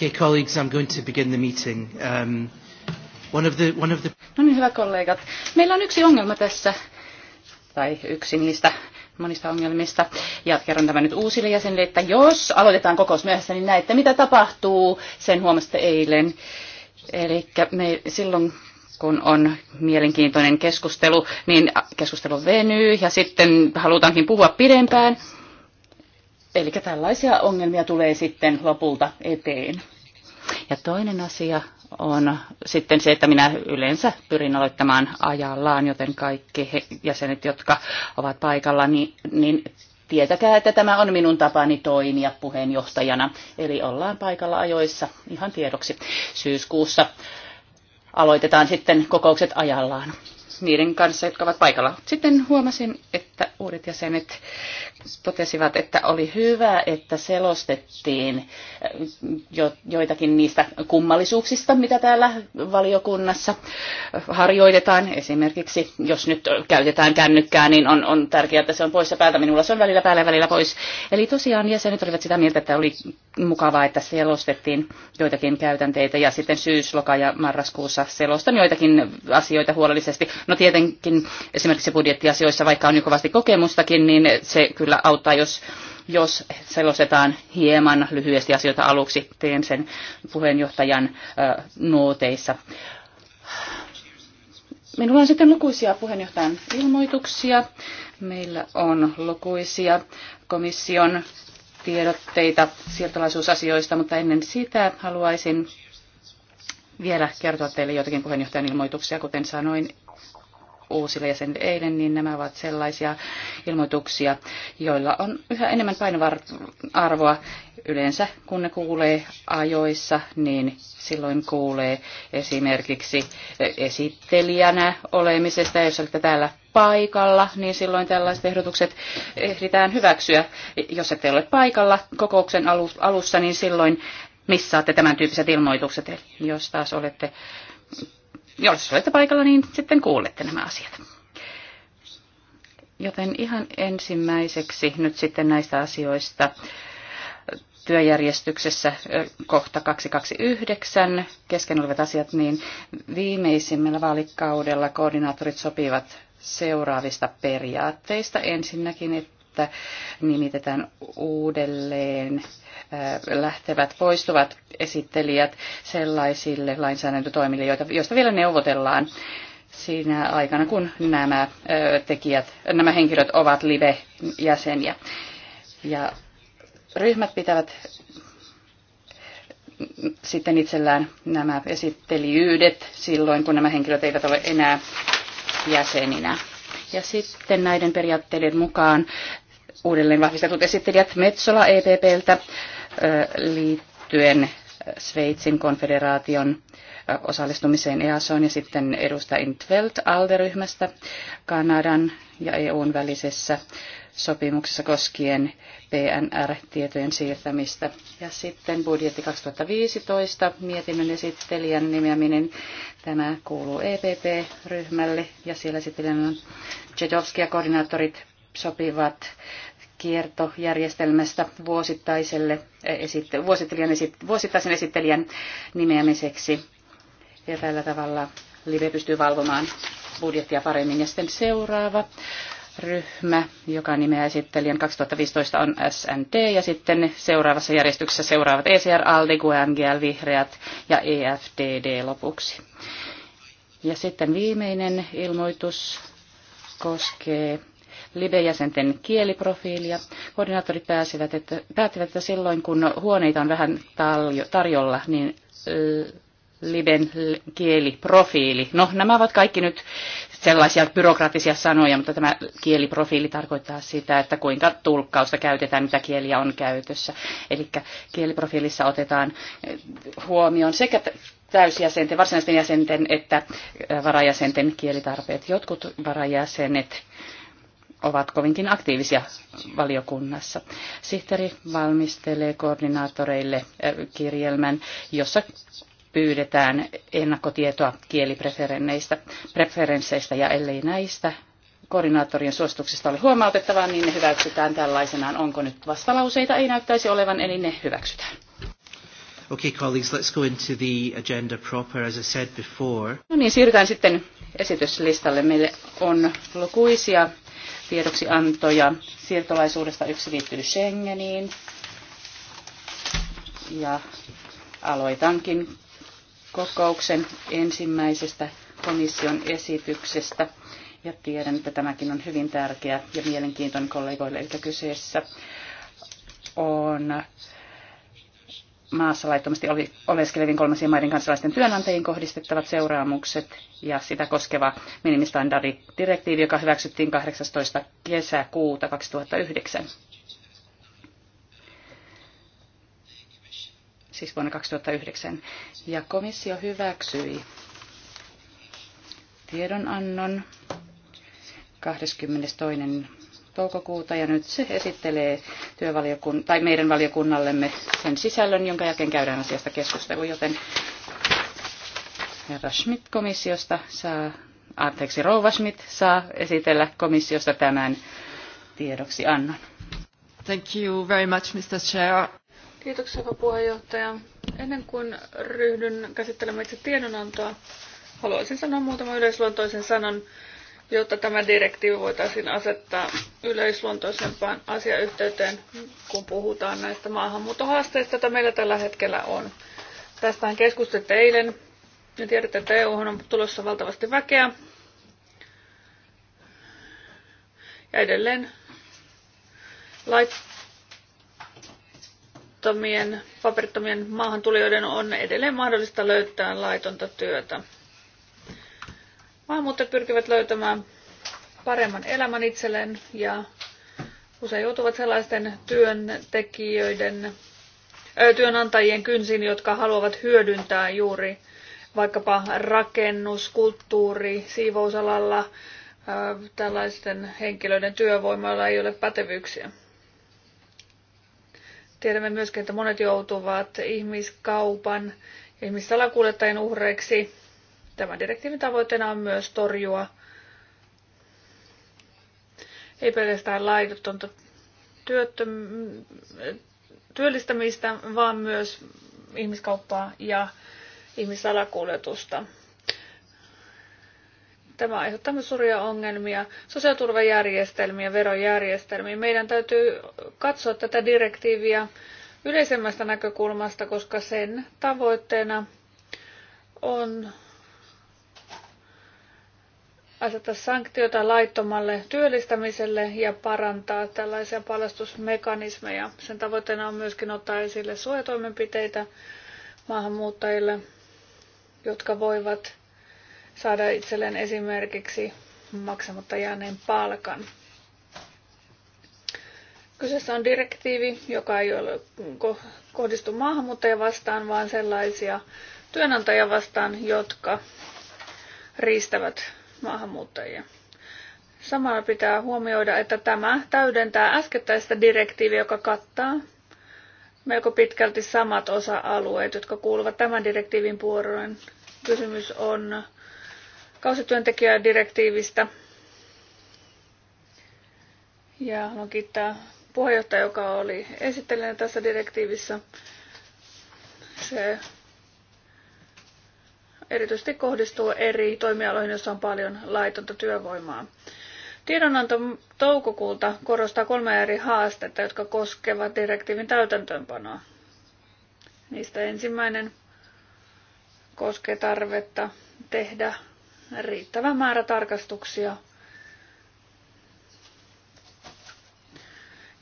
Okay, colleagues, I'm going to begin the meeting. Um, one of the, one of the... No niin, kollegat. Meillä on yksi ongelma tässä, tai yksi niistä monista ongelmista. Ja kerron tämän nyt uusille jäsenille, että jos aloitetaan kokous myöhässä, niin näette, mitä tapahtuu. Sen huomasitte eilen. Eli me silloin kun on mielenkiintoinen keskustelu, niin keskustelu venyy ja sitten halutaankin puhua pidempään. Eli tällaisia ongelmia tulee sitten lopulta eteen. Ja toinen asia on sitten se, että minä yleensä pyrin aloittamaan ajallaan, joten kaikki he, jäsenet, jotka ovat paikalla, niin, niin tietäkää, että tämä on minun tapani toimia puheenjohtajana. Eli ollaan paikalla ajoissa ihan tiedoksi. Syyskuussa aloitetaan sitten kokoukset ajallaan niiden kanssa, jotka ovat paikalla. Sitten huomasin, että uudet jäsenet totesivat, että oli hyvä, että selostettiin äh, jo, joitakin niistä kummallisuuksista, mitä täällä valiokunnassa harjoitetaan. Esimerkiksi jos nyt käytetään kännykkää, niin on, on tärkeää, että se on poissa päältä. Minulla se on välillä päällä ja välillä pois. Eli tosiaan jäsenet olivat sitä mieltä, että oli mukavaa, että selostettiin joitakin käytänteitä. Ja sitten syysloka ja marraskuussa selostan joitakin asioita huolellisesti. No tietenkin esimerkiksi budjettiasioissa, vaikka on jo kovasti kokemustakin, niin se kyllä kyllä auttaa, jos, jos selostetaan hieman lyhyesti asioita aluksi. Teen sen puheenjohtajan äh, nuoteissa. Minulla on sitten lukuisia puheenjohtajan ilmoituksia. Meillä on lukuisia komission tiedotteita siirtolaisuusasioista, mutta ennen sitä haluaisin vielä kertoa teille jotakin puheenjohtajan ilmoituksia. Kuten sanoin, uusille jäsenille eilen, niin nämä ovat sellaisia ilmoituksia, joilla on yhä enemmän painoarvoa yleensä, kun ne kuulee ajoissa, niin silloin kuulee esimerkiksi esittelijänä olemisesta, jos olette täällä paikalla, niin silloin tällaiset ehdotukset ehditään hyväksyä. Jos ette ole paikalla kokouksen alussa, niin silloin missaatte tämän tyyppiset ilmoitukset. Eli jos taas olette jos olette paikalla, niin sitten kuulette nämä asiat. Joten ihan ensimmäiseksi nyt sitten näistä asioista työjärjestyksessä kohta 229 kesken olevat asiat, niin viimeisimmällä vaalikaudella koordinaattorit sopivat seuraavista periaatteista. Ensinnäkin, että että nimitetään uudelleen äh, lähtevät, poistuvat esittelijät sellaisille lainsäädäntötoimille, joita, joista vielä neuvotellaan siinä aikana, kun nämä äh, tekijät, nämä henkilöt ovat live-jäseniä. Ja ryhmät pitävät sitten itsellään nämä esittelijyydet silloin, kun nämä henkilöt eivät ole enää jäseninä. Ja sitten näiden periaatteiden mukaan uudelleen vahvistetut esittelijät Metsola EPPltä liittyen Sveitsin konfederaation osallistumiseen EASOon ja sitten edustaja Intveld Alderyhmästä Kanadan ja EUn välisessä sopimuksessa koskien PNR-tietojen siirtämistä. Ja sitten budjetti 2015, mietinnön esittelijän nimeäminen. Tämä kuuluu EPP-ryhmälle ja siellä sitten on Jedowski ja koordinaattorit sopivat kiertojärjestelmästä vuosittaiselle, eh, esitte, vuosittelijan, vuosittaisen esittelijän nimeämiseksi. Ja tällä tavalla Live pystyy valvomaan budjettia paremmin. Ja sitten seuraava ryhmä, joka nimeä esittelijän 2015 on SNT ja sitten seuraavassa järjestyksessä seuraavat ECR, ALDE, GUNGL, Vihreät ja EFTD lopuksi. Ja sitten viimeinen ilmoitus koskee Libe-jäsenten kieliprofiilia. Koordinaattorit pääsivät, että, päättivät, että silloin kun huoneita on vähän tarjolla, niin liben kieliprofiili. No, nämä ovat kaikki nyt sellaisia byrokraattisia sanoja, mutta tämä kieliprofiili tarkoittaa sitä, että kuinka tulkkausta käytetään, mitä kieliä on käytössä. Eli kieliprofiilissa otetaan huomioon sekä täysjäsenten, varsinaisten jäsenten että varajäsenten kielitarpeet. Jotkut varajäsenet ovat kovinkin aktiivisia valiokunnassa. Sihteeri valmistelee koordinaattoreille kirjelmän, jossa pyydetään ennakkotietoa kielipreferensseistä ja ellei näistä koordinaattorien suosituksista ole huomautettavaa, niin ne hyväksytään tällaisenaan. Onko nyt vastalauseita? Ei näyttäisi olevan, eli ne hyväksytään. Okay, colleagues, let's go into the agenda proper, as I said before. No niin, siirrytään sitten esityslistalle. meille on lukuisia tiedoksiantoja siirtolaisuudesta yksi liittyy Schengeniin. Ja aloitankin kokouksen ensimmäisestä komission esityksestä. Ja tiedän, että tämäkin on hyvin tärkeä ja mielenkiintoinen kollegoille. Eli kyseessä on maassa laittomasti oleskelevien kolmansien maiden kansalaisten työnantajiin kohdistettavat seuraamukset ja sitä koskeva minimistandardidirektiivi, joka hyväksyttiin 18. kesäkuuta 2009. siis vuonna 2009. Ja komissio hyväksyi tiedonannon 22. toukokuuta ja nyt se esittelee työvaliokun, tai meidän valiokunnallemme sen sisällön, jonka jälkeen käydään asiasta keskustelu, joten herra Schmidt komissiosta saa, anteeksi, rouva Schmidt saa esitellä komissiosta tämän tiedoksi annon. Thank you very much, Mr. Chair. Kiitoksia, puheenjohtaja. Ennen kuin ryhdyn käsittelemään itse tiedonantoa, haluaisin sanoa muutaman yleisluontoisen sanan, jotta tämä direktiivi voitaisiin asettaa yleisluontoisempaan asiayhteyteen, kun puhutaan näistä maahanmuuttohaasteista, joita meillä tällä hetkellä on. Tästähän keskustelitte eilen ja tiedätte, että EU on tulossa valtavasti väkeä. Ja edelleen lait laittomien, paperittomien maahantulijoiden on edelleen mahdollista löytää laitonta työtä. Maahanmuuttajat pyrkivät löytämään paremman elämän itselleen ja usein joutuvat sellaisten työntekijöiden, työnantajien kynsiin, jotka haluavat hyödyntää juuri vaikkapa rakennus, kulttuuri, siivousalalla tällaisten henkilöiden työvoimalla ei ole pätevyyksiä. Tiedämme myöskin, että monet joutuvat ihmiskaupan ja ihmissalakuljettajien uhreiksi. Tämän direktiivin tavoitteena on myös torjua ei pelkästään laidotonta työllistämistä, vaan myös ihmiskauppaa ja ihmissalakuljetusta. Tämä aiheuttaa myös suuria ongelmia sosiaaliturvajärjestelmiä, verojärjestelmiä. Meidän täytyy katsoa tätä direktiiviä yleisemmästä näkökulmasta, koska sen tavoitteena on asettaa sanktioita laittomalle työllistämiselle ja parantaa tällaisia paljastusmekanismeja. Sen tavoitteena on myöskin ottaa esille suojatoimenpiteitä maahanmuuttajille, jotka voivat saada itselleen esimerkiksi maksamatta jääneen palkan. Kyseessä on direktiivi, joka ei ole kohdistu maahanmuuttajia vastaan, vaan sellaisia työnantajia vastaan, jotka riistävät maahanmuuttajia. Samalla pitää huomioida, että tämä täydentää äskettäistä direktiiviä, joka kattaa melko pitkälti samat osa-alueet, jotka kuuluvat tämän direktiivin puoleen. Kysymys on kausityöntekijädirektiivistä. Ja haluan kiittää puheenjohtaja, joka oli esittelijänä tässä direktiivissä. Se erityisesti kohdistuu eri toimialoihin, joissa on paljon laitonta työvoimaa. Tiedonanto toukokuulta korostaa kolme eri haastetta, jotka koskevat direktiivin täytäntöönpanoa. Niistä ensimmäinen koskee tarvetta tehdä riittävä määrä tarkastuksia.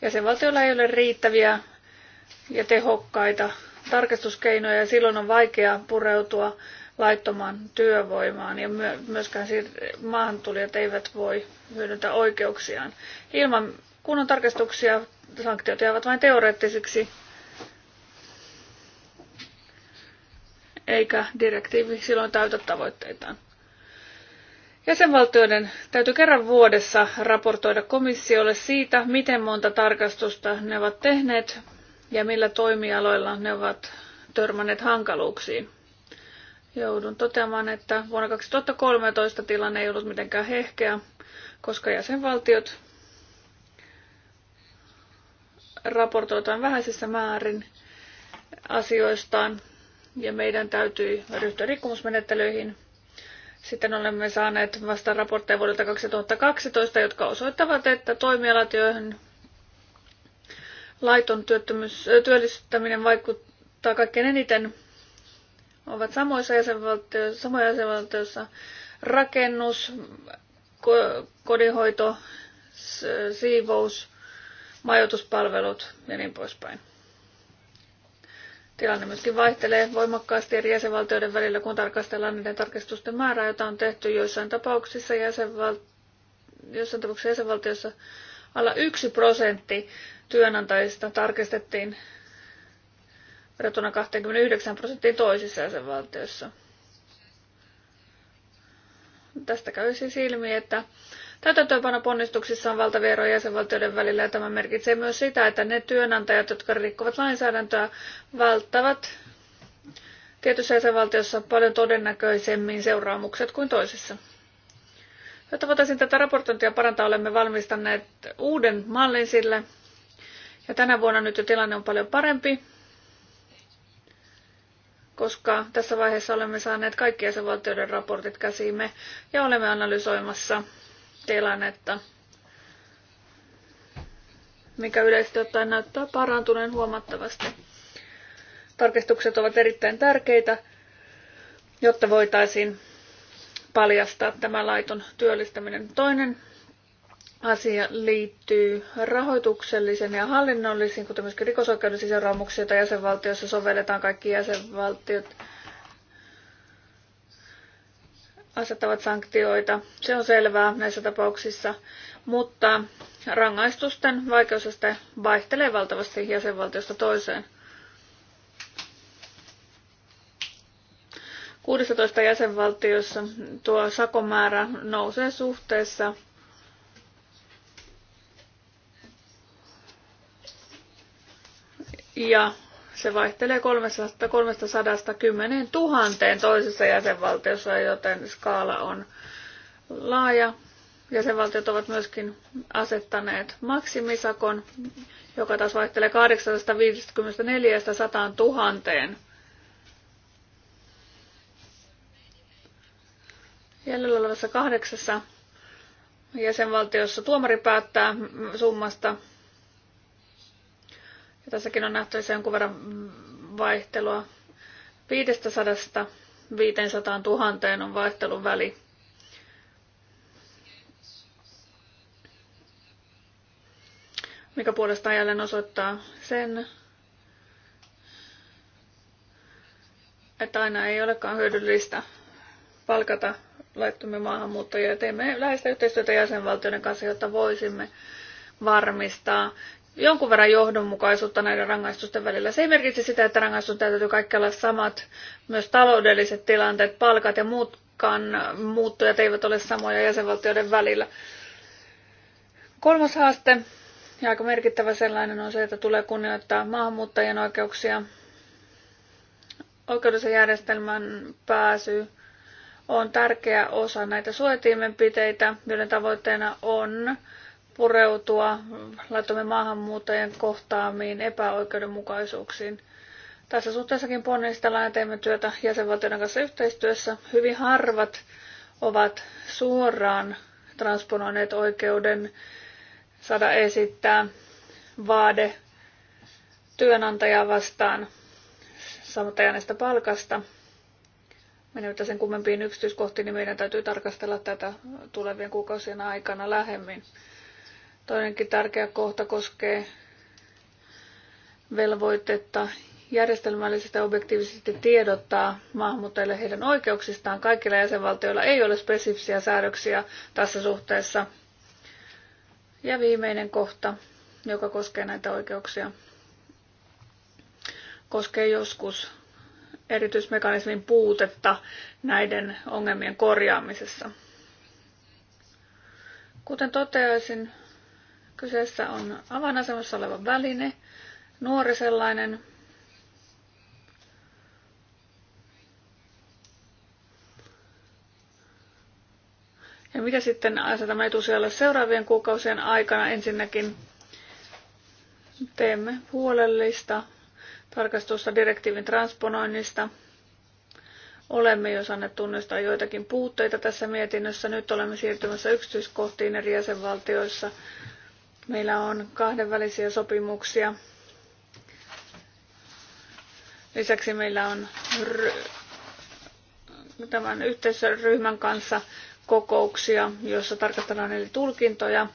Jäsenvaltioilla ei ole riittäviä ja tehokkaita tarkastuskeinoja ja silloin on vaikea pureutua laittomaan työvoimaan ja myöskään maahantulijat eivät voi hyödyntää oikeuksiaan. Ilman kunnon tarkastuksia sanktiot jäävät vain teoreettisiksi, eikä direktiivi silloin täytä tavoitteitaan. Jäsenvaltioiden täytyy kerran vuodessa raportoida komissiolle siitä, miten monta tarkastusta ne ovat tehneet ja millä toimialoilla ne ovat törmänneet hankaluuksiin. Joudun toteamaan, että vuonna 2013 tilanne ei ollut mitenkään hehkeä, koska jäsenvaltiot raportoitaan vähäisessä määrin asioistaan ja meidän täytyy ryhtyä rikkomusmenettelyihin – sitten olemme saaneet vasta raportteja vuodelta 2012, jotka osoittavat, että toimialat, joihin laiton työllistäminen vaikuttaa kaikkein eniten, ovat samoissa jäsenvaltioissa, samoja jäsenvaltioissa rakennus, kodinhoito, siivous, majoituspalvelut ja niin poispäin. Tilanne myöskin vaihtelee voimakkaasti eri jäsenvaltioiden välillä, kun tarkastellaan niiden tarkistusten määrää, jota on tehty joissain tapauksissa, jäsenval- joissain tapauksissa jäsenvaltioissa alla yksi prosentti työnantajista tarkistettiin verrattuna 29 prosenttiin toisissa jäsenvaltioissa. Tästä käy siis ilmi, että ponnistuksissa on valtavia eroja jäsenvaltioiden välillä ja tämä merkitsee myös sitä, että ne työnantajat, jotka rikkovat lainsäädäntöä, välttävät tietyssä jäsenvaltiossa paljon todennäköisemmin seuraamukset kuin toisissa. Jotta voitaisiin tätä raportointia parantaa, olemme valmistaneet uuden mallin sille. Ja tänä vuonna nyt jo tilanne on paljon parempi, koska tässä vaiheessa olemme saaneet kaikki jäsenvaltioiden raportit käsiimme ja olemme analysoimassa tilannetta, mikä yleisesti ottaen näyttää parantuneen huomattavasti. Tarkistukset ovat erittäin tärkeitä, jotta voitaisiin paljastaa tämä laiton työllistäminen. Toinen asia liittyy rahoituksellisen ja hallinnollisiin, kuten myöskin rikosoikeudellisiin seuraamuksiin, joita jäsenvaltioissa sovelletaan kaikki jäsenvaltiot asettavat sanktioita. Se on selvää näissä tapauksissa, mutta rangaistusten vaikeusaste vaihtelee valtavasti jäsenvaltiosta toiseen. 16 jäsenvaltiossa tuo sakomäärä nousee suhteessa ja se vaihtelee 310 tuhanteen toisessa jäsenvaltiossa, joten skaala on laaja. Jäsenvaltiot ovat myöskin asettaneet maksimisakon, joka taas vaihtelee 854 100 000. Jäljellä olevassa kahdeksassa jäsenvaltiossa tuomari päättää summasta ja tässäkin on se jonkun verran vaihtelua. 500 500 000 on vaihtelun väli. mikä puolestaan jälleen osoittaa sen, että aina ei olekaan hyödyllistä palkata laittomia maahanmuuttajia. Teemme läheistä yhteistyötä jäsenvaltioiden kanssa, jotta voisimme varmistaa jonkun verran johdonmukaisuutta näiden rangaistusten välillä. Se ei merkitse sitä, että rangaistusten täytyy olla samat, myös taloudelliset tilanteet, palkat ja muutkaan muuttujat eivät ole samoja jäsenvaltioiden välillä. Kolmas haaste, ja aika merkittävä sellainen, on se, että tulee kunnioittaa maahanmuuttajien oikeuksia. Oikeudellisen järjestelmän pääsy on tärkeä osa näitä suojatiimenpiteitä, joiden tavoitteena on pureutua laittomien maahanmuuttajien kohtaamiin epäoikeudenmukaisuuksiin. Tässä suhteessakin ponnistellaan ja teemme työtä jäsenvaltioiden kanssa yhteistyössä. Hyvin harvat ovat suoraan transponoineet oikeuden saada esittää vaade työnantajaa vastaan saamatta palkasta. Menemättä sen kummempiin yksityiskohtiin, niin meidän täytyy tarkastella tätä tulevien kuukausien aikana lähemmin. Toinenkin tärkeä kohta koskee velvoitetta järjestelmällisesti ja objektiivisesti tiedottaa maahanmuuttajille heidän oikeuksistaan. Kaikilla jäsenvaltioilla ei ole spesifisiä säädöksiä tässä suhteessa. Ja viimeinen kohta, joka koskee näitä oikeuksia, koskee joskus erityismekanismin puutetta näiden ongelmien korjaamisessa. Kuten toteaisin, Kyseessä on avainasemassa oleva väline, nuori sellainen. Ja mitä sitten asetamme etusijalle seuraavien kuukausien aikana? Ensinnäkin teemme huolellista tarkastusta direktiivin transponoinnista. Olemme jo saaneet tunnistaa joitakin puutteita tässä mietinnössä. Nyt olemme siirtymässä yksityiskohtiin eri jäsenvaltioissa Meillä on kahdenvälisiä sopimuksia. Lisäksi meillä on tämän yhteisryhmän kanssa kokouksia, joissa tarkastellaan eli tulkintoja.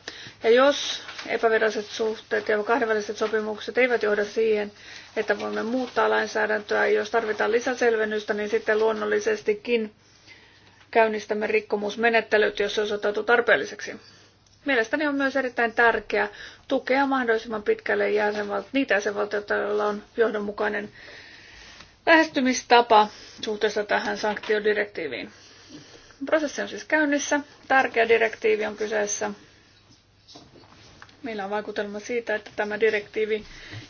Ja jos epäviralliset suhteet ja kahdenväliset sopimukset eivät johda siihen, että voimme muuttaa lainsäädäntöä, jos tarvitaan lisäselvennystä, niin sitten luonnollisestikin käynnistämme rikkomusmenettelyt, jos se osoittautuu tarpeelliseksi. Mielestäni on myös erittäin tärkeää tukea mahdollisimman pitkälle jäsenvalt niitä jäsenvaltioita, joilla on johdonmukainen lähestymistapa suhteessa tähän sanktiodirektiiviin. Prosessi on siis käynnissä. Tärkeä direktiivi on kyseessä. Meillä on vaikutelma siitä, että tämä direktiivi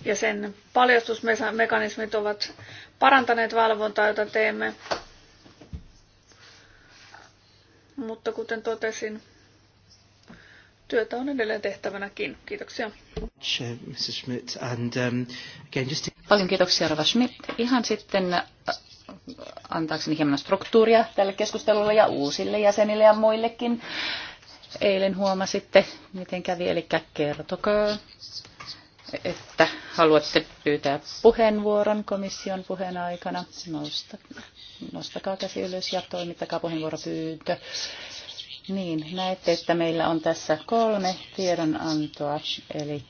ja sen paljastusmekanismit ovat parantaneet valvontaa, jota teemme. Mutta kuten totesin, työtä on edelleen tehtävänäkin. Kiitoksia. Um, Paljon kiitoksia, Rava Schmidt. Ihan sitten äh, antaakseni hieman struktuuria tälle keskustelulle ja uusille jäsenille ja muillekin. Eilen huomasitte, miten kävi, eli kertokaa, että haluatte pyytää puheenvuoron komission puheen aikana. nostakaa käsi ylös ja toimittakaa puheenvuoropyyntö. Niin, näette, että meillä on tässä kolme tiedonantoa, eli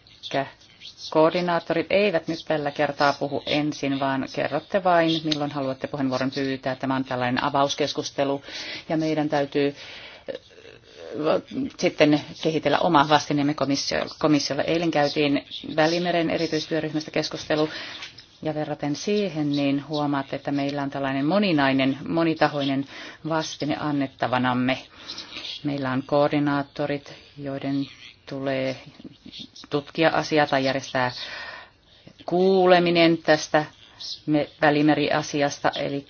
koordinaattorit eivät nyt tällä kertaa puhu ensin, vaan kerrotte vain, milloin haluatte puheenvuoron pyytää. Tämä on tällainen avauskeskustelu, ja meidän täytyy äh, sitten kehitellä oma vastineemme komissiolle. Eilen käytiin Välimeren erityistyöryhmästä keskustelu ja verraten siihen, niin huomaatte, että meillä on tällainen moninainen, monitahoinen vastine annettavanamme. Meillä on koordinaattorit, joiden tulee tutkia asiaa tai järjestää kuuleminen tästä välimeriasiasta, eli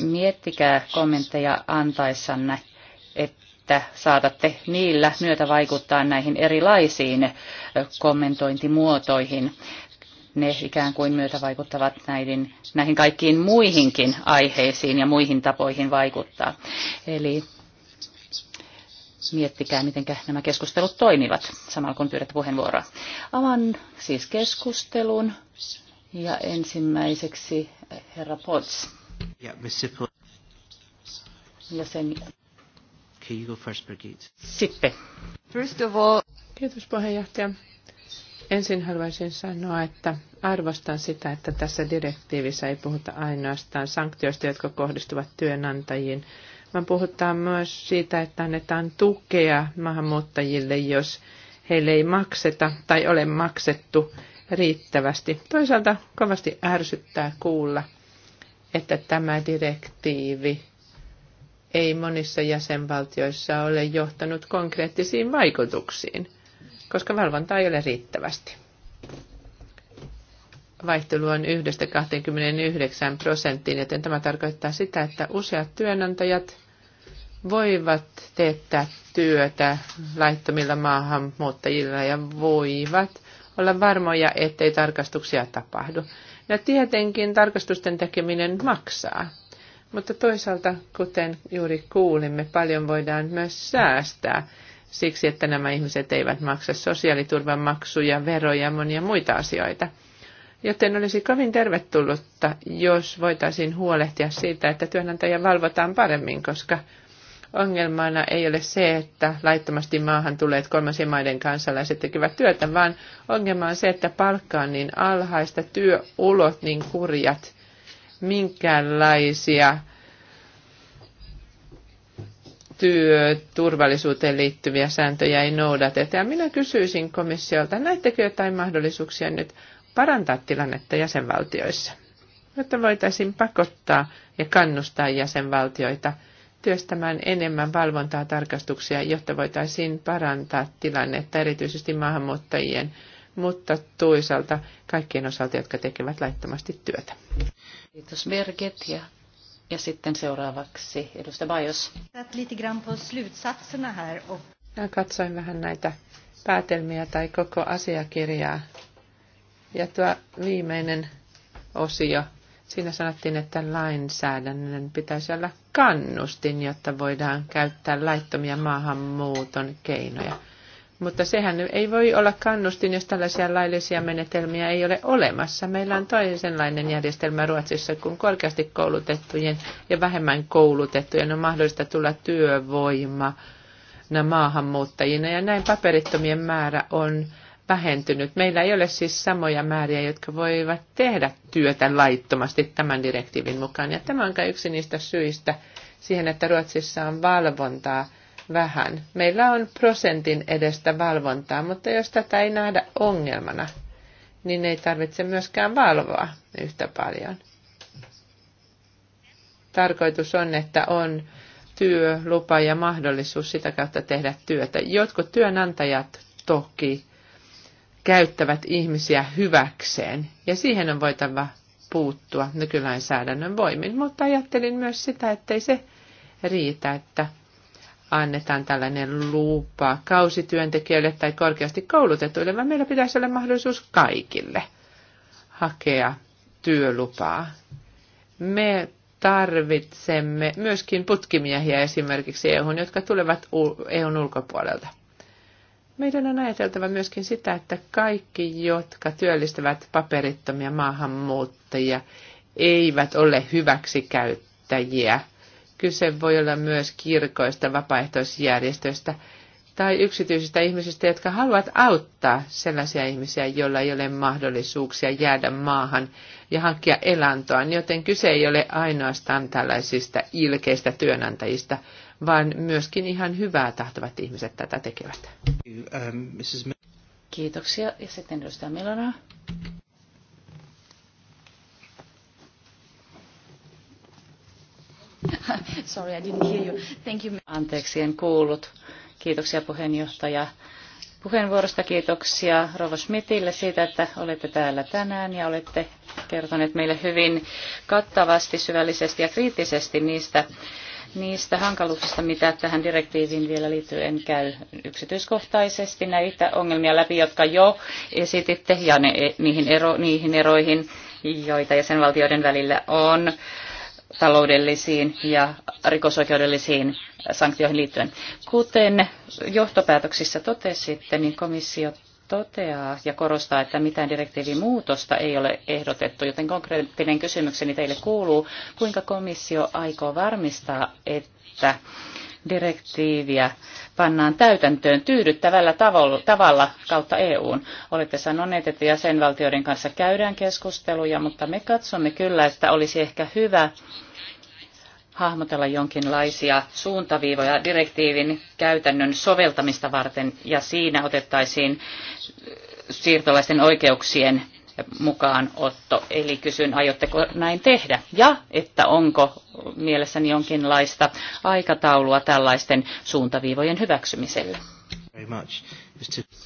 miettikää kommentteja antaessanne, että saatatte niillä myötä vaikuttaa näihin erilaisiin kommentointimuotoihin ne ikään kuin vaikuttavat näihin, näihin kaikkiin muihinkin aiheisiin ja muihin tapoihin vaikuttaa. Eli miettikää, miten nämä keskustelut toimivat samalla kun pyydät puheenvuoroa. Avan siis keskustelun ja ensimmäiseksi herra Potts. Ja sen... Can Sippe. First of all... Kiitos puheenjohtaja. Ensin haluaisin sanoa, että arvostan sitä, että tässä direktiivissä ei puhuta ainoastaan sanktioista, jotka kohdistuvat työnantajiin, vaan puhutaan myös siitä, että annetaan tukea maahanmuuttajille, jos heille ei makseta tai ole maksettu riittävästi. Toisaalta kovasti ärsyttää kuulla, että tämä direktiivi ei monissa jäsenvaltioissa ole johtanut konkreettisiin vaikutuksiin – koska valvontaa ei ole riittävästi. Vaihtelu on 1-29 prosenttiin, joten tämä tarkoittaa sitä, että useat työnantajat voivat teettää työtä laittomilla maahanmuuttajilla ja voivat olla varmoja, ettei tarkastuksia tapahdu. Ja tietenkin tarkastusten tekeminen maksaa. Mutta toisaalta, kuten juuri kuulimme, paljon voidaan myös säästää siksi, että nämä ihmiset eivät maksa sosiaaliturvan maksuja, veroja ja monia muita asioita. Joten olisi kovin tervetullutta, jos voitaisiin huolehtia siitä, että työnantaja valvotaan paremmin, koska ongelmana ei ole se, että laittomasti maahan tulleet kolmansien maiden kansalaiset tekevät työtä, vaan ongelma on se, että palkka on niin alhaista, työulot niin kurjat, minkäänlaisia työturvallisuuteen liittyviä sääntöjä ei noudateta. Ja minä kysyisin komissiolta, näettekö jotain mahdollisuuksia nyt parantaa tilannetta jäsenvaltioissa, jotta voitaisiin pakottaa ja kannustaa jäsenvaltioita työstämään enemmän valvontaa tarkastuksia, jotta voitaisiin parantaa tilannetta erityisesti maahanmuuttajien, mutta toisaalta kaikkien osalta, jotka tekevät laittomasti työtä. Kiitos Merget ja ja sitten seuraavaksi edustaja Bajos. Minä katsoin vähän näitä päätelmiä tai koko asiakirjaa. Ja tuo viimeinen osio, siinä sanottiin, että lainsäädännön pitäisi olla kannustin, jotta voidaan käyttää laittomia maahanmuuton keinoja. Mutta sehän ei voi olla kannustin, jos tällaisia laillisia menetelmiä ei ole olemassa. Meillä on toisenlainen järjestelmä Ruotsissa, kun korkeasti koulutettujen ja vähemmän koulutettujen on mahdollista tulla työvoima maahanmuuttajina ja näin paperittomien määrä on vähentynyt. Meillä ei ole siis samoja määriä, jotka voivat tehdä työtä laittomasti tämän direktiivin mukaan. Ja tämä on yksi niistä syistä siihen, että Ruotsissa on valvontaa vähän. Meillä on prosentin edestä valvontaa, mutta jos tätä ei nähdä ongelmana, niin ei tarvitse myöskään valvoa yhtä paljon. Tarkoitus on, että on työ, lupa ja mahdollisuus sitä kautta tehdä työtä. Jotkut työnantajat toki käyttävät ihmisiä hyväkseen, ja siihen on voitava puuttua nykylainsäädännön voimin, mutta ajattelin myös sitä, ettei se riitä, että annetaan tällainen lupa kausityöntekijöille tai korkeasti koulutetuille, vaan meillä pitäisi olla mahdollisuus kaikille hakea työlupaa. Me tarvitsemme myöskin putkimiehiä esimerkiksi eu jotka tulevat EUn ulkopuolelta. Meidän on ajateltava myöskin sitä, että kaikki, jotka työllistävät paperittomia maahanmuuttajia, eivät ole hyväksikäyttäjiä – Kyse voi olla myös kirkoista, vapaaehtoisjärjestöistä tai yksityisistä ihmisistä, jotka haluavat auttaa sellaisia ihmisiä, joilla ei ole mahdollisuuksia jäädä maahan ja hankkia elantoa, joten kyse ei ole ainoastaan tällaisista ilkeistä työnantajista, vaan myöskin ihan hyvää tahtovat ihmiset tätä tekevät. Um, Kiitoksia. Ja sitten edustaja Milona. Sorry, I didn't hear you. Thank you. Anteeksi, en kuullut. Kiitoksia puheenjohtaja puheenvuorosta. Kiitoksia Rova Schmidtille siitä, että olette täällä tänään ja olette kertoneet meille hyvin kattavasti, syvällisesti ja kriittisesti niistä, niistä hankaluuksista, mitä tähän direktiiviin vielä liittyy. En käy yksityiskohtaisesti näitä ongelmia läpi, jotka jo esititte ja ne, niihin, ero, niihin eroihin, joita jäsenvaltioiden välillä on taloudellisiin ja rikosoikeudellisiin sanktioihin liittyen. Kuten johtopäätöksissä totesitte, niin komissio toteaa ja korostaa, että mitään direktiivin muutosta ei ole ehdotettu, joten konkreettinen kysymykseni teille kuuluu, kuinka komissio aikoo varmistaa, että direktiiviä pannaan täytäntöön tyydyttävällä tavalla kautta EUn. Olette sanoneet, että jäsenvaltioiden kanssa käydään keskusteluja, mutta me katsomme kyllä, että olisi ehkä hyvä hahmotella jonkinlaisia suuntaviivoja direktiivin käytännön soveltamista varten ja siinä otettaisiin siirtolaisten oikeuksien mukaan otto. Eli kysyn, aiotteko näin tehdä? Ja että onko mielessäni jonkinlaista aikataulua tällaisten suuntaviivojen hyväksymiselle?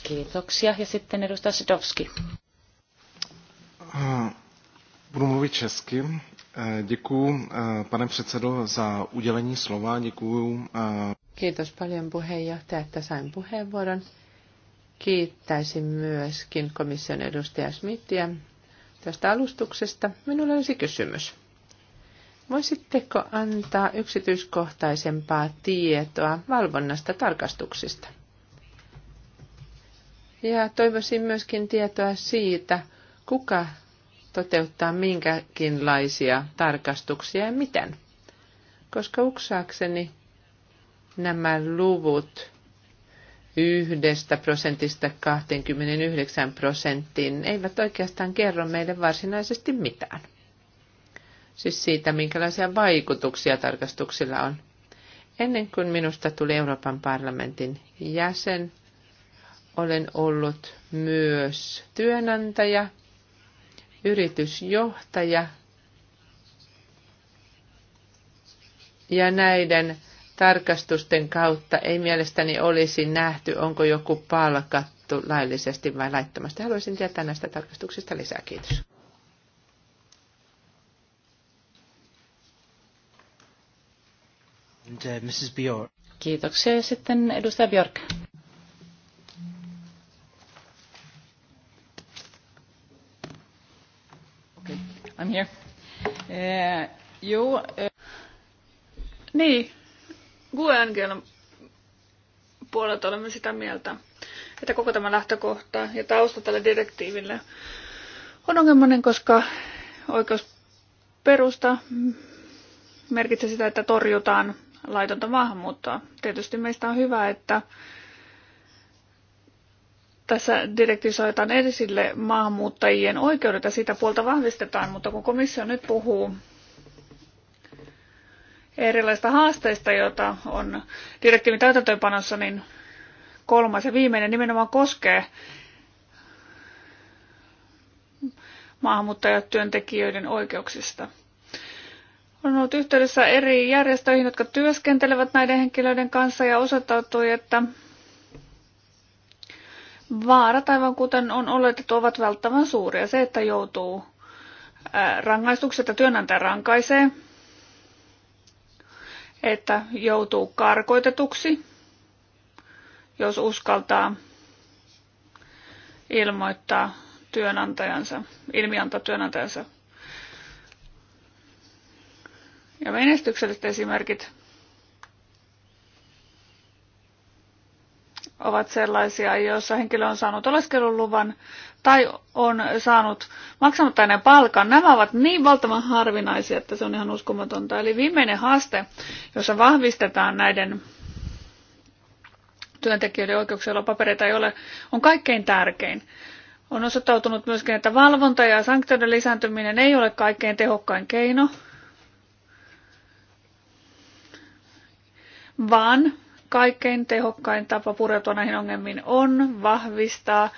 Kiitoksia. Ja sitten edustaja Sidowski. Budu eh, Děkuji, eh, pane předsedo, za udělení slova. Děkuji. Eh, Kiitos paljon puheenjohtaja, että sain puheenvuoron. Kiittäisin myöskin komission edustaja Smithia tästä alustuksesta. Minulla olisi kysymys. Voisitteko antaa yksityiskohtaisempaa tietoa valvonnasta tarkastuksista? Ja toivoisin myöskin tietoa siitä, kuka toteuttaa minkäkinlaisia tarkastuksia ja miten. Koska uksaakseni nämä luvut yhdestä prosentista 29 prosenttiin eivät oikeastaan kerro meille varsinaisesti mitään. Siis siitä, minkälaisia vaikutuksia tarkastuksilla on. Ennen kuin minusta tuli Euroopan parlamentin jäsen, olen ollut myös työnantaja, yritysjohtaja ja näiden tarkastusten kautta ei mielestäni olisi nähty, onko joku palkattu laillisesti vai laittomasti. Haluaisin tietää näistä tarkastuksista lisää. Kiitos. And, uh, Mrs. Bjork. Kiitoksia. Ja sitten edustaja Björk. Okay. I'm here. Uh, jo, Uh, Niin, Guengel puolelta olemme sitä mieltä, että koko tämä lähtökohta ja tausta tälle direktiiville on ongelmainen, koska oikeusperusta merkitsee sitä, että torjutaan laitonta maahanmuuttoa. Tietysti meistä on hyvä, että tässä direktiivissä otetaan esille maahanmuuttajien oikeudet ja sitä puolta vahvistetaan, mutta kun komissio nyt puhuu erilaisista haasteista, joita on direktiivin täytäntöönpanossa, niin kolmas ja viimeinen nimenomaan koskee maahanmuuttajatyöntekijöiden oikeuksista. On ollut yhteydessä eri järjestöihin, jotka työskentelevät näiden henkilöiden kanssa ja osoittautui, että vaarat, aivan kuten on oletettu, ovat välttävän suuria. Se, että joutuu rangaistukset ja työnantaja rankaisee, että joutuu karkoitetuksi, jos uskaltaa ilmoittaa työnantajansa, ilmiantaa työnantajansa. Ja menestykselliset esimerkit ovat sellaisia, joissa henkilö on saanut oleskeluluvan tai on saanut maksamattainen palkan. Nämä ovat niin valtavan harvinaisia, että se on ihan uskomatonta. Eli viimeinen haaste, jossa vahvistetaan näiden työntekijöiden oikeuksia, joilla papereita ei ole, on kaikkein tärkein. On osoittautunut myöskin, että valvonta ja sanktioiden lisääntyminen ei ole kaikkein tehokkain keino, vaan kaikkein tehokkain tapa pureutua näihin ongelmiin on vahvistaa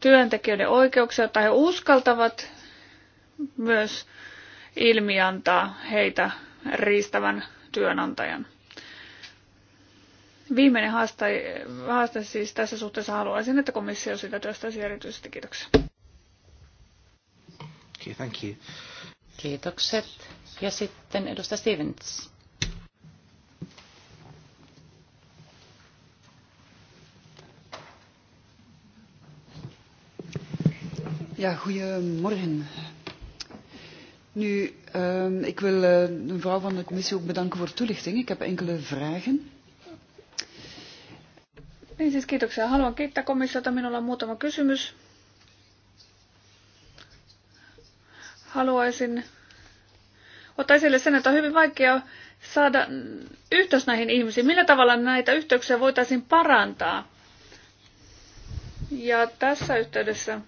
työntekijöiden oikeuksia, jotta he uskaltavat myös ilmiantaa heitä riistävän työnantajan. Viimeinen haaste, haaste siis tässä suhteessa haluaisin, että komissio sitä työstäisi erityisesti. Kiitoksia. Okay, thank you. Kiitokset. Ja sitten edustaja Stevens. Ja, goedemorgen. Nu, uh, ik wil uh, eh, de mevrouw van de commissie ook bedanken voor de toelichting. Ik heb enkele vragen. Niin siis kiitoksia. Haluan kiittää komissiota. Minulla on muutama kysymys. Haluaisin ottaa esille sen, että on hyvin vaikea saada yhteys näihin ihmisiin. Millä tavalla näitä yhteyksiä voitaisiin parantaa? Ja tässä yhteydessä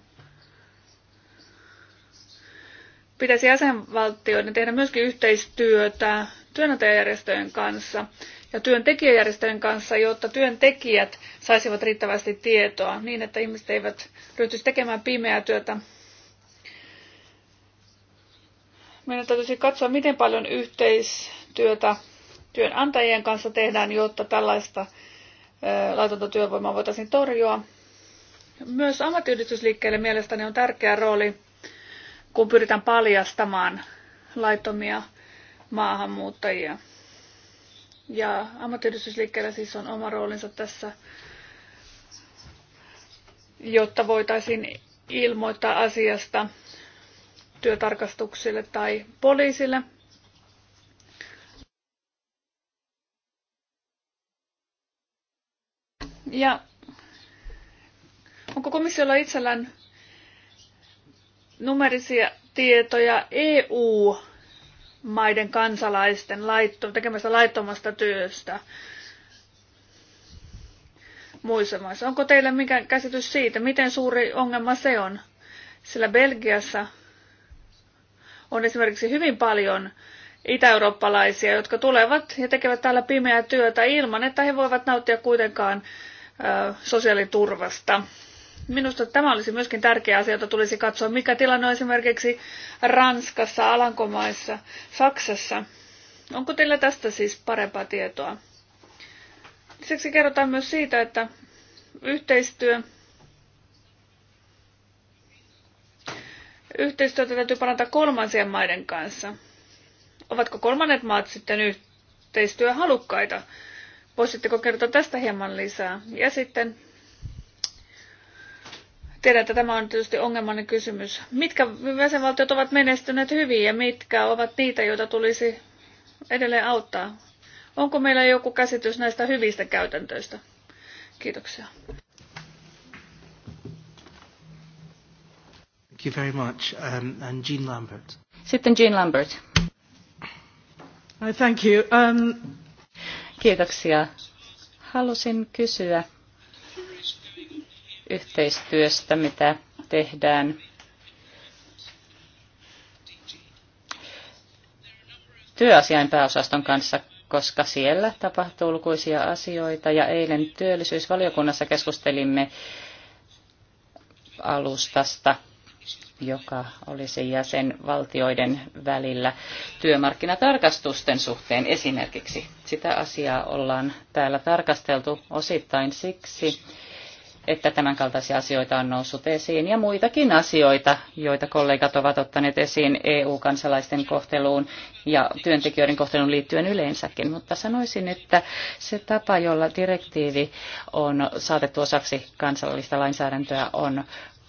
pitäisi jäsenvaltioiden tehdä myöskin yhteistyötä työnantajajärjestöjen kanssa ja työntekijäjärjestöjen kanssa, jotta työntekijät saisivat riittävästi tietoa niin, että ihmiset eivät ryhtyisi tekemään pimeää työtä. Meidän täytyisi katsoa, miten paljon yhteistyötä työnantajien kanssa tehdään, jotta tällaista laitonta työvoimaa voitaisiin torjua. Myös ammattiyhdistysliikkeelle mielestäni on tärkeä rooli kun pyritään paljastamaan laittomia maahanmuuttajia. Ja ammattiyhdistysliikkeellä siis on oma roolinsa tässä, jotta voitaisiin ilmoittaa asiasta työtarkastuksille tai poliisille. Ja onko komissiolla itsellään numerisia tietoja EU-maiden kansalaisten laitto, tekemästä laittomasta työstä muissa maissa. Onko teillä mikä käsitys siitä, miten suuri ongelma se on? Sillä Belgiassa on esimerkiksi hyvin paljon itä-eurooppalaisia, jotka tulevat ja tekevät täällä pimeää työtä ilman, että he voivat nauttia kuitenkaan sosiaaliturvasta. Minusta tämä olisi myöskin tärkeä asia, jota tulisi katsoa, mikä tilanne on esimerkiksi Ranskassa, Alankomaissa, Saksassa. Onko teillä tästä siis parempaa tietoa? Lisäksi kerrotaan myös siitä, että yhteistyö yhteistyötä täytyy parantaa kolmansien maiden kanssa. Ovatko kolmannet maat sitten yhteistyöhalukkaita? Voisitteko kertoa tästä hieman lisää? Ja sitten Tiedän, että tämä on tietysti ongelmallinen kysymys. Mitkä jäsenvaltiot ovat menestyneet hyvin ja mitkä ovat niitä, joita tulisi edelleen auttaa? Onko meillä joku käsitys näistä hyvistä käytäntöistä? Kiitoksia. Thank you very much. Um, and Jean Lambert. Sitten Jean Lambert. thank you. Um... Kiitoksia. Halusin kysyä yhteistyöstä, mitä tehdään työasiain pääosaston kanssa, koska siellä tapahtuu lukuisia asioita. Ja eilen työllisyysvaliokunnassa keskustelimme alustasta, joka olisi jäsenvaltioiden välillä työmarkkinatarkastusten suhteen esimerkiksi. Sitä asiaa ollaan täällä tarkasteltu osittain siksi, että tämänkaltaisia asioita on noussut esiin ja muitakin asioita, joita kollegat ovat ottaneet esiin EU-kansalaisten kohteluun ja työntekijöiden kohteluun liittyen yleensäkin. Mutta sanoisin, että se tapa, jolla direktiivi on saatettu osaksi kansallista lainsäädäntöä, on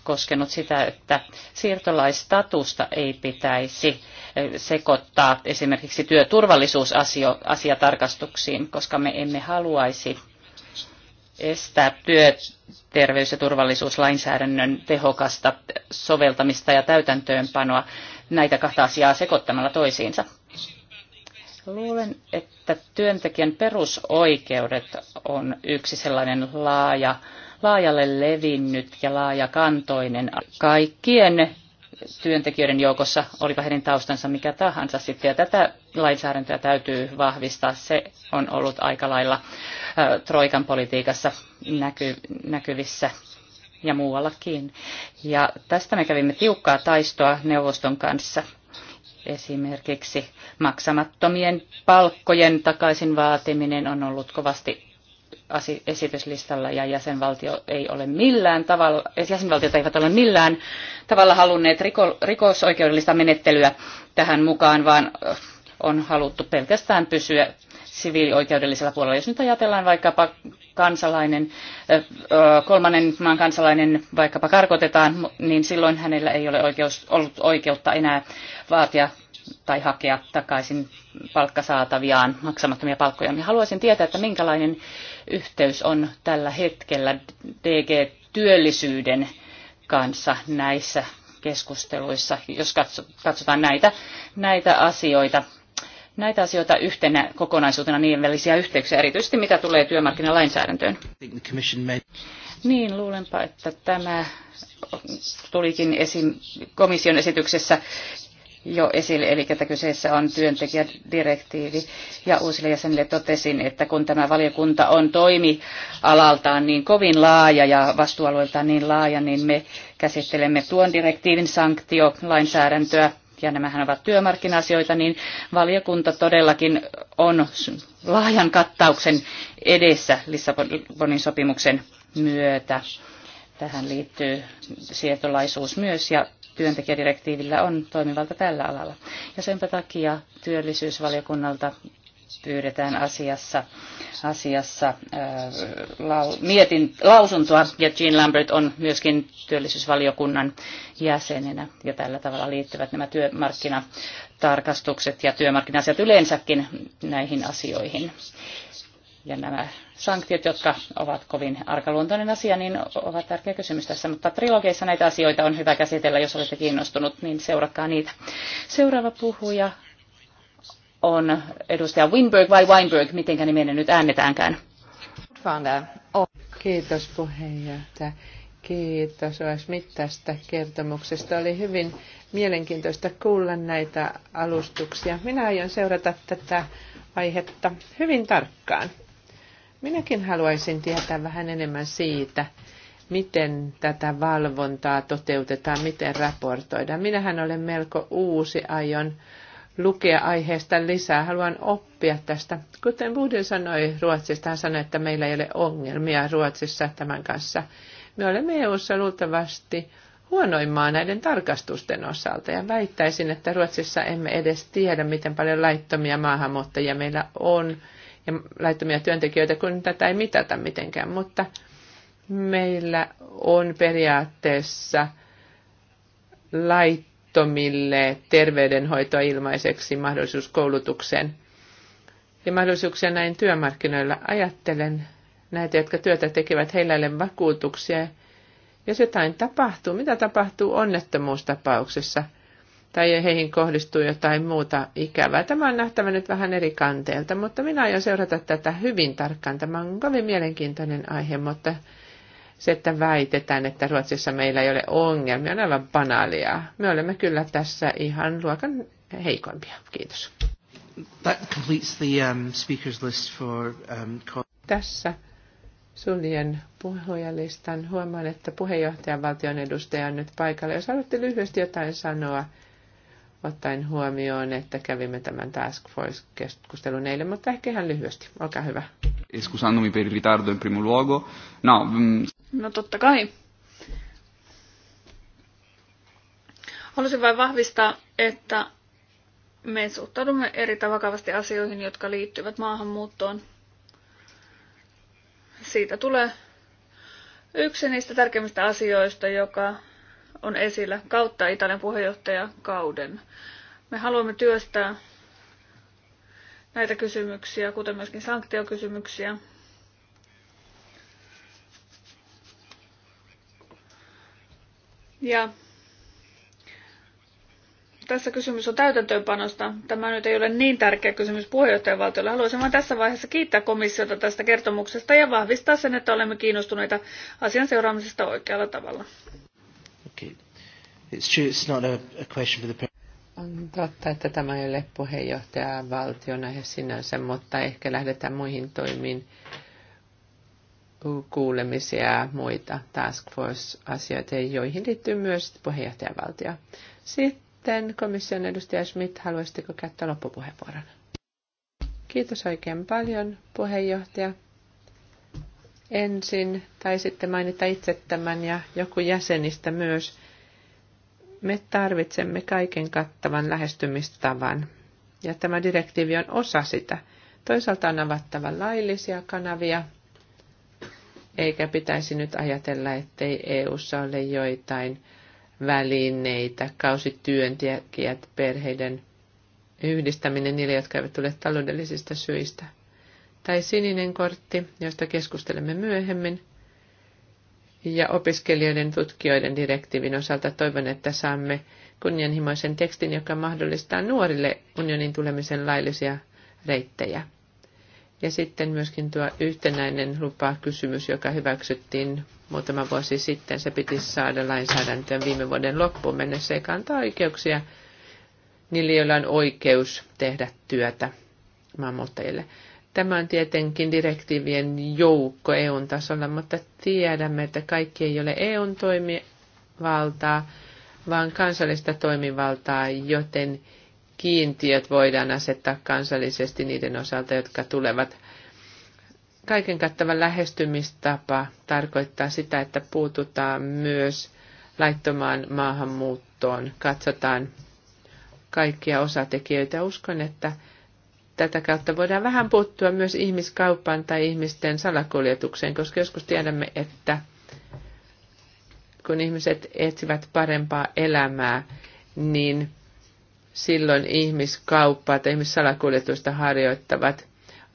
koskenut sitä, että siirtolaistatusta ei pitäisi eh, sekoittaa esimerkiksi työturvallisuusasiatarkastuksiin, koska me emme haluaisi estää työterveys- ja turvallisuuslainsäädännön tehokasta soveltamista ja täytäntöönpanoa näitä kahta asiaa sekoittamalla toisiinsa. Luulen, että työntekijän perusoikeudet on yksi sellainen laaja, laajalle levinnyt ja laaja kantoinen. kaikkien työntekijöiden joukossa, olipa heidän taustansa mikä tahansa sitten. Ja tätä lainsäädäntöä täytyy vahvistaa. Se on ollut aika lailla Troikan politiikassa näky, näkyvissä ja muuallakin. Ja tästä me kävimme tiukkaa taistoa neuvoston kanssa esimerkiksi maksamattomien palkkojen takaisin vaatiminen on ollut kovasti esityslistalla ja jäsenvaltio ei ole millään tavalla, jäsenvaltiot eivät ole millään tavalla halunneet riko, rikosoikeudellista menettelyä tähän mukaan, vaan on haluttu pelkästään pysyä siviilioikeudellisella puolella. Jos nyt ajatellaan vaikkapa kansalainen, kolmannen maan kansalainen vaikkapa karkotetaan, niin silloin hänellä ei ole oikeus, ollut oikeutta enää vaatia tai hakea takaisin palkkasaataviaan, maksamattomia palkkoja. Minä haluaisin tietää, että minkälainen yhteys on tällä hetkellä DG-työllisyyden kanssa näissä keskusteluissa, jos katsotaan näitä, näitä asioita näitä asioita yhtenä kokonaisuutena, niiden välisiä yhteyksiä, erityisesti mitä tulee työmarkkinalainsäädäntöön. Niin, luulenpa, että tämä tulikin esim, komission esityksessä jo esille, eli että kyseessä on työntekijädirektiivi. Ja uusille jäsenille totesin, että kun tämä valiokunta on toimialaltaan niin kovin laaja ja vastuualueeltaan niin laaja, niin me käsittelemme tuon direktiivin sanktio lainsäädäntöä ja nämähän ovat asioita niin valiokunta todellakin on laajan kattauksen edessä Lissabonin sopimuksen myötä. Tähän liittyy siirtolaisuus myös ja työntekijädirektiivillä on toimivalta tällä alalla. Ja sen takia työllisyysvaliokunnalta pyydetään asiassa asiassa äh, mietin, lausuntoa ja Jean Lambert on myöskin työllisyysvaliokunnan jäsenenä ja tällä tavalla liittyvät nämä työmarkkinatarkastukset ja työmarkkina-asiat yleensäkin näihin asioihin. Ja nämä sanktiot, jotka ovat kovin arkaluontoinen asia, niin ovat tärkeä kysymys tässä. Mutta trilogeissa näitä asioita on hyvä käsitellä, jos olette kiinnostunut, niin seuratkaa niitä. Seuraava puhuja on edustaja Winberg vai Weinberg, mitenkä nimenne nyt äännetäänkään. Oh. Kiitos puheenjohtaja. Kiitos Oasmit tästä kertomuksesta. Oli hyvin mielenkiintoista kuulla näitä alustuksia. Minä aion seurata tätä aihetta hyvin tarkkaan. Minäkin haluaisin tietää vähän enemmän siitä, miten tätä valvontaa toteutetaan, miten raportoidaan. Minähän olen melko uusi, aion lukea aiheesta lisää, haluan oppia tästä. Kuten Budin sanoi Ruotsista, hän sanoi, että meillä ei ole ongelmia Ruotsissa tämän kanssa. Me olemme EU-ssa luultavasti huonoimmaa näiden tarkastusten osalta ja väittäisin, että Ruotsissa emme edes tiedä, miten paljon laittomia maahanmuuttajia meillä on ja laittomia työntekijöitä, kun tätä ei mitata mitenkään, mutta meillä on periaatteessa lait työttömille terveydenhoito ilmaiseksi mahdollisuus koulutukseen ja mahdollisuuksia näin työmarkkinoilla. Ajattelen näitä, jotka työtä tekevät heille vakuutuksia. Jos jotain tapahtuu, mitä tapahtuu onnettomuustapauksessa tai heihin kohdistuu jotain muuta ikävää. Tämä on nähtävä nyt vähän eri kanteelta, mutta minä aion seurata tätä hyvin tarkkaan. Tämä on kovin mielenkiintoinen aihe, mutta se, että väitetään, että Ruotsissa meillä ei ole ongelmia, on aivan banaalia. Me olemme kyllä tässä ihan luokan heikoimpia. Kiitos. That completes the um, speakers list for, um, Tässä suljen puhujalistan. Huomaan, että puheenjohtajan valtion edustaja on nyt paikalla. Jos haluatte lyhyesti jotain sanoa, ottaen huomioon, että kävimme tämän task force-keskustelun eilen, mutta ehkä ihan lyhyesti. Olkaa hyvä e scusandomi per il ritardo in primo luogo. No, mm. no totta kai. Haluaisin vain vahvistaa, että me suhtaudumme erittäin vakavasti asioihin, jotka liittyvät maahanmuuttoon. Siitä tulee yksi niistä tärkeimmistä asioista, joka on esillä kautta Italian puheenjohtajakauden. Me haluamme työstää näitä kysymyksiä, kuten myöskin sanktiokysymyksiä. Ja tässä kysymys on täytäntöönpanosta. Tämä nyt ei ole niin tärkeä kysymys puheenjohtajavaltiolle. Haluaisin vain tässä vaiheessa kiittää komissiota tästä kertomuksesta ja vahvistaa sen, että olemme kiinnostuneita asian seuraamisesta oikealla tavalla. Okay. It's true, it's not a, a on totta, että tämä ei ole puheenjohtaja valtiona ja sinänsä, mutta ehkä lähdetään muihin toimiin kuulemisia ja muita task force-asioita, joihin liittyy myös puheenjohtajavaltio. Sitten komission edustaja Schmidt, haluaisitteko käyttää loppupuheenvuoron? Kiitos oikein paljon, puheenjohtaja. Ensin taisitte mainita itse tämän ja joku jäsenistä myös – me tarvitsemme kaiken kattavan lähestymistavan, ja tämä direktiivi on osa sitä. Toisaalta on avattava laillisia kanavia, eikä pitäisi nyt ajatella, ettei EU:ssa ole joitain välineitä, kausityöntekijät, perheiden yhdistäminen niille, jotka eivät tule taloudellisista syistä. Tai sininen kortti, josta keskustelemme myöhemmin ja opiskelijoiden tutkijoiden direktiivin osalta toivon, että saamme kunnianhimoisen tekstin, joka mahdollistaa nuorille unionin tulemisen laillisia reittejä. Ja sitten myöskin tuo yhtenäinen lupakysymys, joka hyväksyttiin muutama vuosi sitten, se piti saada lainsäädäntöön viime vuoden loppuun mennessä, eikä antaa oikeuksia niille, joilla on oikeus tehdä työtä maanmuuttajille. Tämä on tietenkin direktiivien joukko EUn tasolla, mutta tiedämme, että kaikki ei ole EUn toimivaltaa, vaan kansallista toimivaltaa, joten kiintiöt voidaan asettaa kansallisesti niiden osalta, jotka tulevat. Kaiken kattava lähestymistapa tarkoittaa sitä, että puututaan myös laittomaan maahanmuuttoon, katsotaan kaikkia osatekijöitä. Uskon, että tätä kautta voidaan vähän puuttua myös ihmiskauppaan tai ihmisten salakuljetukseen, koska joskus tiedämme, että kun ihmiset etsivät parempaa elämää, niin silloin ihmiskauppaa tai ihmissalakuljetusta harjoittavat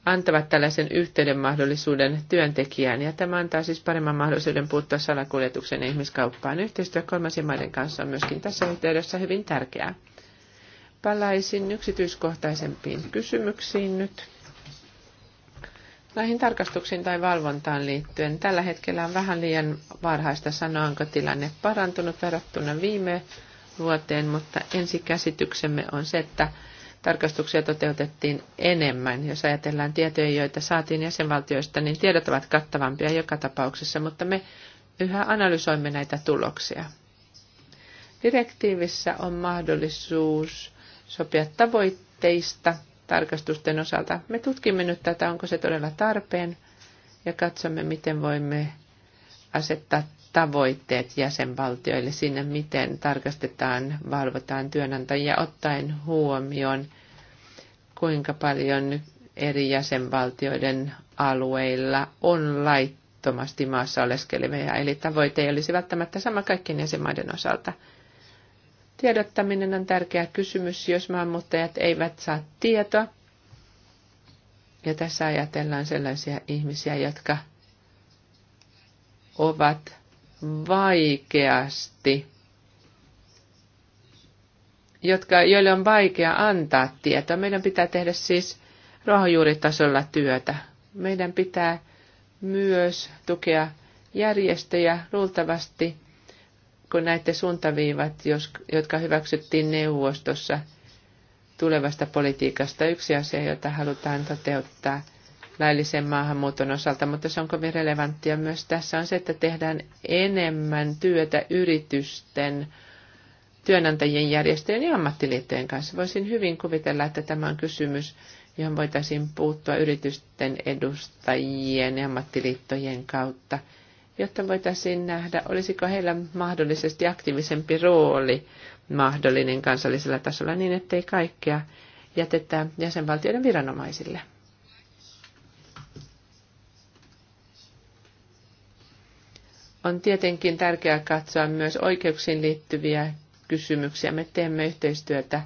antavat tällaisen yhteyden mahdollisuuden työntekijään, ja tämä antaa siis paremman mahdollisuuden puuttua salakuljetuksen ja ihmiskauppaan. Yhteistyö kolmansien maiden kanssa on myöskin tässä yhteydessä hyvin tärkeää palaisin yksityiskohtaisempiin kysymyksiin nyt. Näihin tarkastuksiin tai valvontaan liittyen tällä hetkellä on vähän liian varhaista sanoa, onko tilanne parantunut verrattuna viime vuoteen, mutta ensikäsityksemme on se, että tarkastuksia toteutettiin enemmän. Jos ajatellaan tietoja, joita saatiin jäsenvaltioista, niin tiedot ovat kattavampia joka tapauksessa, mutta me yhä analysoimme näitä tuloksia. Direktiivissä on mahdollisuus sopia tavoitteista tarkastusten osalta. Me tutkimme nyt tätä, onko se todella tarpeen, ja katsomme, miten voimme asettaa tavoitteet jäsenvaltioille sinne, miten tarkastetaan, valvotaan työnantajia ottaen huomioon, kuinka paljon eri jäsenvaltioiden alueilla on laittomasti maassa oleskelevia. Eli tavoite ei olisi välttämättä sama kaikkien jäsenmaiden osalta. Tiedottaminen on tärkeä kysymys, jos maahanmuuttajat eivät saa tietoa. Ja tässä ajatellaan sellaisia ihmisiä, jotka ovat vaikeasti, jotka, joille on vaikea antaa tietoa. Meidän pitää tehdä siis ruohonjuuritasolla työtä. Meidän pitää myös tukea järjestöjä luultavasti kun näitte suuntaviivat, jotka hyväksyttiin neuvostossa tulevasta politiikasta, yksi asia, jota halutaan toteuttaa laillisen maahanmuuton osalta, mutta se on kovin relevanttia myös tässä on se, että tehdään enemmän työtä yritysten, työnantajien järjestöjen ja ammattiliittojen kanssa. Voisin hyvin kuvitella, että tämä on kysymys, johon voitaisiin puuttua yritysten edustajien ja ammattiliittojen kautta – jotta voitaisiin nähdä, olisiko heillä mahdollisesti aktiivisempi rooli mahdollinen kansallisella tasolla niin, ettei kaikkea jätetä jäsenvaltioiden viranomaisille. On tietenkin tärkeää katsoa myös oikeuksiin liittyviä kysymyksiä. Me teemme yhteistyötä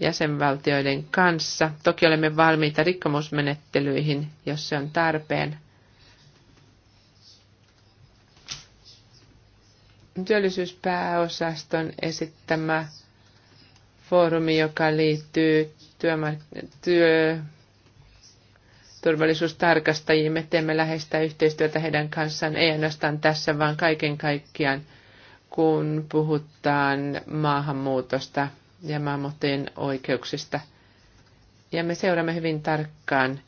jäsenvaltioiden kanssa. Toki olemme valmiita rikkomusmenettelyihin, jos se on tarpeen – työllisyyspääosaston esittämä foorumi, joka liittyy työmark- työ, turvallisuustarkastajiin. Me teemme läheistä yhteistyötä heidän kanssaan, ei ainoastaan tässä, vaan kaiken kaikkiaan, kun puhutaan maahanmuutosta ja maahanmuuttajien oikeuksista. Ja me seuraamme hyvin tarkkaan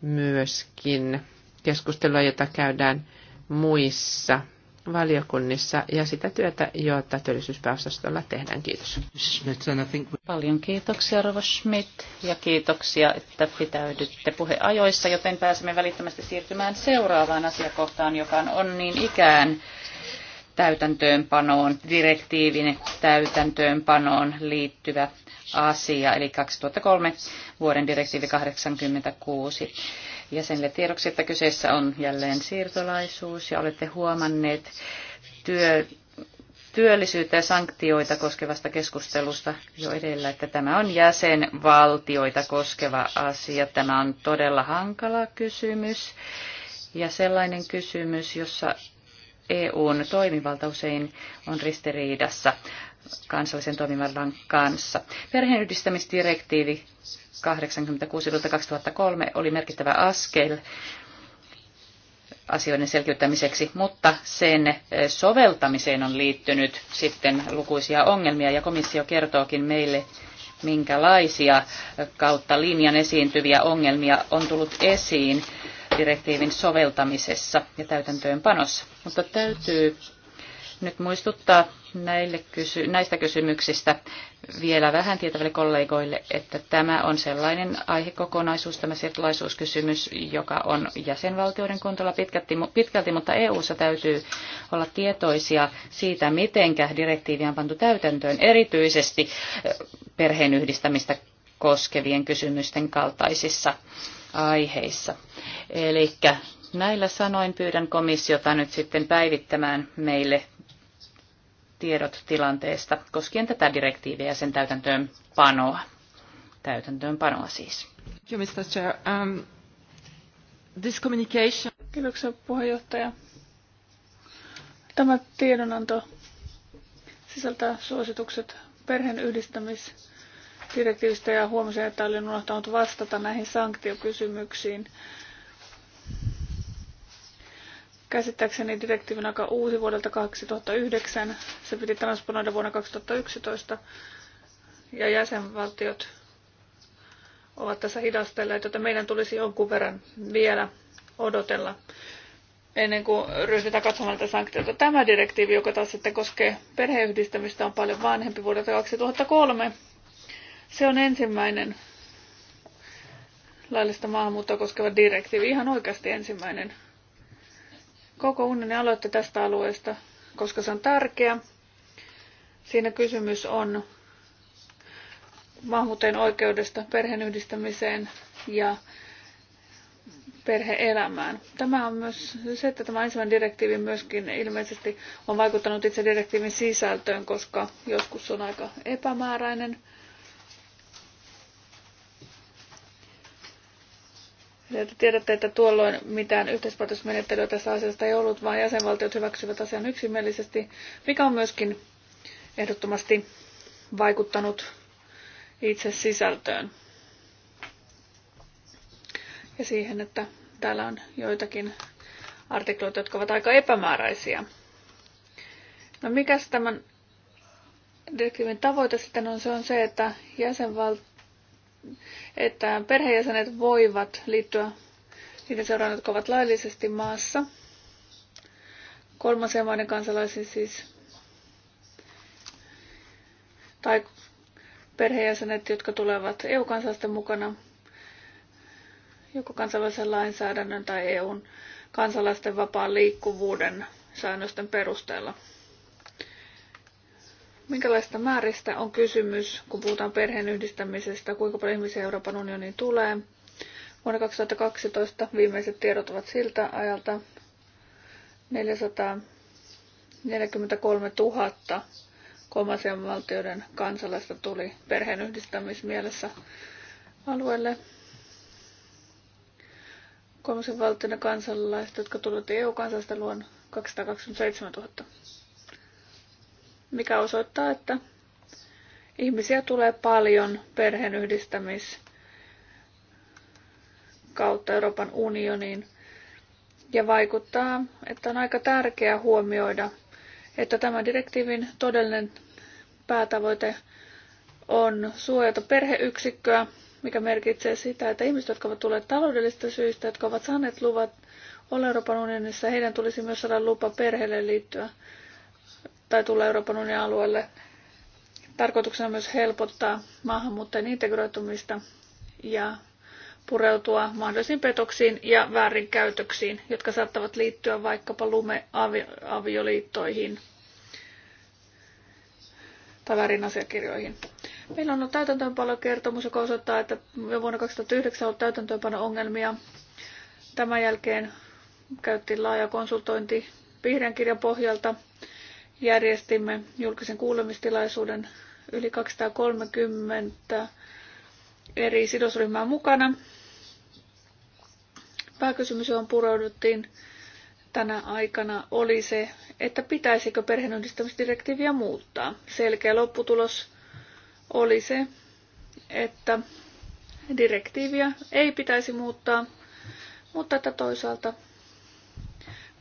myöskin keskustelua, jota käydään muissa valiokunnissa ja sitä työtä, jota työllisyyspääosastolla tehdään. Kiitos. Paljon kiitoksia, Rova Schmidt, ja kiitoksia, että pitäydytte puheajoissa, joten pääsemme välittömästi siirtymään seuraavaan asiakohtaan, joka on niin ikään täytäntöönpanoon, direktiivin täytäntöönpanoon liittyvä asia, eli 2003 vuoden direktiivi 86. Jäsenille tiedoksi, että kyseessä on jälleen siirtolaisuus ja olette huomanneet työ, työllisyyttä ja sanktioita koskevasta keskustelusta jo edellä, että tämä on jäsenvaltioita koskeva asia. Tämä on todella hankala kysymys ja sellainen kysymys, jossa EUn toimivalta usein on ristiriidassa kansallisen toimivallan kanssa. Perheenyhdistämisdirektiivi 86-2003 oli merkittävä askel asioiden selkiyttämiseksi, mutta sen soveltamiseen on liittynyt sitten lukuisia ongelmia ja komissio kertookin meille, minkälaisia kautta linjan esiintyviä ongelmia on tullut esiin direktiivin soveltamisessa ja täytäntöönpanossa. Mutta täytyy nyt muistuttaa näille kysy- näistä kysymyksistä vielä vähän tietäville kollegoille, että tämä on sellainen aihekokonaisuus, tämä siirtolaisuuskysymys, joka on jäsenvaltioiden kontolla pitkälti, pitkälti mutta EU-ssa täytyy olla tietoisia siitä, mitenkä direktiiviä on pantu täytäntöön, erityisesti eh, perheenyhdistämistä koskevien kysymysten kaltaisissa aiheissa. Eli näillä sanoin pyydän komissiota nyt sitten päivittämään meille tiedot tilanteesta koskien tätä direktiiviä ja sen täytäntöönpanoa. Täytäntöönpanoa siis. Um, Kiitoksia puheenjohtaja. Tämä tiedonanto sisältää suositukset perheen yhdistämisdirektiivistä ja huomasin, että olin unohtanut vastata näihin sanktiokysymyksiin Käsittääkseni direktiivin aika uusi vuodelta 2009. Se piti transponoida vuonna 2011. Ja jäsenvaltiot ovat tässä hidastelleet, joten meidän tulisi jonkun verran vielä odotella ennen kuin ryhdytään katsomaan tätä sanktiota. Tämä direktiivi, joka taas sitten koskee perheyhdistämistä, on paljon vanhempi vuodelta 2003. Se on ensimmäinen laillista maahanmuuttoa koskeva direktiivi, ihan oikeasti ensimmäinen koko unioni aloitti tästä alueesta, koska se on tärkeä. Siinä kysymys on maahanmuuttajien oikeudesta perheen yhdistämiseen ja perheelämään. Tämä on myös se, että tämä ensimmäinen direktiivi myöskin ilmeisesti on vaikuttanut itse direktiivin sisältöön, koska joskus se on aika epämääräinen. Ja te tiedätte, että tuolloin mitään yhteispäätösmenettelyä tässä asiasta ei ollut, vaan jäsenvaltiot hyväksyvät asian yksimielisesti, mikä on myöskin ehdottomasti vaikuttanut itse sisältöön ja siihen, että täällä on joitakin artikloita, jotka ovat aika epämääräisiä. No mikäs tämän direktiivin tavoite sitten on? Se on se, että jäsenvaltiot että perheenjäsenet voivat liittyä niiden seuraan, jotka ovat laillisesti maassa. Kolmansien maiden kansalaisiin siis. Tai perheenjäsenet, jotka tulevat EU-kansalaisten mukana, joko kansainvälisen lainsäädännön tai EUn kansalaisten vapaan liikkuvuuden säännösten perusteella minkälaista määristä on kysymys, kun puhutaan perheen yhdistämisestä, kuinka paljon ihmisiä Euroopan unioniin tulee. Vuonna 2012 viimeiset tiedot ovat siltä ajalta 443 000 kolmansien valtioiden kansalaista tuli perheenyhdistämismielessä alueelle. Kolmansien valtioiden kansalaiset, jotka tulivat EU-kansalaisten luon 227 000 mikä osoittaa, että ihmisiä tulee paljon yhdistämis kautta Euroopan unioniin. Ja vaikuttaa, että on aika tärkeää huomioida, että tämän direktiivin todellinen päätavoite on suojata perheyksikköä, mikä merkitsee sitä, että ihmiset, jotka ovat tulleet taloudellisista syistä, jotka ovat saaneet luvat olla Euroopan unionissa, heidän tulisi myös saada lupa perheelle liittyä tai tulla Euroopan unionin alueelle. Tarkoituksena myös helpottaa maahanmuuttajien integroitumista ja pureutua mahdollisiin petoksiin ja väärinkäytöksiin, jotka saattavat liittyä vaikkapa lumeavioliittoihin tai väärin asiakirjoihin. Meillä on kertomus joka osoittaa, että jo vuonna 2009 on ollut täytäntöönpano-ongelmia. Tämän jälkeen käytiin laaja konsultointi vihreän kirjan pohjalta järjestimme julkisen kuulemistilaisuuden yli 230 eri sidosryhmää mukana. Pääkysymys, johon pureuduttiin tänä aikana, oli se, että pitäisikö perheenyhdistämisdirektiiviä muuttaa. Selkeä lopputulos oli se, että direktiiviä ei pitäisi muuttaa, mutta että toisaalta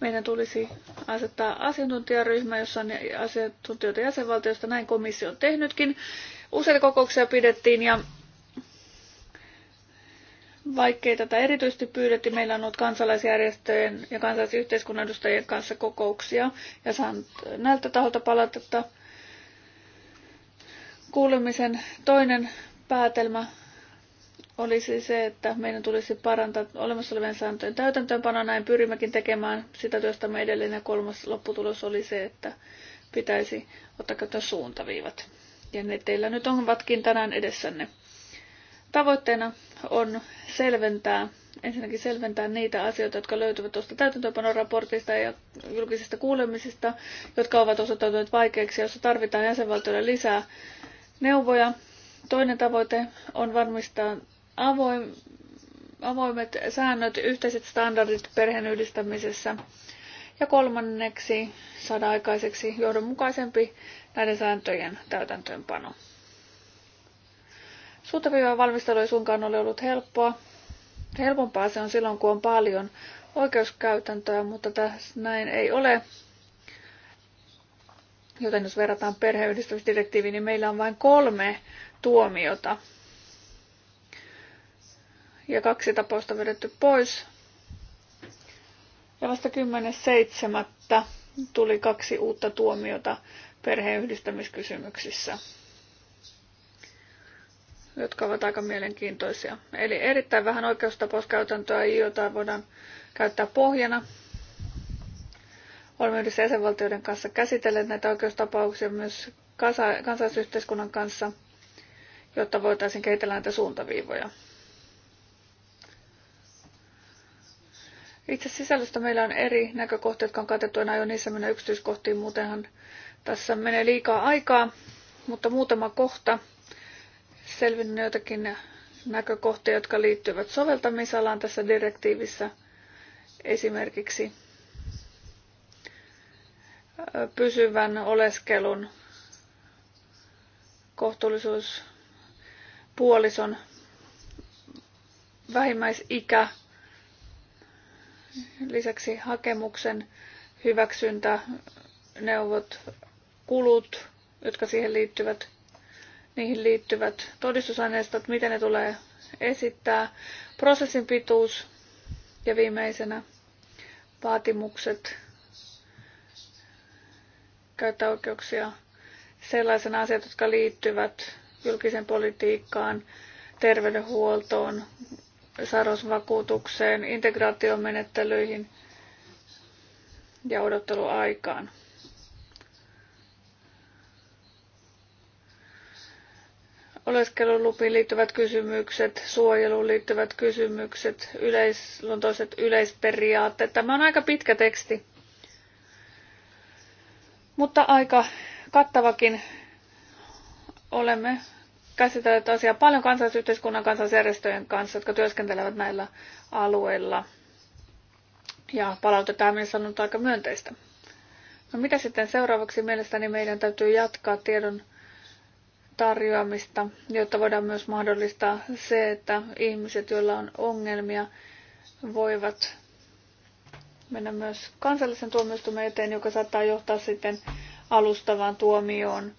meidän tulisi asettaa asiantuntijaryhmä, jossa on asiantuntijoita jäsenvaltioista. Näin komissio on tehnytkin. Useita kokouksia pidettiin ja vaikkei tätä erityisesti pyydettiin, meillä on ollut kansalaisjärjestöjen ja kansalaisyhteiskunnan edustajien kanssa kokouksia ja saan näiltä taholta palautetta. Kuulemisen toinen päätelmä olisi se, että meidän tulisi parantaa olemassa olevien sääntöjen täytäntöönpanoa. Näin pyrimmekin tekemään sitä työstä työstämme edellinen. Kolmas lopputulos oli se, että pitäisi ottaa käyttöön suuntaviivat. Ja ne teillä nyt onkin tänään edessänne. Tavoitteena on selventää, ensinnäkin selventää niitä asioita, jotka löytyvät tuosta raportista ja julkisista kuulemisista, jotka ovat osoittautuneet vaikeiksi, jos tarvitaan jäsenvaltioille lisää neuvoja. Toinen tavoite on varmistaa avoim, avoimet säännöt, yhteiset standardit perheen yhdistämisessä ja kolmanneksi saada aikaiseksi johdonmukaisempi näiden sääntöjen täytäntöönpano. Suuntaviivan valmistelu ei suinkaan ole ollut helppoa. Helpompaa se on silloin, kun on paljon oikeuskäytäntöä, mutta tässä näin ei ole. Joten jos verrataan perheyhdistämisdirektiiviin, niin meillä on vain kolme tuomiota ja kaksi tapausta vedetty pois. Ja vasta 10.7. tuli kaksi uutta tuomiota perheenyhdistämiskysymyksissä, jotka ovat aika mielenkiintoisia. Eli erittäin vähän oikeustapauskäytäntöä, jota voidaan käyttää pohjana. Olemme yhdessä jäsenvaltioiden kanssa käsitelleet näitä oikeustapauksia myös kansallisyhteiskunnan kanssa, jotta voitaisiin kehitellä näitä suuntaviivoja. Itse sisällöstä meillä on eri näkökohtia, jotka on katettu aina jo niissä mennä yksityiskohtiin, muutenhan tässä menee liikaa aikaa, mutta muutama kohta. Selvinnyt joitakin näkökohtia, jotka liittyvät soveltamisalaan tässä direktiivissä. Esimerkiksi pysyvän oleskelun kohtuullisuus, puolison vähimmäisikä, Lisäksi hakemuksen hyväksyntä, neuvot, kulut, jotka siihen liittyvät, niihin liittyvät todistusaineistot, miten ne tulee esittää, prosessin pituus ja viimeisenä vaatimukset käyttää oikeuksia sellaisena asiat, jotka liittyvät julkiseen politiikkaan, terveydenhuoltoon, sairausvakuutukseen, integraatiomenettelyihin ja odotteluaikaan. oleskelulupiin liittyvät kysymykset, suojeluun liittyvät kysymykset, yleisluontoiset yleisperiaatteet. Tämä on aika pitkä teksti, mutta aika kattavakin. Olemme tätä asiaa paljon kansalaisyhteiskunnan kansalaisjärjestöjen kanssa, jotka työskentelevät näillä alueilla. Ja palautetta on sanonut aika myönteistä. No mitä sitten seuraavaksi mielestäni meidän täytyy jatkaa tiedon tarjoamista, jotta voidaan myös mahdollistaa se, että ihmiset, joilla on ongelmia, voivat mennä myös kansallisen tuomioistuimen eteen, joka saattaa johtaa sitten alustavaan tuomioon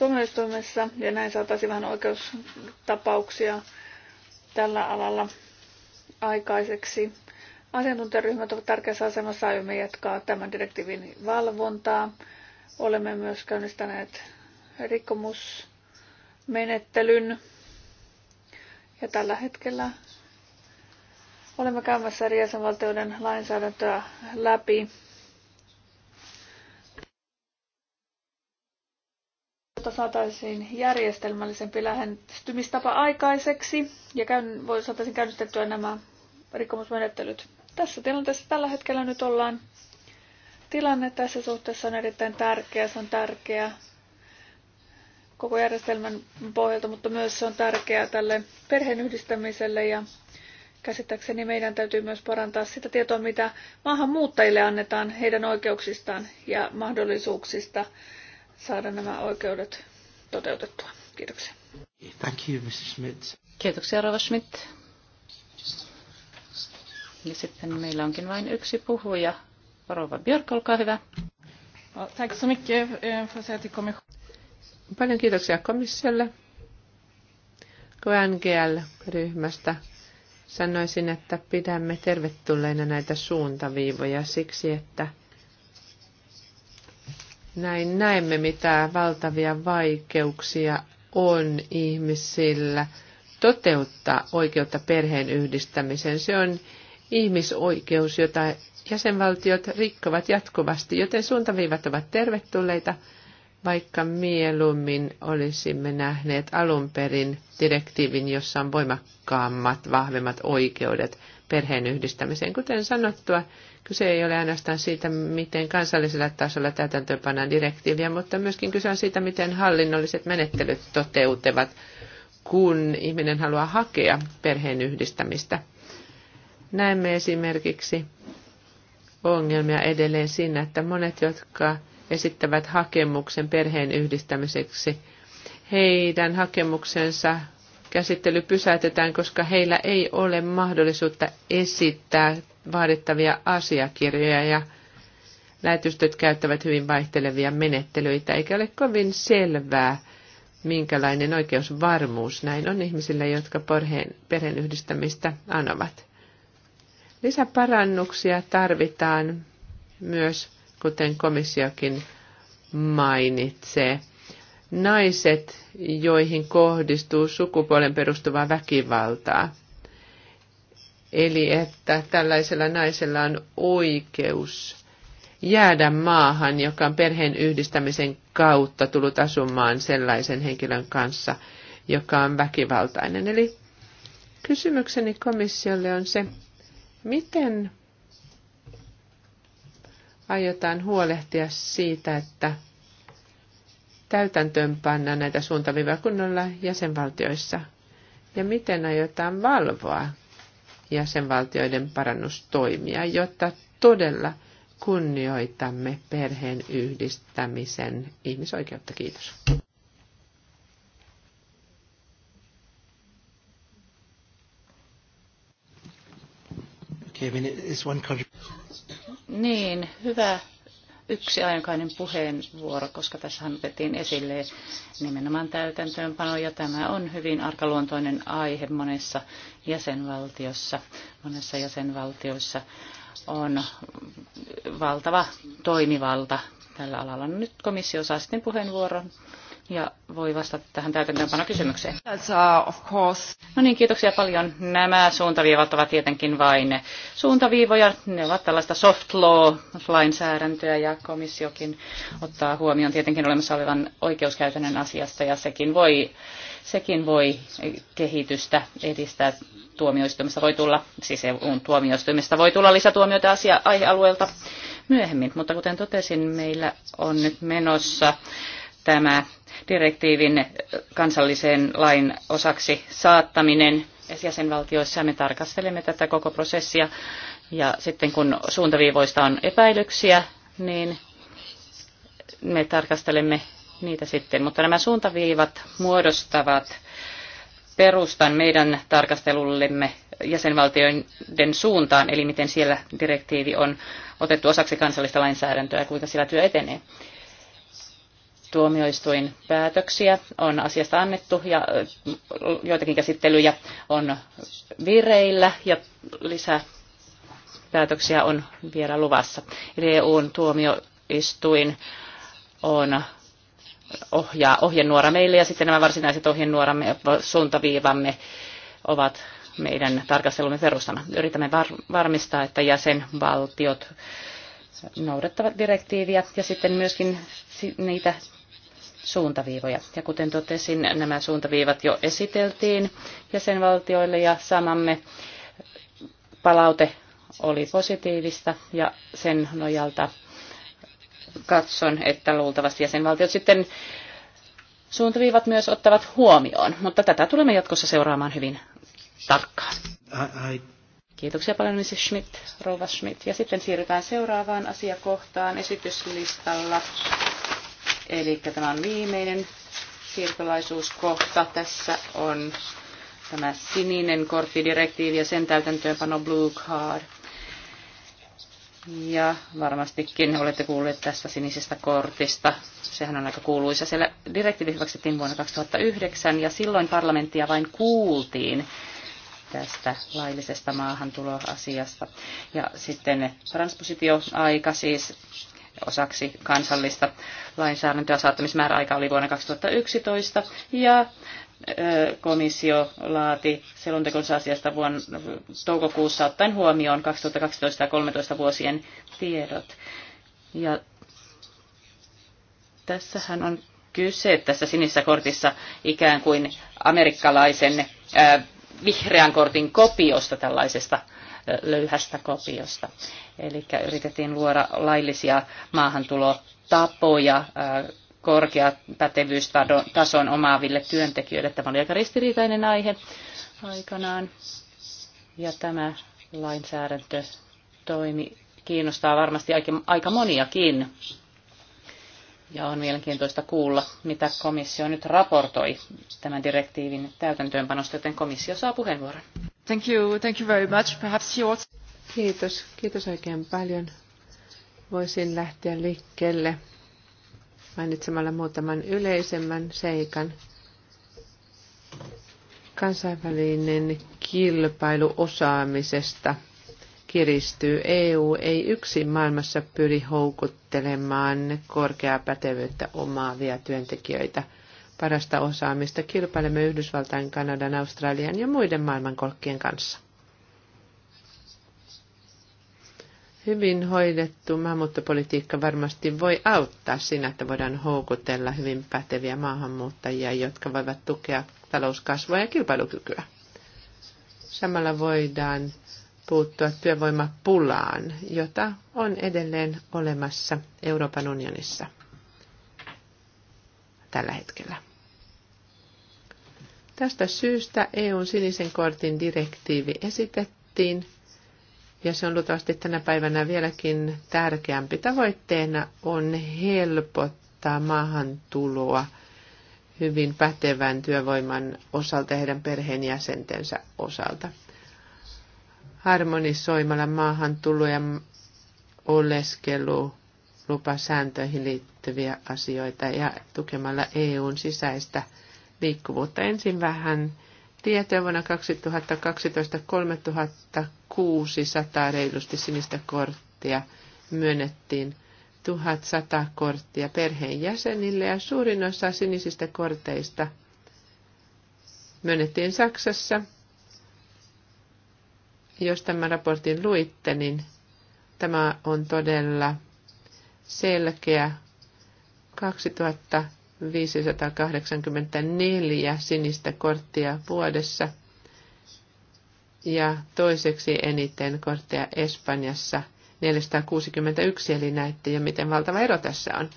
tuomioistuimessa ja näin saataisiin vähän oikeustapauksia tällä alalla aikaiseksi. Asiantuntijaryhmät ovat tärkeässä asemassa, aiomme jatkaa tämän direktiivin valvontaa. Olemme myös käynnistäneet rikkomusmenettelyn ja tällä hetkellä olemme käymässä eri jäsenvaltioiden lainsäädäntöä läpi jotta saataisiin järjestelmällisempi lähestymistapa aikaiseksi ja käyn, voi, saataisiin käynnistettyä nämä rikkomusmenettelyt. Tässä tilanteessa tällä hetkellä nyt ollaan. Tilanne tässä suhteessa on erittäin tärkeä, se on tärkeä koko järjestelmän pohjalta, mutta myös se on tärkeää tälle perheenyhdistämiselle ja käsittääkseni meidän täytyy myös parantaa sitä tietoa, mitä maahanmuuttajille annetaan heidän oikeuksistaan ja mahdollisuuksista saada nämä oikeudet toteutettua. Kiitoksia. Thank you, Mrs. Schmidt. Kiitoksia, Rova Schmidt. Ja sitten meillä onkin vain yksi puhuja. Rova Björk, olkaa hyvä. Tack så mycket eh, Paljon kiitoksia komissiolle. KNGL-ryhmästä sanoisin, että pidämme tervetulleina näitä suuntaviivoja siksi, että – näin näemme, mitä valtavia vaikeuksia on ihmisillä toteuttaa oikeutta perheen yhdistämiseen. Se on ihmisoikeus, jota jäsenvaltiot rikkovat jatkuvasti, joten suuntaviivat ovat tervetulleita, vaikka mieluummin olisimme nähneet alun perin direktiivin, jossa on voimakkaammat, vahvemmat oikeudet perheen yhdistämiseen. Kuten sanottua, Kyse ei ole ainoastaan siitä, miten kansallisella tasolla täytäntöönpannaan direktiiviä, mutta myöskin kyse on siitä, miten hallinnolliset menettelyt toteutuvat, kun ihminen haluaa hakea perheen yhdistämistä. Näemme esimerkiksi ongelmia edelleen siinä, että monet, jotka esittävät hakemuksen perheen yhdistämiseksi, heidän hakemuksensa käsittely pysäytetään, koska heillä ei ole mahdollisuutta esittää vaadittavia asiakirjoja ja lähetystöt käyttävät hyvin vaihtelevia menettelyitä, eikä ole kovin selvää, minkälainen oikeusvarmuus näin on ihmisille, jotka perheen, yhdistämistä anovat. Lisäparannuksia tarvitaan myös, kuten komissiokin mainitsee. Naiset, joihin kohdistuu sukupuolen perustuvaa väkivaltaa. Eli että tällaisella naisella on oikeus jäädä maahan, joka on perheen yhdistämisen kautta tullut asumaan sellaisen henkilön kanssa, joka on väkivaltainen. Eli kysymykseni komissiolle on se, miten aiotaan huolehtia siitä, että täytäntöön pannaan näitä suuntaviivoja kunnolla jäsenvaltioissa? Ja miten aiotaan valvoa jäsenvaltioiden parannustoimia, jotta todella kunnioitamme perheen yhdistämisen ihmisoikeutta. Kiitos. Niin, hyvä yksi ajankainen puheenvuoro, koska tässä otettiin esille nimenomaan täytäntöönpano, ja tämä on hyvin arkaluontoinen aihe monessa jäsenvaltiossa. Monessa jäsenvaltioissa on valtava toimivalta tällä alalla. No nyt komissio saa sitten puheenvuoron ja voi vastata tähän täytäntöönpanokysymykseen. kysymykseen. Uh, no niin, kiitoksia paljon. Nämä suuntaviivat ovat tietenkin vain suuntaviivoja. Ne ovat tällaista soft law-lainsäädäntöä ja komissiokin ottaa huomioon tietenkin olemassa olevan oikeuskäytännön asiassa ja sekin voi, sekin voi kehitystä edistää tuomioistuimesta voi tulla, siis tuomioistuimesta voi tulla lisätuomioita asia aihealueelta myöhemmin, mutta kuten totesin, meillä on nyt menossa tämä direktiivin kansallisen lain osaksi saattaminen jäsenvaltioissa. Me tarkastelemme tätä koko prosessia ja sitten kun suuntaviivoista on epäilyksiä, niin me tarkastelemme niitä sitten. Mutta nämä suuntaviivat muodostavat perustan meidän tarkastelullemme jäsenvaltioiden suuntaan, eli miten siellä direktiivi on otettu osaksi kansallista lainsäädäntöä ja kuinka sillä työ etenee tuomioistuin päätöksiä on asiasta annettu ja joitakin käsittelyjä on vireillä ja lisää päätöksiä on vielä luvassa. Eli EUn tuomioistuin on ohjaa ohjenuora meille ja sitten nämä varsinaiset ohjenuoramme suuntaviivamme ovat meidän tarkastelumme perustana. Yritämme var- varmistaa, että jäsenvaltiot noudattavat direktiiviä ja sitten myöskin niitä suuntaviivoja. Ja kuten totesin, nämä suuntaviivat jo esiteltiin jäsenvaltioille ja samamme palaute oli positiivista ja sen nojalta katson, että luultavasti jäsenvaltiot sitten suuntaviivat myös ottavat huomioon, mutta tätä tulemme jatkossa seuraamaan hyvin tarkkaan. Kiitoksia paljon Mrs. Schmidt, Rouva Schmidt. Ja sitten siirrytään seuraavaan asiakohtaan esityslistalla. Eli tämä on viimeinen siirtolaisuuskohta. Tässä on tämä sininen korttidirektiivi ja sen täytäntöönpano Blue Card. Ja varmastikin olette kuulleet tästä sinisestä kortista. Sehän on aika kuuluisa. Siellä direktiivi hyväksyttiin vuonna 2009 ja silloin parlamenttia vain kuultiin tästä laillisesta maahantuloasiasta. Ja sitten transpositioaika siis osaksi kansallista lainsäädäntöä. Saattamismääräaika oli vuonna 2011 ja komissio laati selontekonsa asiasta vuonna toukokuussa ottaen huomioon 2012 ja 2013 vuosien tiedot. Ja tässähän on kyse tässä sinisessä kortissa ikään kuin amerikkalaisen ää, vihreän kortin kopiosta tällaisesta löyhästä kopiosta. Eli yritettiin luoda laillisia maahantulotapoja äh, korkea pätevyystason omaaville työntekijöille. Tämä oli aika ristiriitainen aihe aikanaan. Ja tämä lainsäädäntö toimi kiinnostaa varmasti aika moniakin. Ja on mielenkiintoista kuulla, mitä komissio nyt raportoi tämän direktiivin täytäntöönpanosta, joten komissio saa puheenvuoron. Thank you, thank you very much. Perhaps you also... Kiitos, kiitos oikein paljon. Voisin lähteä liikkeelle mainitsemalla muutaman yleisemmän seikan. Kansainvälinen kilpailu osaamisesta kiristyy. EU ei yksin maailmassa pyri houkuttelemaan korkeaa pätevyyttä omaavia työntekijöitä – parasta osaamista. Kilpailemme Yhdysvaltain, Kanadan, Australian ja muiden maailmankolkkien kanssa. Hyvin hoidettu maahanmuuttopolitiikka varmasti voi auttaa siinä, että voidaan houkutella hyvin päteviä maahanmuuttajia, jotka voivat tukea talouskasvua ja kilpailukykyä. Samalla voidaan puuttua työvoimapulaan, jota on edelleen olemassa Euroopan unionissa tällä hetkellä. Tästä syystä EUn sinisen kortin direktiivi esitettiin, ja se on luultavasti tänä päivänä vieläkin tärkeämpi. Tavoitteena on helpottaa maahantuloa hyvin pätevän työvoiman osalta ja heidän perheenjäsentensä osalta. Harmonisoimalla maahantulo- ja oleskelulupasääntöihin liittyviä asioita ja tukemalla EUn sisäistä – liikkuvuutta. Ensin vähän tietoa vuonna 2012 3600 reilusti sinistä korttia myönnettiin 1100 korttia perheenjäsenille ja suurin osa sinisistä korteista myönnettiin Saksassa. Jos tämän raportin luitte, niin tämä on todella selkeä 2000 584 sinistä korttia vuodessa ja toiseksi eniten kortteja Espanjassa 461, eli näette jo miten valtava ero tässä on.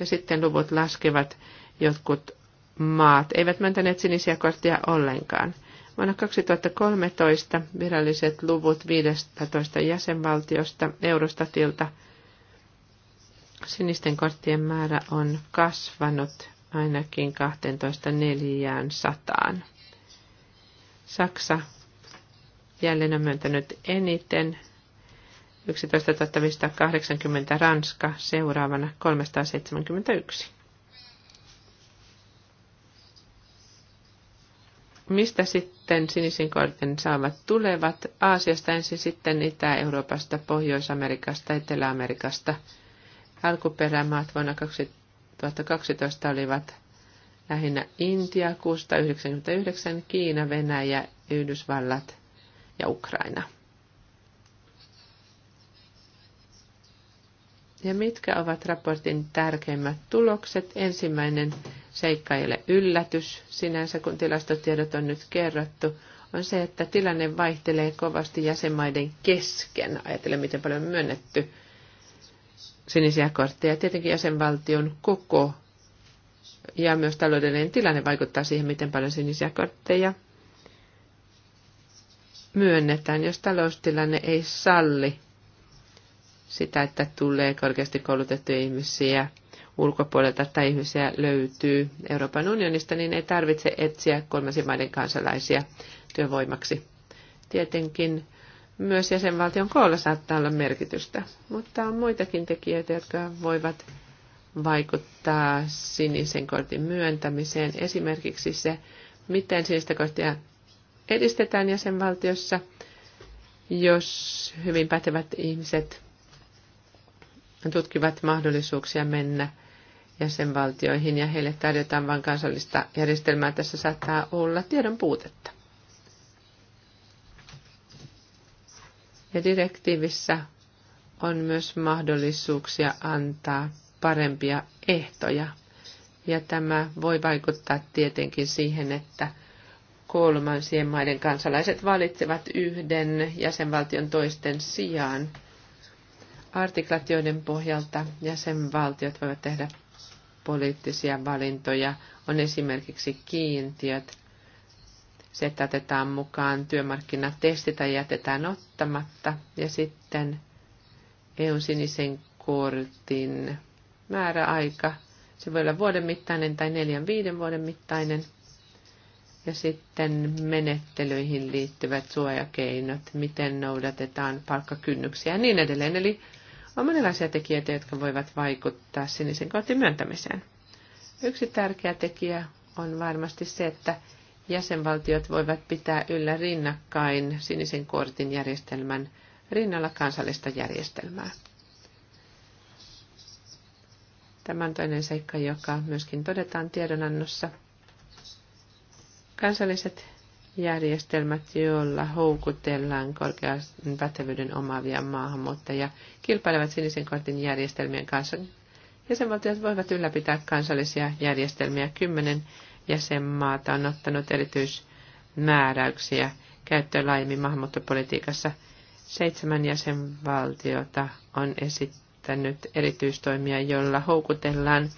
Ja sitten luvut laskevat, jotkut maat eivät myöntäneet sinisiä kortteja ollenkaan. Vuonna 2013 viralliset luvut 15 jäsenvaltiosta Eurostatilta – Sinisten korttien määrä on kasvanut ainakin 12.400. Saksa jälleen on myöntänyt eniten 11 580 Ranska seuraavana 371. Mistä sitten sinisin kortin saavat tulevat? Aasiasta ensin sitten Itä-Euroopasta, Pohjois-Amerikasta, Etelä-Amerikasta – Alkuperämaat vuonna 2012 olivat lähinnä Intia 699, Kiina, Venäjä, Yhdysvallat ja Ukraina. Ja mitkä ovat raportin tärkeimmät tulokset? Ensimmäinen seikka ei ole yllätys sinänsä, kun tilastotiedot on nyt kerrottu, on se, että tilanne vaihtelee kovasti jäsenmaiden kesken. Ajatellen, miten paljon on myönnetty sinisiä kortteja. Tietenkin jäsenvaltion koko ja myös taloudellinen tilanne vaikuttaa siihen, miten paljon sinisiä kortteja myönnetään, jos taloustilanne ei salli sitä, että tulee korkeasti koulutettuja ihmisiä ulkopuolelta tai ihmisiä löytyy Euroopan unionista, niin ei tarvitse etsiä kolmansien maiden kansalaisia työvoimaksi. Tietenkin myös jäsenvaltion koolla saattaa olla merkitystä, mutta on muitakin tekijöitä, jotka voivat vaikuttaa sinisen kortin myöntämiseen. Esimerkiksi se, miten sinistä korttia edistetään jäsenvaltiossa, jos hyvin pätevät ihmiset tutkivat mahdollisuuksia mennä jäsenvaltioihin ja heille tarjotaan vain kansallista järjestelmää. Tässä saattaa olla tiedon puutetta. Ja direktiivissä on myös mahdollisuuksia antaa parempia ehtoja. Ja tämä voi vaikuttaa tietenkin siihen, että kolmansien maiden kansalaiset valitsevat yhden jäsenvaltion toisten sijaan. Artiklat, joiden pohjalta jäsenvaltiot voivat tehdä poliittisia valintoja, on esimerkiksi kiintiöt se, että otetaan mukaan työmarkkinatesti tai jätetään ottamatta. Ja sitten EUn sinisen kortin määräaika. Se voi olla vuoden mittainen tai neljän viiden vuoden mittainen. Ja sitten menettelyihin liittyvät suojakeinot, miten noudatetaan palkkakynnyksiä ja niin edelleen. Eli on monenlaisia tekijöitä, jotka voivat vaikuttaa sinisen kortin myöntämiseen. Yksi tärkeä tekijä on varmasti se, että jäsenvaltiot voivat pitää yllä rinnakkain sinisen kortin järjestelmän rinnalla kansallista järjestelmää. Tämä on toinen seikka, joka myöskin todetaan tiedonannossa. Kansalliset järjestelmät, joilla houkutellaan korkean pätevyyden omaavia maahanmuuttajia, kilpailevat sinisen kortin järjestelmien kanssa. Jäsenvaltiot voivat ylläpitää kansallisia järjestelmiä kymmenen jäsenmaata on ottanut erityismääräyksiä käyttöön laajemmin maahanmuuttopolitiikassa. Seitsemän jäsenvaltiota on esittänyt erityistoimia, joilla houkutellaan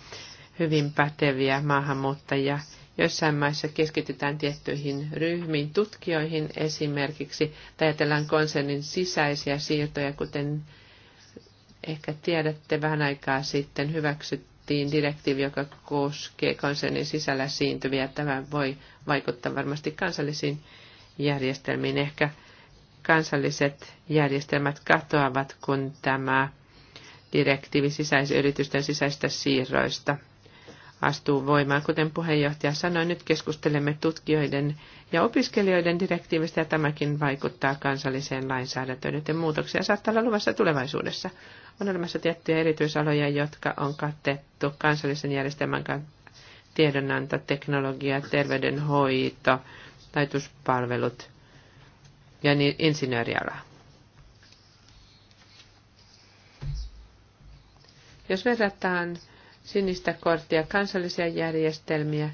hyvin päteviä maahanmuuttajia. Joissain maissa keskitytään tiettyihin ryhmiin, tutkijoihin esimerkiksi, tai ajatellaan konsernin sisäisiä siirtoja, kuten ehkä tiedätte vähän aikaa sitten hyväksyt annettiin direktiivi, joka koskee konsernin sisällä siintyviä. Tämä voi vaikuttaa varmasti kansallisiin järjestelmiin. Ehkä kansalliset järjestelmät katoavat, kun tämä direktiivi sisäis- yritysten sisäistä siirroista – astuu voimaan. Kuten puheenjohtaja sanoi, nyt keskustelemme tutkijoiden ja opiskelijoiden direktiivistä ja tämäkin vaikuttaa kansalliseen lainsäädäntöön, joten muutoksia saattaa olla luvassa tulevaisuudessa. On olemassa tiettyjä erityisaloja, jotka on katettu kansallisen järjestelmän tiedonanto, teknologia, terveydenhoito, taituspalvelut ja niin, insinööriala. Jos verrataan sinistä korttia kansallisia järjestelmiä.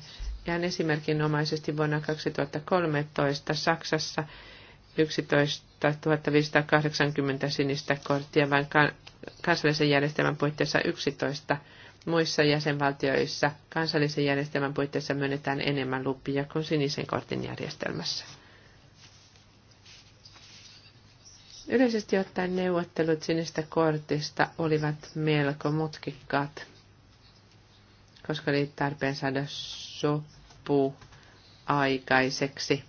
Ihan esimerkinomaisesti vuonna 2013 Saksassa 11 580 sinistä korttia, vaan kansallisen järjestelmän puitteissa 11 muissa jäsenvaltioissa kansallisen järjestelmän puitteissa myönnetään enemmän lupia kuin sinisen kortin järjestelmässä. Yleisesti ottaen neuvottelut sinistä kortista olivat melko mutkikkaat koska oli tarpeen saada sopu aikaiseksi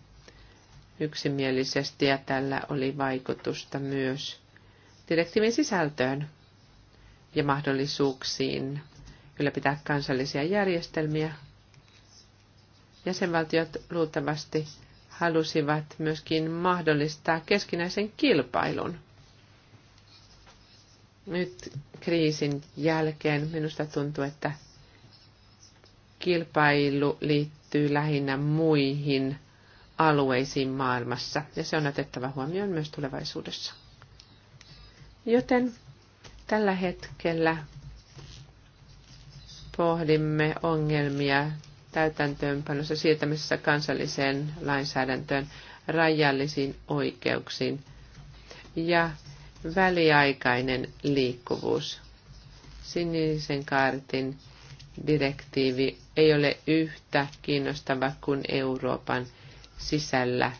yksimielisesti ja tällä oli vaikutusta myös direktiivin sisältöön ja mahdollisuuksiin ylläpitää kansallisia järjestelmiä. Jäsenvaltiot luultavasti halusivat myöskin mahdollistaa keskinäisen kilpailun. Nyt kriisin jälkeen minusta tuntuu, että kilpailu liittyy lähinnä muihin alueisiin maailmassa ja se on otettava huomioon myös tulevaisuudessa. Joten tällä hetkellä pohdimme ongelmia täytäntöönpanossa siirtämisessä kansalliseen lainsäädäntöön rajallisiin oikeuksiin ja väliaikainen liikkuvuus. Sinisen kaartin direktiivi ei ole yhtä kiinnostava kuin Euroopan sisällä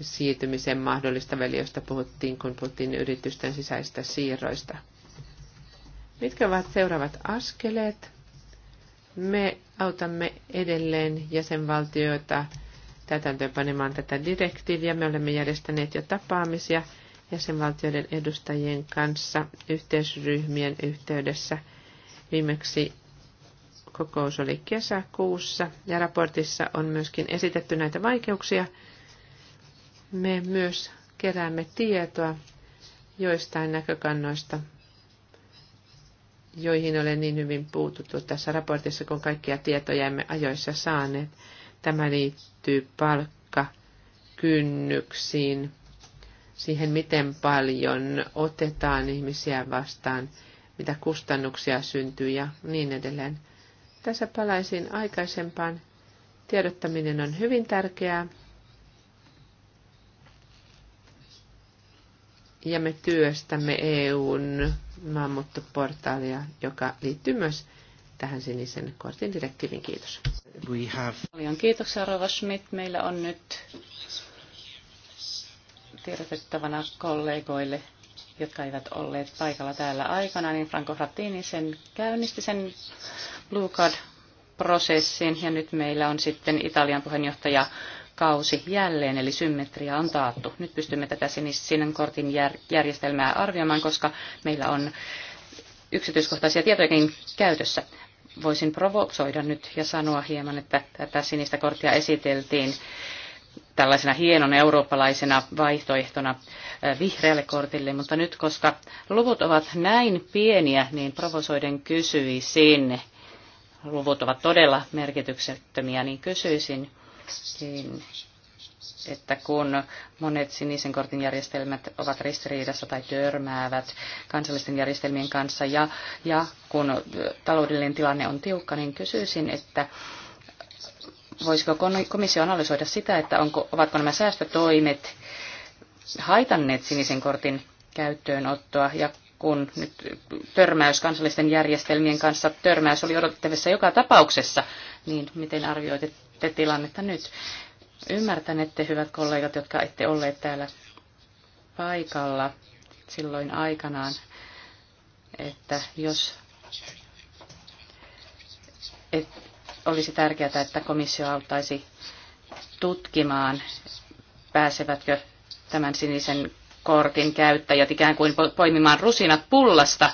siirtymisen mahdollista väli, josta puhuttiin, kun puhuttiin yritysten sisäistä siirroista. Mitkä ovat seuraavat askeleet? Me autamme edelleen jäsenvaltioita täytäntöönpanemaan tätä direktiiviä. Me olemme järjestäneet jo tapaamisia jäsenvaltioiden edustajien kanssa yhteisryhmien yhteydessä. Viimeksi kokous oli kesäkuussa ja raportissa on myöskin esitetty näitä vaikeuksia. Me myös keräämme tietoa joistain näkökannoista, joihin olen niin hyvin puututtu tässä raportissa, kun kaikkia tietoja emme ajoissa saaneet. Tämä liittyy palkkakynnyksiin, siihen miten paljon otetaan ihmisiä vastaan, mitä kustannuksia syntyy ja niin edelleen. Tässä palaisin aikaisempaan. Tiedottaminen on hyvin tärkeää. Ja me työstämme EUn maanmuuttoportaalia, joka liittyy myös tähän sinisen kortin direktiivin. Kiitos. We have... Paljon kiitoksia, Rova Schmidt. Meillä on nyt tiedotettavana kollegoille jotka eivät olleet paikalla täällä aikana, niin Franco Frattini sen käynnisti sen Blue Card-prosessin ja nyt meillä on sitten Italian puheenjohtaja kausi jälleen, eli symmetria on taattu. Nyt pystymme tätä sinisen kortin järjestelmää arvioimaan, koska meillä on yksityiskohtaisia tietojakin käytössä. Voisin provoksoida nyt ja sanoa hieman, että tätä sinistä korttia esiteltiin tällaisena hienon eurooppalaisena vaihtoehtona äh, vihreälle kortille, mutta nyt koska luvut ovat näin pieniä, niin provosoiden kysyisin, luvut ovat todella merkityksettömiä, niin kysyisin, niin, että kun monet sinisen kortin järjestelmät ovat ristiriidassa tai törmäävät kansallisten järjestelmien kanssa ja, ja kun taloudellinen tilanne on tiukka, niin kysyisin, että Voisiko komissio analysoida sitä, että onko, ovatko nämä säästötoimet haitanneet sinisen kortin käyttöönottoa ja kun nyt törmäys kansallisten järjestelmien kanssa, törmäys oli odotettavissa joka tapauksessa, niin miten arvioitte tilannetta nyt? Ymmärtän, että hyvät kollegat, jotka ette olleet täällä paikalla silloin aikanaan, että jos, et, olisi tärkeää, että komissio auttaisi tutkimaan, pääsevätkö tämän sinisen kortin käyttäjät ikään kuin poimimaan rusinat pullasta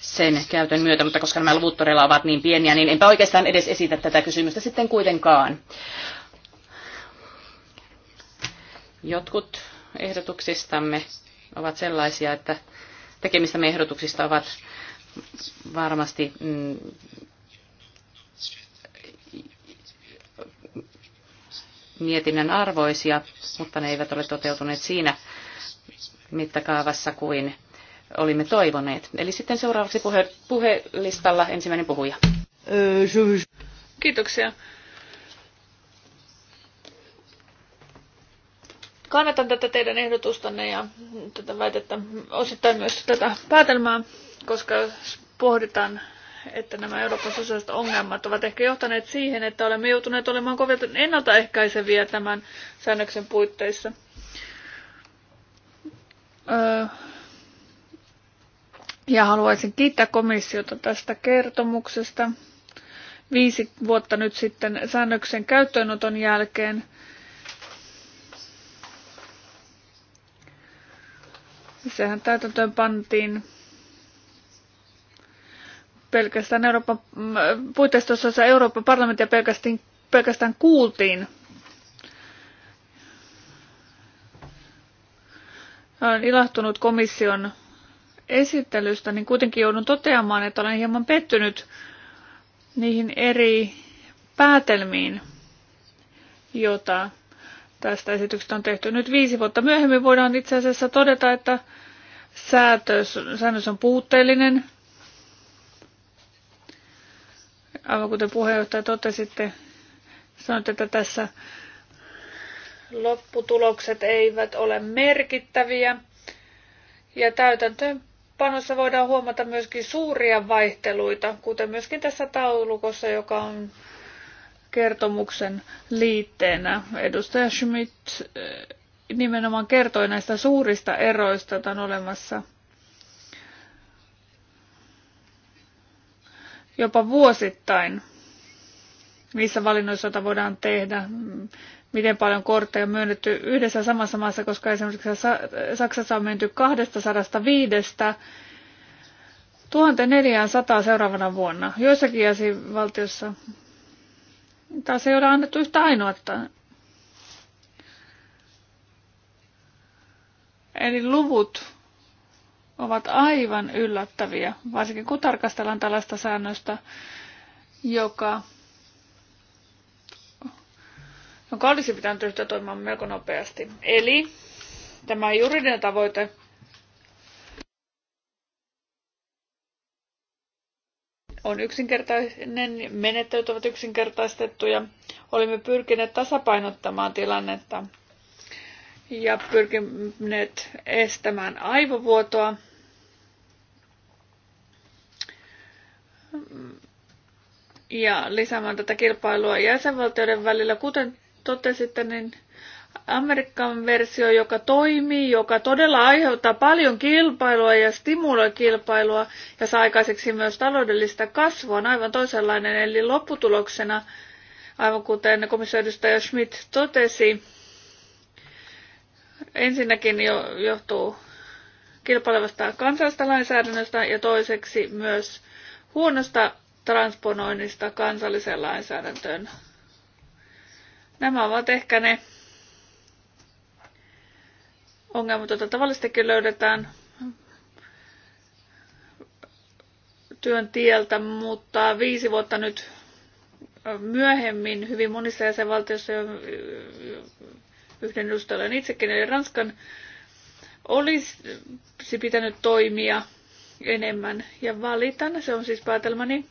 sen käytön myötä, mutta koska nämä luvut todella ovat niin pieniä, niin enpä oikeastaan edes esitä tätä kysymystä sitten kuitenkaan. Jotkut ehdotuksistamme ovat sellaisia, että tekemistä ehdotuksista ovat varmasti mm, mietinnän arvoisia, mutta ne eivät ole toteutuneet siinä mittakaavassa kuin olimme toivoneet. Eli sitten seuraavaksi puhe, puhelistalla ensimmäinen puhuja. Kiitoksia. Kannatan tätä teidän ehdotustanne ja tätä väitettä, osittain myös tätä päätelmää, koska jos pohditaan että nämä Euroopan sosiaaliset ongelmat ovat ehkä johtaneet siihen, että olemme joutuneet olemaan kovin ennaltaehkäiseviä tämän säännöksen puitteissa. Ja haluaisin kiittää komissiota tästä kertomuksesta. Viisi vuotta nyt sitten säännöksen käyttöönoton jälkeen. Sehän täytäntöön pantiin pelkästään Euroopan mm, puitteistossa Euroopan parlamenttia pelkästään, pelkästään kuultiin. Olen ilahtunut komission esittelystä, niin kuitenkin joudun toteamaan, että olen hieman pettynyt niihin eri päätelmiin, jota tästä esityksestä on tehty. Nyt viisi vuotta myöhemmin voidaan itse asiassa todeta, että säätös, säännös on puutteellinen, aivan kuten puheenjohtaja totesitte, sanoitte, että tässä lopputulokset eivät ole merkittäviä. Ja täytäntöönpanossa voidaan huomata myöskin suuria vaihteluita, kuten myöskin tässä taulukossa, joka on kertomuksen liitteenä. Edustaja Schmidt eh, nimenomaan kertoi näistä suurista eroista, joita on olemassa – jopa vuosittain missä valinnoissa, joita voidaan tehdä, miten paljon kortteja on myönnetty yhdessä samassa maassa, koska esimerkiksi Saksassa on menty 205 1400 seuraavana vuonna. Joissakin jäsenvaltiossa taas ei ole annettu yhtä ainoata. Eli luvut ovat aivan yllättäviä, varsinkin kun tarkastellaan tällaista säännöstä, joka, joka olisi pitänyt yhtä toimimaan melko nopeasti. Eli tämä juridinen tavoite on yksinkertainen, menettelyt ovat yksinkertaistettuja. Olimme pyrkineet tasapainottamaan tilannetta ja pyrkineet estämään aivovuotoa ja lisäämään tätä kilpailua jäsenvaltioiden välillä. Kuten totesitte, niin Amerikan versio, joka toimii, joka todella aiheuttaa paljon kilpailua ja stimuloi kilpailua ja saa aikaiseksi myös taloudellista kasvua, on aivan toisenlainen. Eli lopputuloksena, aivan kuten komissio-edustaja Schmidt totesi, ensinnäkin jo johtuu kilpailevasta kansallisesta lainsäädännöstä ja toiseksi myös huonosta transponoinnista kansalliseen lainsäädäntöön. Nämä ovat ehkä ne ongelmat, joita tavallisestikin löydetään työn tieltä, mutta viisi vuotta nyt myöhemmin hyvin monissa jäsenvaltioissa jo yhden edustajan itsekin, eli Ranskan olisi pitänyt toimia enemmän. Ja valitan, se on siis päätelmäni,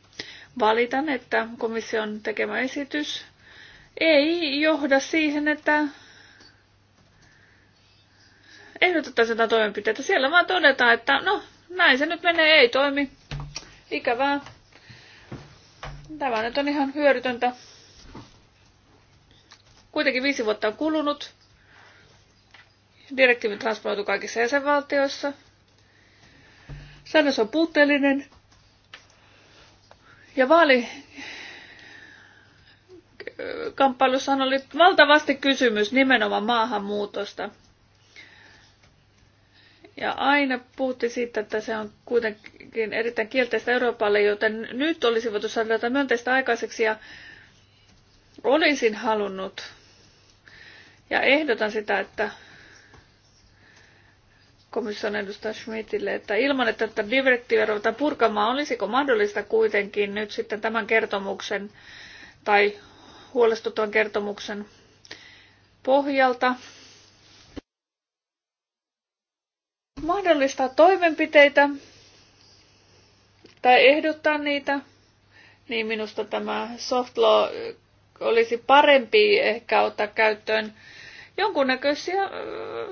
valitan, että komission tekemä esitys ei johda siihen, että ehdotettaisiin jotain toimenpiteitä. Siellä vaan todetaan, että no, näin se nyt menee, ei toimi. Ikävää. Tämä nyt on ihan hyödytöntä. Kuitenkin viisi vuotta on kulunut. Direktiivi transponoitu kaikissa jäsenvaltioissa. Säännös on puutteellinen ja vaali kamppailussahan oli valtavasti kysymys nimenomaan maahanmuutosta. Ja aina puhutti siitä, että se on kuitenkin erittäin kielteistä Euroopalle, joten nyt olisi voitu saada jotain myönteistä aikaiseksi ja olisin halunnut ja ehdotan sitä, että komission edustaja Schmidtille, että ilman, että tätä direktiiviä ruvetaan purkamaan, olisiko mahdollista kuitenkin nyt sitten tämän kertomuksen tai huolestuttavan kertomuksen pohjalta mahdollistaa toimenpiteitä tai ehdottaa niitä, niin minusta tämä soft law olisi parempi ehkä ottaa käyttöön jonkunnäköisiä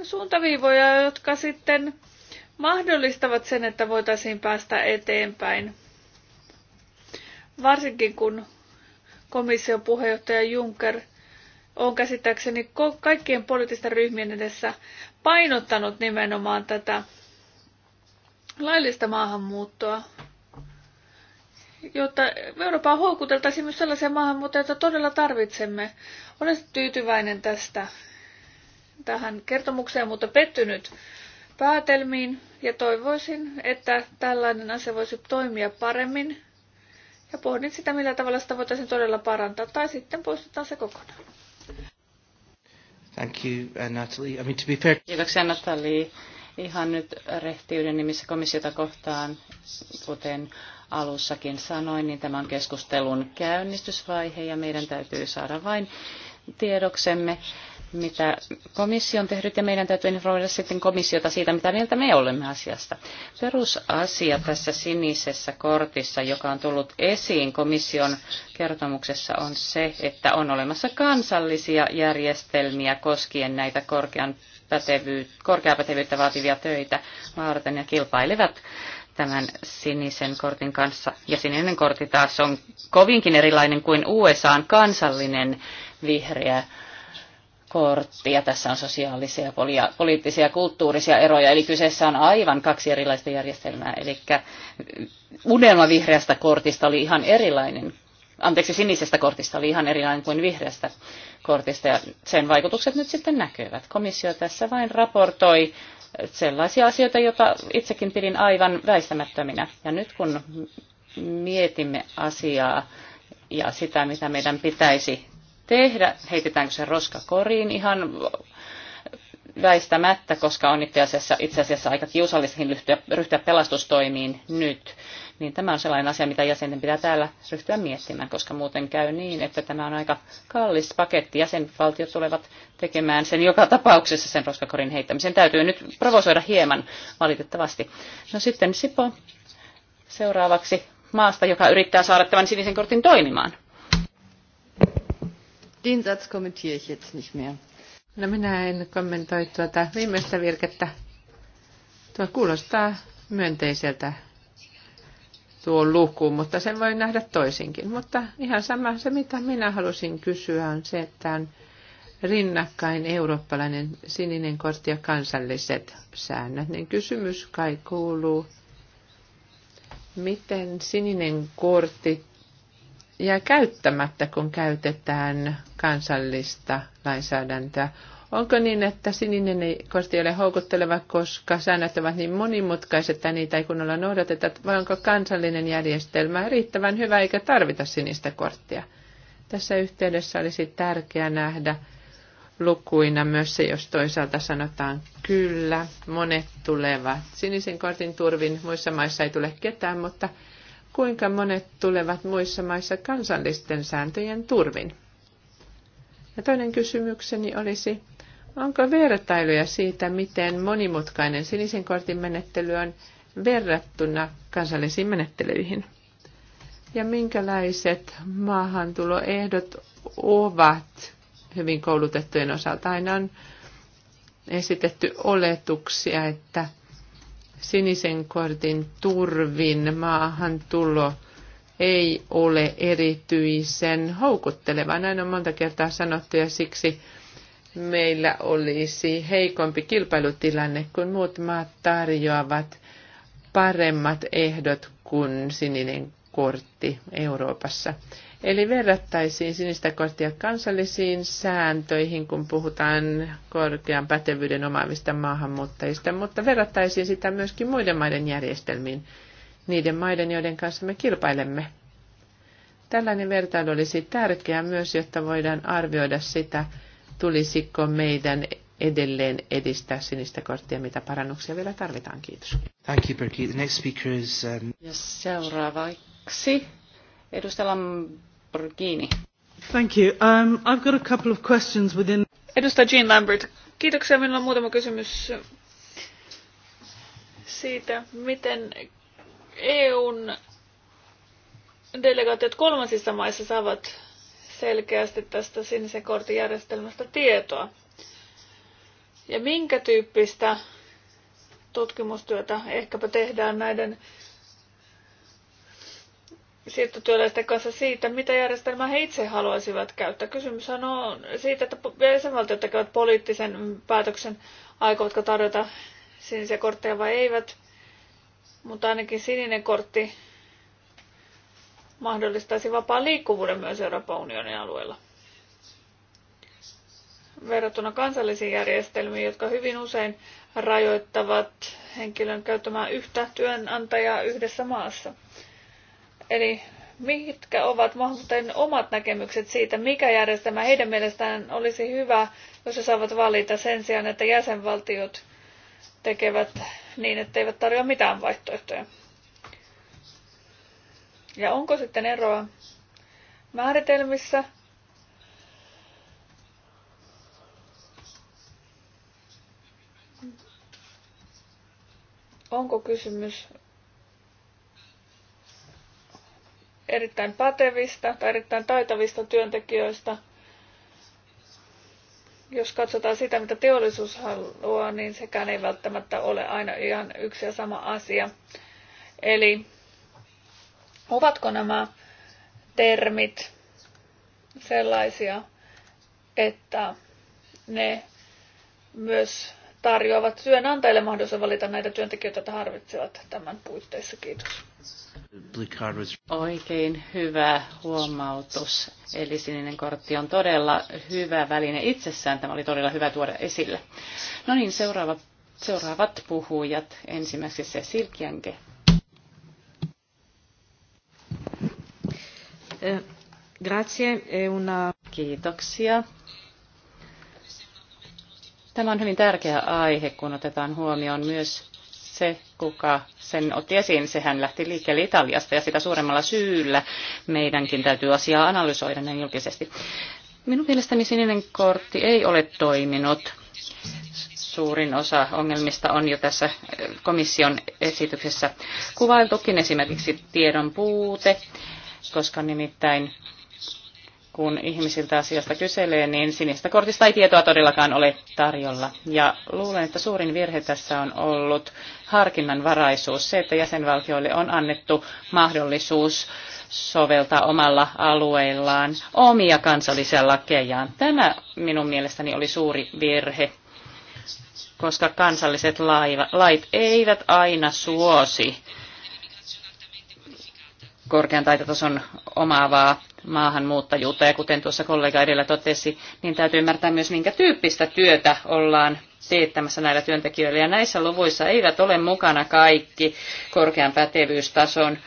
suuntaviivoja, jotka sitten mahdollistavat sen, että voitaisiin päästä eteenpäin. Varsinkin kun komission puheenjohtaja Juncker on käsittääkseni kaikkien poliittisten ryhmien edessä painottanut nimenomaan tätä laillista maahanmuuttoa, jotta Euroopan houkuteltaisiin myös sellaisia maahanmuuttajia, joita todella tarvitsemme. Olen tyytyväinen tästä tähän kertomukseen, mutta pettynyt päätelmiin ja toivoisin, että tällainen asia voisi toimia paremmin. Ja pohdin sitä, millä tavalla sitä voitaisiin todella parantaa, tai sitten poistetaan se kokonaan. Thank you, uh, Natalie. I mean, to be fair... Kiitoksia, Natalie. Ihan nyt rehtiyden nimissä komissiota kohtaan, kuten alussakin sanoin, niin tämän keskustelun käynnistysvaihe ja meidän täytyy saada vain tiedoksemme mitä komissio on tehnyt, ja meidän täytyy informoida sitten komissiota siitä, mitä mieltä me olemme asiasta. Perusasia tässä sinisessä kortissa, joka on tullut esiin komission kertomuksessa, on se, että on olemassa kansallisia järjestelmiä koskien näitä korkean pätevyyt, korkea pätevyyttä vaativia töitä varten ja kilpailevat tämän sinisen kortin kanssa. Ja sininen kortti taas on kovinkin erilainen kuin USAn kansallinen vihreä korttia. Tässä on sosiaalisia, poliittisia ja kulttuurisia eroja, eli kyseessä on aivan kaksi erilaista järjestelmää. Eli unelma vihreästä kortista oli ihan erilainen, anteeksi sinisestä kortista oli ihan erilainen kuin vihreästä kortista, ja sen vaikutukset nyt sitten näkyvät. Komissio tässä vain raportoi sellaisia asioita, joita itsekin pidin aivan väistämättöminä. Ja nyt kun mietimme asiaa ja sitä, mitä meidän pitäisi tehdä, heitetäänkö se roska koriin ihan väistämättä, koska on itse asiassa, itse asiassa aika kiusallistakin ryhtyä, ryhtyä pelastustoimiin nyt. Niin tämä on sellainen asia, mitä jäsenten pitää täällä ryhtyä miettimään, koska muuten käy niin, että tämä on aika kallis paketti. Jäsenvaltiot tulevat tekemään sen joka tapauksessa sen roskakorin heittämisen. Täytyy nyt provosoida hieman, valitettavasti. No sitten Sipo seuraavaksi maasta, joka yrittää saada tämän sinisen kortin toimimaan. Den Satz kommentiere ich jetzt nicht mehr. No minä en kommentoi tuota viimeistä virkettä. Tuo kuulostaa myönteiseltä tuo luku, mutta sen voi nähdä toisinkin. Mutta ihan sama se, mitä minä halusin kysyä, on se, että on rinnakkain eurooppalainen sininen kortti ja kansalliset säännöt. Niin kysymys kai kuuluu, miten sininen kortti jää käyttämättä, kun käytetään kansallista lainsäädäntöä? Onko niin, että sininen ei, kosti ole houkutteleva, koska säännöt ovat niin monimutkaiset, että niitä ei kunnolla noudateta, vai onko kansallinen järjestelmä riittävän hyvä eikä tarvita sinistä korttia? Tässä yhteydessä olisi tärkeää nähdä lukuina myös se, jos toisaalta sanotaan kyllä, monet tulevat. Sinisen kortin turvin muissa maissa ei tule ketään, mutta kuinka monet tulevat muissa maissa kansallisten sääntöjen turvin. Ja toinen kysymykseni olisi, onko vertailuja siitä, miten monimutkainen sinisen kortin menettely on verrattuna kansallisiin menettelyihin? Ja minkälaiset maahantuloehdot ovat hyvin koulutettujen osalta? Aina on esitetty oletuksia, että – sinisen kortin turvin maahantulo ei ole erityisen houkutteleva. Näin on monta kertaa sanottu ja siksi meillä olisi heikompi kilpailutilanne, kun muut maat tarjoavat paremmat ehdot kuin sininen kortti Euroopassa. Eli verrattaisiin sinistä korttia kansallisiin sääntöihin, kun puhutaan korkean pätevyyden omaavista maahanmuuttajista, mutta verrattaisiin sitä myöskin muiden maiden järjestelmiin, niiden maiden, joiden kanssa me kilpailemme. Tällainen vertailu olisi tärkeää myös, jotta voidaan arvioida sitä, tulisiko meidän edelleen edistää sinistä korttia, mitä parannuksia vielä tarvitaan. Kiitos. Thank you, The next speaker is, um... Ja seuraavaksi edustaja Borghini. Thank you. Um, I've got a couple of questions within... Edustaja Jean Lambert. Kiitoksia. Minulla on muutama kysymys siitä, miten EUn delegaatiot kolmansissa maissa saavat selkeästi tästä sinisen kortin järjestelmästä tietoa. Ja minkä tyyppistä tutkimustyötä ehkäpä tehdään näiden siirtotyöläisten kanssa siitä, mitä järjestelmää he itse haluaisivat käyttää. Kysymys on siitä, että jäsenvaltiot tekevät poliittisen päätöksen, aikovatko tarjota sinisiä kortteja vai eivät. Mutta ainakin sininen kortti mahdollistaisi vapaan liikkuvuuden myös Euroopan unionin alueella. Verrattuna kansallisiin järjestelmiin, jotka hyvin usein rajoittavat henkilön käyttämään yhtä työnantajaa yhdessä maassa. Eli mitkä ovat mahdollisuuden omat näkemykset siitä, mikä järjestelmä heidän mielestään olisi hyvä, jos he saavat valita sen sijaan, että jäsenvaltiot tekevät niin, etteivät tarjoa mitään vaihtoehtoja. Ja onko sitten eroa määritelmissä? Onko kysymys erittäin pätevistä tai erittäin taitavista työntekijöistä. Jos katsotaan sitä, mitä teollisuus haluaa, niin sekään ei välttämättä ole aina ihan yksi ja sama asia. Eli ovatko nämä termit sellaisia, että ne myös tarjoavat työnantajille mahdollisuuden valita näitä työntekijöitä, joita tarvitsevat tämän puitteissa. Kiitos. Oikein hyvä huomautus. Eli sininen kortti on todella hyvä väline itsessään. Tämä oli todella hyvä tuoda esille. No niin, seuraava, seuraavat puhujat. Ensimmäiseksi se Silkiänke. Eh, grazie, una... Kiitoksia. Tämä on hyvin tärkeä aihe, kun otetaan huomioon myös se, kuka sen otti esiin, sehän lähti liikkeelle Italiasta ja sitä suuremmalla syyllä meidänkin täytyy asiaa analysoida näin julkisesti. Minun mielestäni sininen kortti ei ole toiminut. Suurin osa ongelmista on jo tässä eh, komission esityksessä kuvailtukin esimerkiksi tiedon puute, koska nimittäin kun ihmisiltä asiasta kyselee, niin sinistä kortista ei tietoa todellakaan ole tarjolla. Ja luulen, että suurin virhe tässä on ollut harkinnanvaraisuus, se, että jäsenvaltioille on annettu mahdollisuus soveltaa omalla alueellaan omia kansallisia lakejaan. Tämä minun mielestäni oli suuri virhe, koska kansalliset lait eivät aina suosi korkean taitotason omaavaa maahanmuuttajuutta. Ja kuten tuossa kollega edellä totesi, niin täytyy ymmärtää myös, minkä tyyppistä työtä ollaan teettämässä näillä työntekijöillä. Ja näissä luvuissa eivät ole mukana kaikki korkean pätevyystason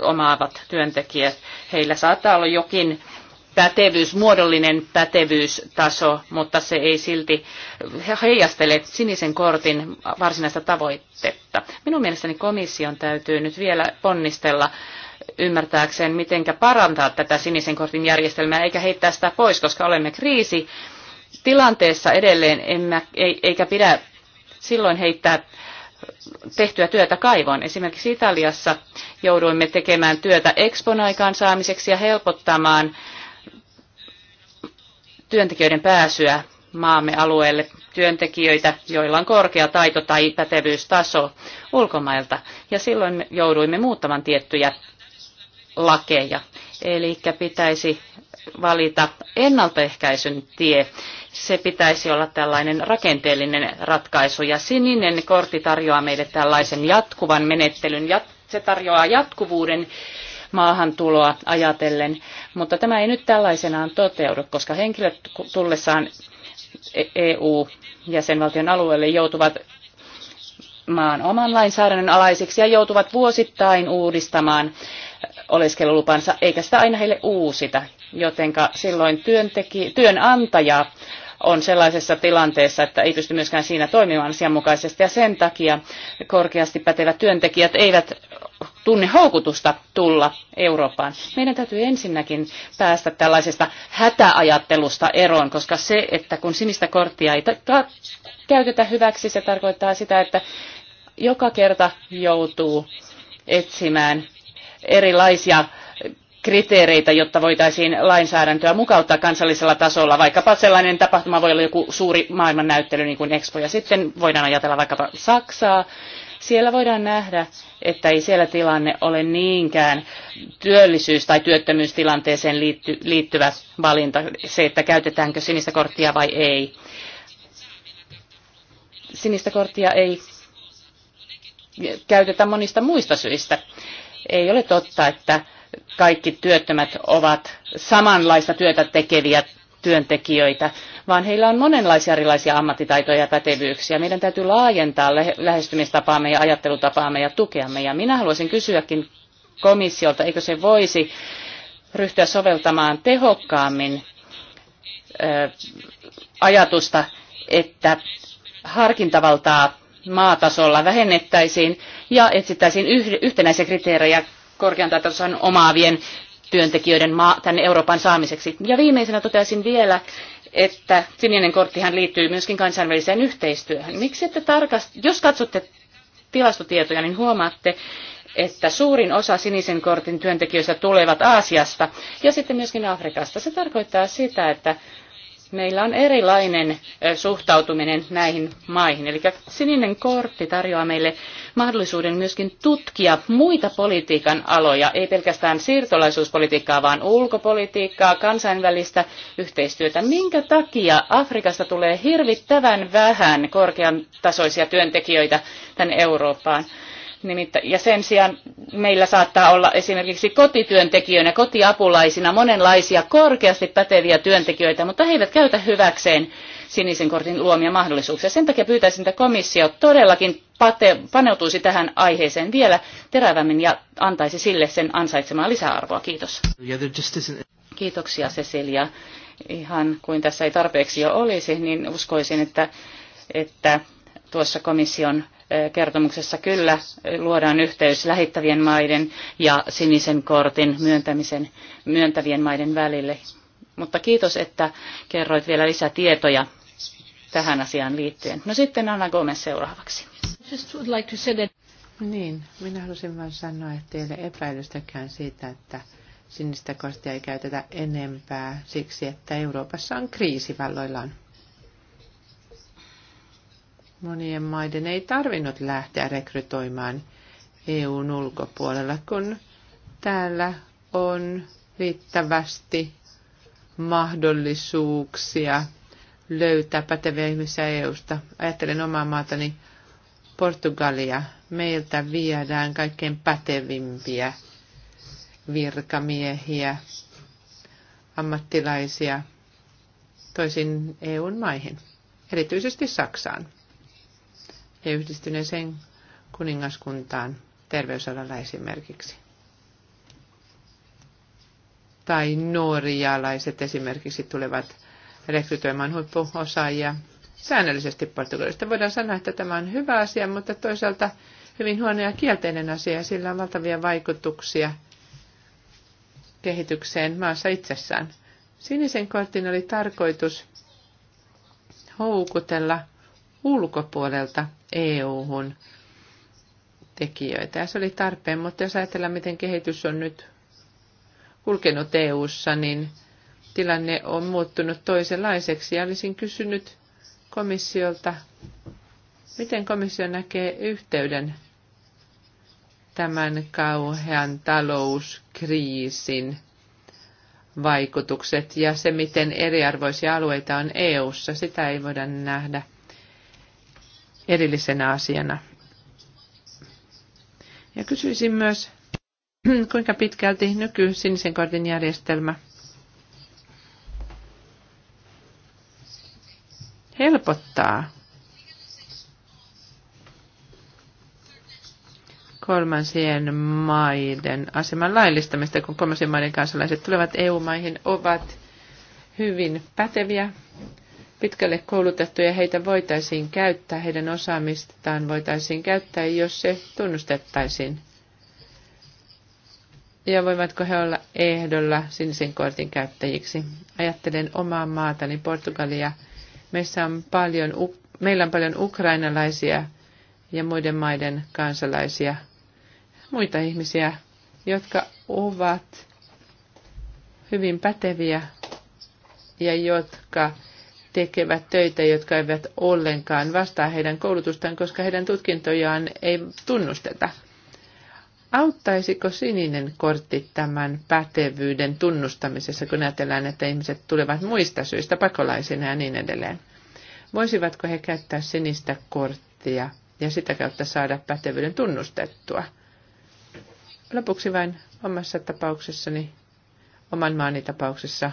omaavat työntekijät. Heillä saattaa olla jokin pätevyys, muodollinen pätevyystaso, mutta se ei silti heijastele sinisen kortin varsinaista tavoitetta. Minun mielestäni komission täytyy nyt vielä ponnistella ymmärtääkseen, miten parantaa tätä sinisen kortin järjestelmää, eikä heittää sitä pois, koska olemme kriisi tilanteessa edelleen, emmä, eikä pidä silloin heittää tehtyä työtä kaivoon. Esimerkiksi Italiassa jouduimme tekemään työtä Expon aikaansaamiseksi ja helpottamaan työntekijöiden pääsyä maamme alueelle työntekijöitä, joilla on korkea taito tai pätevyystaso ulkomailta. Ja silloin jouduimme muuttamaan tiettyjä lakeja. Eli pitäisi valita ennaltaehkäisyn tie. Se pitäisi olla tällainen rakenteellinen ratkaisu ja sininen kortti tarjoaa meille tällaisen jatkuvan menettelyn. Se tarjoaa jatkuvuuden maahantuloa ajatellen, mutta tämä ei nyt tällaisenaan toteudu, koska henkilöt tullessaan EU-jäsenvaltion e alueelle joutuvat maan oman lainsäädännön alaisiksi ja joutuvat vuosittain uudistamaan oleskelulupansa, eikä sitä aina heille uusita, jotenka silloin työntekijä, työnantaja on sellaisessa tilanteessa, että ei pysty myöskään siinä toimimaan asianmukaisesti ja sen takia korkeasti pätevät työntekijät eivät tunne houkutusta tulla Eurooppaan. Meidän täytyy ensinnäkin päästä tällaisesta hätäajattelusta eroon, koska se, että kun sinistä korttia ei käytetä hyväksi, se tarkoittaa sitä, että joka kerta joutuu etsimään erilaisia kriteereitä, jotta voitaisiin lainsäädäntöä mukauttaa kansallisella tasolla. Vaikkapa sellainen tapahtuma voi olla joku suuri maailmannäyttely, niin kuin Expo, ja sitten voidaan ajatella vaikkapa Saksaa. Siellä voidaan nähdä, että ei siellä tilanne ole niinkään työllisyys- tai työttömyystilanteeseen liitty, liittyvä valinta, se, että käytetäänkö sinistä korttia vai ei. Sinistä korttia ei käytetä monista muista syistä ei ole totta, että kaikki työttömät ovat samanlaista työtä tekeviä työntekijöitä, vaan heillä on monenlaisia erilaisia ammattitaitoja ja pätevyyksiä. Meidän täytyy laajentaa lähestymistapaamme ja ajattelutapaamme ja tukeamme. Ja minä haluaisin kysyäkin komissiolta, eikö se voisi ryhtyä soveltamaan tehokkaammin ajatusta, että harkintavaltaa maatasolla vähennettäisiin ja etsittäisiin yhtenäisiä kriteerejä korkean tason omaavien työntekijöiden maa, tänne Euroopan saamiseksi. Ja viimeisenä toteaisin vielä, että sininen korttihan liittyy myöskin kansainväliseen yhteistyöhön. Miksi ette tarkast- jos katsotte tilastotietoja, niin huomaatte, että suurin osa sinisen kortin työntekijöistä tulevat Aasiasta ja sitten myöskin Afrikasta. Se tarkoittaa sitä, että meillä on erilainen suhtautuminen näihin maihin. Eli sininen kortti tarjoaa meille mahdollisuuden myöskin tutkia muita politiikan aloja, ei pelkästään siirtolaisuuspolitiikkaa, vaan ulkopolitiikkaa, kansainvälistä yhteistyötä. Minkä takia Afrikasta tulee hirvittävän vähän korkean tasoisia työntekijöitä tänne Eurooppaan? Nimittäin, ja sen sijaan meillä saattaa olla esimerkiksi kotityöntekijöinä, kotiapulaisina monenlaisia korkeasti päteviä työntekijöitä, mutta he eivät käytä hyväkseen sinisen kortin luomia mahdollisuuksia. Sen takia pyytäisin, että komissio todellakin pate, paneutuisi tähän aiheeseen vielä terävämmin ja antaisi sille sen ansaitsemaa lisäarvoa. Kiitos. Kiitoksia Cecilia. Ihan kuin tässä ei tarpeeksi jo olisi, niin uskoisin, että, että tuossa komission kertomuksessa kyllä luodaan yhteys lähittävien maiden ja sinisen kortin myöntämisen, myöntävien maiden välille. Mutta kiitos, että kerroit vielä lisätietoja tähän asiaan liittyen. No sitten Anna Gomez seuraavaksi. Niin, minä halusin vain sanoa, että ole epäilystäkään siitä, että sinistä kostia ei käytetä enempää siksi, että Euroopassa on kriisi valloillaan. Monien maiden ei tarvinnut lähteä rekrytoimaan EUn ulkopuolella, kun täällä on riittävästi mahdollisuuksia löytää päteviä ihmisiä EUsta. Ajattelen omaa maatani Portugalia. Meiltä viedään kaikkein pätevimpiä virkamiehiä, ammattilaisia toisin EUn maihin, erityisesti Saksaan ja yhdistyneeseen kuningaskuntaan terveysalalla esimerkiksi. Tai norjalaiset esimerkiksi tulevat rekrytoimaan huippuosaajia säännöllisesti Portugalista. Voidaan sanoa, että tämä on hyvä asia, mutta toisaalta hyvin huono ja kielteinen asia, ja sillä on valtavia vaikutuksia kehitykseen maassa itsessään. Sinisen kortin oli tarkoitus houkutella – ulkopuolelta EU-hun tekijöitä. Ja se oli tarpeen, mutta jos ajatellaan, miten kehitys on nyt kulkenut EU-ssa, niin tilanne on muuttunut toisenlaiseksi. Ja olisin kysynyt komissiolta, miten komissio näkee yhteyden tämän kauhean talouskriisin vaikutukset ja se, miten eriarvoisia alueita on EU:ssa, sitä ei voida nähdä erillisenä asiana. Ja kysyisin myös, kuinka pitkälti nyky sinisen kortin järjestelmä helpottaa kolmansien maiden aseman laillistamista, kun kolmansien maiden kansalaiset tulevat EU-maihin, ovat hyvin päteviä pitkälle koulutettuja, heitä voitaisiin käyttää, heidän osaamistaan voitaisiin käyttää, jos se tunnustettaisiin. Ja voivatko he olla ehdolla sinisen kortin käyttäjiksi? Ajattelen omaa maatani, Portugalia. Meissä on paljon, meillä on paljon ukrainalaisia ja muiden maiden kansalaisia, muita ihmisiä, jotka ovat hyvin päteviä ja jotka tekevät töitä, jotka eivät ollenkaan vastaa heidän koulutustaan, koska heidän tutkintojaan ei tunnusteta. Auttaisiko sininen kortti tämän pätevyyden tunnustamisessa, kun ajatellaan, että ihmiset tulevat muista syistä pakolaisina ja niin edelleen? Voisivatko he käyttää sinistä korttia ja sitä kautta saada pätevyyden tunnustettua? Lopuksi vain omassa tapauksessani, oman maani tapauksessa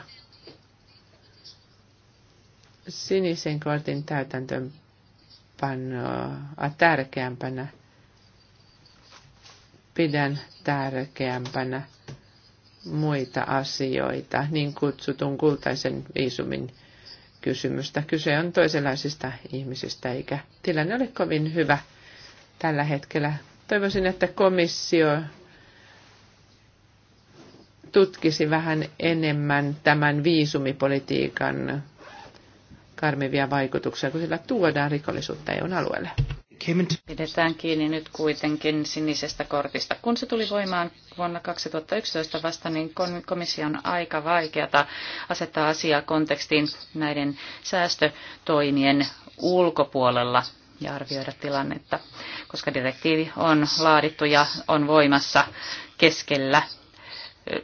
sinisen kortin täytäntöönpanoa tärkeämpänä. Pidän tärkeämpänä muita asioita, niin kutsutun kultaisen viisumin kysymystä. Kyse on toisenlaisista ihmisistä, eikä tilanne ole kovin hyvä tällä hetkellä. Toivoisin, että komissio tutkisi vähän enemmän tämän viisumipolitiikan karmivia vaikutuksia, kun sillä tuodaan rikollisuutta EUn alueelle. Pidetään kiinni nyt kuitenkin sinisestä kortista. Kun se tuli voimaan vuonna 2011 vasta, niin komission aika vaikeata asettaa asiaa kontekstiin näiden säästötoimien ulkopuolella ja arvioida tilannetta, koska direktiivi on laadittu ja on voimassa keskellä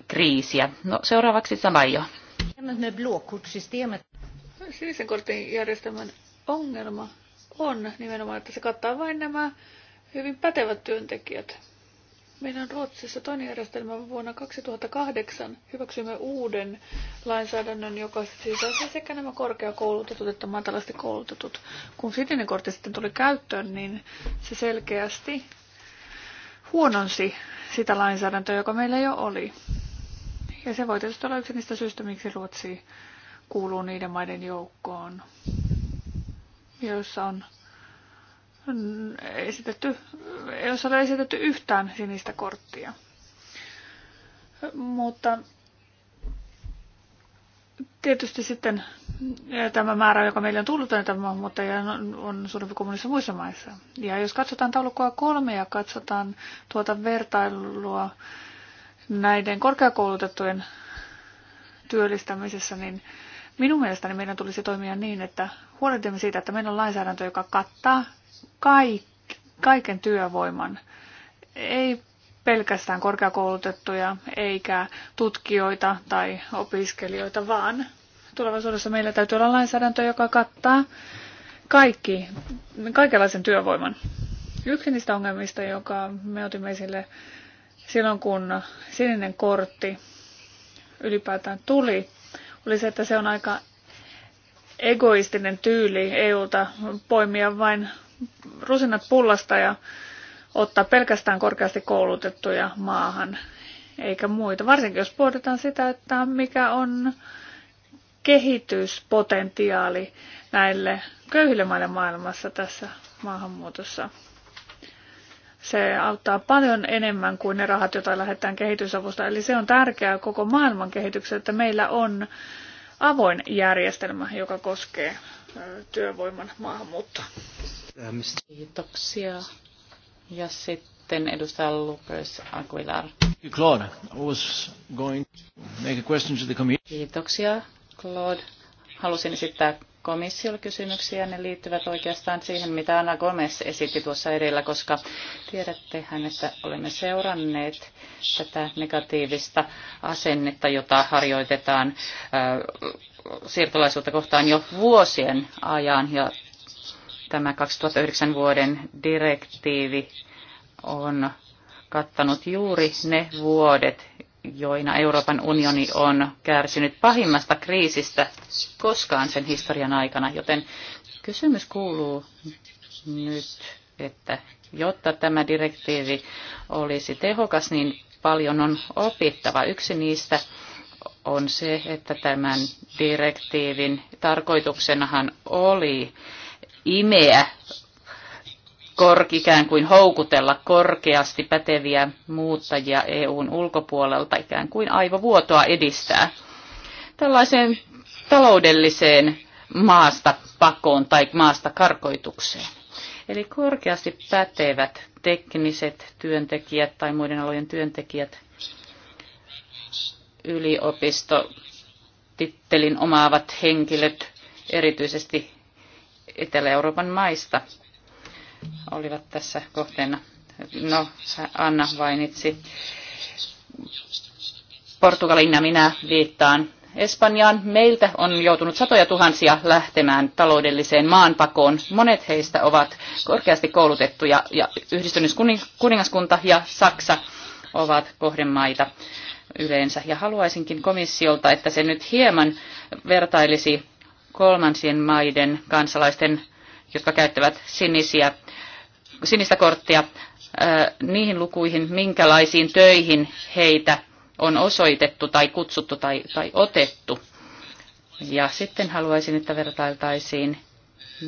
kriisiä. No, seuraavaksi Samaio sinisen kortin järjestelmän ongelma on nimenomaan, että se kattaa vain nämä hyvin pätevät työntekijät. Meidän Ruotsissa toinen järjestelmä. Vuonna 2008 hyväksymme uuden lainsäädännön, joka sisälsi sekä nämä korkeakoulutetut että matalasti koulutetut. Kun sininen kortti sitten tuli käyttöön, niin se selkeästi huononsi sitä lainsäädäntöä, joka meillä jo oli. Ja se voi tietysti olla yksi niistä syistä, miksi Ruotsi kuuluu niiden maiden joukkoon, joissa on esitetty, ei ole esitetty yhtään sinistä korttia. Mutta tietysti sitten eh, tämä määrä, joka meille on tullut on, tämä, mutta on suurempi kuin monissa muissa maissa. Ja jos katsotaan taulukkoa kolme ja katsotaan tuota vertailua näiden korkeakoulutettujen työllistämisessä, niin Minun mielestäni meidän tulisi toimia niin, että huolehdimme siitä, että meillä on lainsäädäntö, joka kattaa kaiken työvoiman. Ei pelkästään korkeakoulutettuja eikä tutkijoita tai opiskelijoita, vaan tulevaisuudessa meillä täytyy olla lainsäädäntö, joka kattaa kaikki, kaikenlaisen työvoiman. Yksi niistä ongelmista, joka me otimme esille silloin, kun sininen kortti ylipäätään tuli, oli se, että se on aika egoistinen tyyli EUlta poimia vain rusinat pullasta ja ottaa pelkästään korkeasti koulutettuja maahan, eikä muita. Varsinkin jos pohditaan sitä, että mikä on kehityspotentiaali näille köyhille maille maailmassa tässä maahanmuutossa. Se auttaa paljon enemmän kuin ne rahat, joita lähdetään kehitysavusta. Eli se on tärkeää koko maailman kehityksessä, että meillä on avoin järjestelmä, joka koskee työvoiman maahanmuuttoa. Kiitoksia. Ja sitten edustaja Lopez Aguilar. Claude, I was going to make a question to the committee. Kiitoksia, Claude. Halusin esittää komissiolle kysymyksiä. Ne liittyvät oikeastaan siihen, mitä Anna Gomez esitti tuossa edellä, koska tiedättehän, että olemme seuranneet tätä negatiivista asennetta, jota harjoitetaan siirtolaisuutta kohtaan jo vuosien ajan. Ja tämä 2009 vuoden direktiivi on kattanut juuri ne vuodet, joina Euroopan unioni on kärsinyt pahimmasta kriisistä koskaan sen historian aikana, joten kysymys kuuluu nyt, että jotta tämä direktiivi olisi tehokas, niin paljon on opittava. Yksi niistä on se, että tämän direktiivin tarkoituksenahan oli imeä Kork ikään kuin houkutella korkeasti päteviä muuttajia EUn ulkopuolelta, ikään kuin aivovuotoa edistää tällaiseen taloudelliseen maasta pakoon tai maasta karkoitukseen. Eli korkeasti pätevät tekniset työntekijät tai muiden alojen työntekijät, yliopistotittelin omaavat henkilöt, erityisesti Etelä-Euroopan maista, olivat tässä kohteena. No, Anna mainitsi Portugalin ja minä viittaan Espanjaan. Meiltä on joutunut satoja tuhansia lähtemään taloudelliseen maanpakoon. Monet heistä ovat korkeasti koulutettuja ja yhdistynyt kuningaskunta ja Saksa ovat kohdemaita yleensä. Ja haluaisinkin komissiolta, että se nyt hieman vertailisi kolmansien maiden kansalaisten jotka käyttävät sinisiä, sinistä korttia, niihin lukuihin, minkälaisiin töihin heitä on osoitettu tai kutsuttu tai, tai otettu. Ja sitten haluaisin, että vertailtaisiin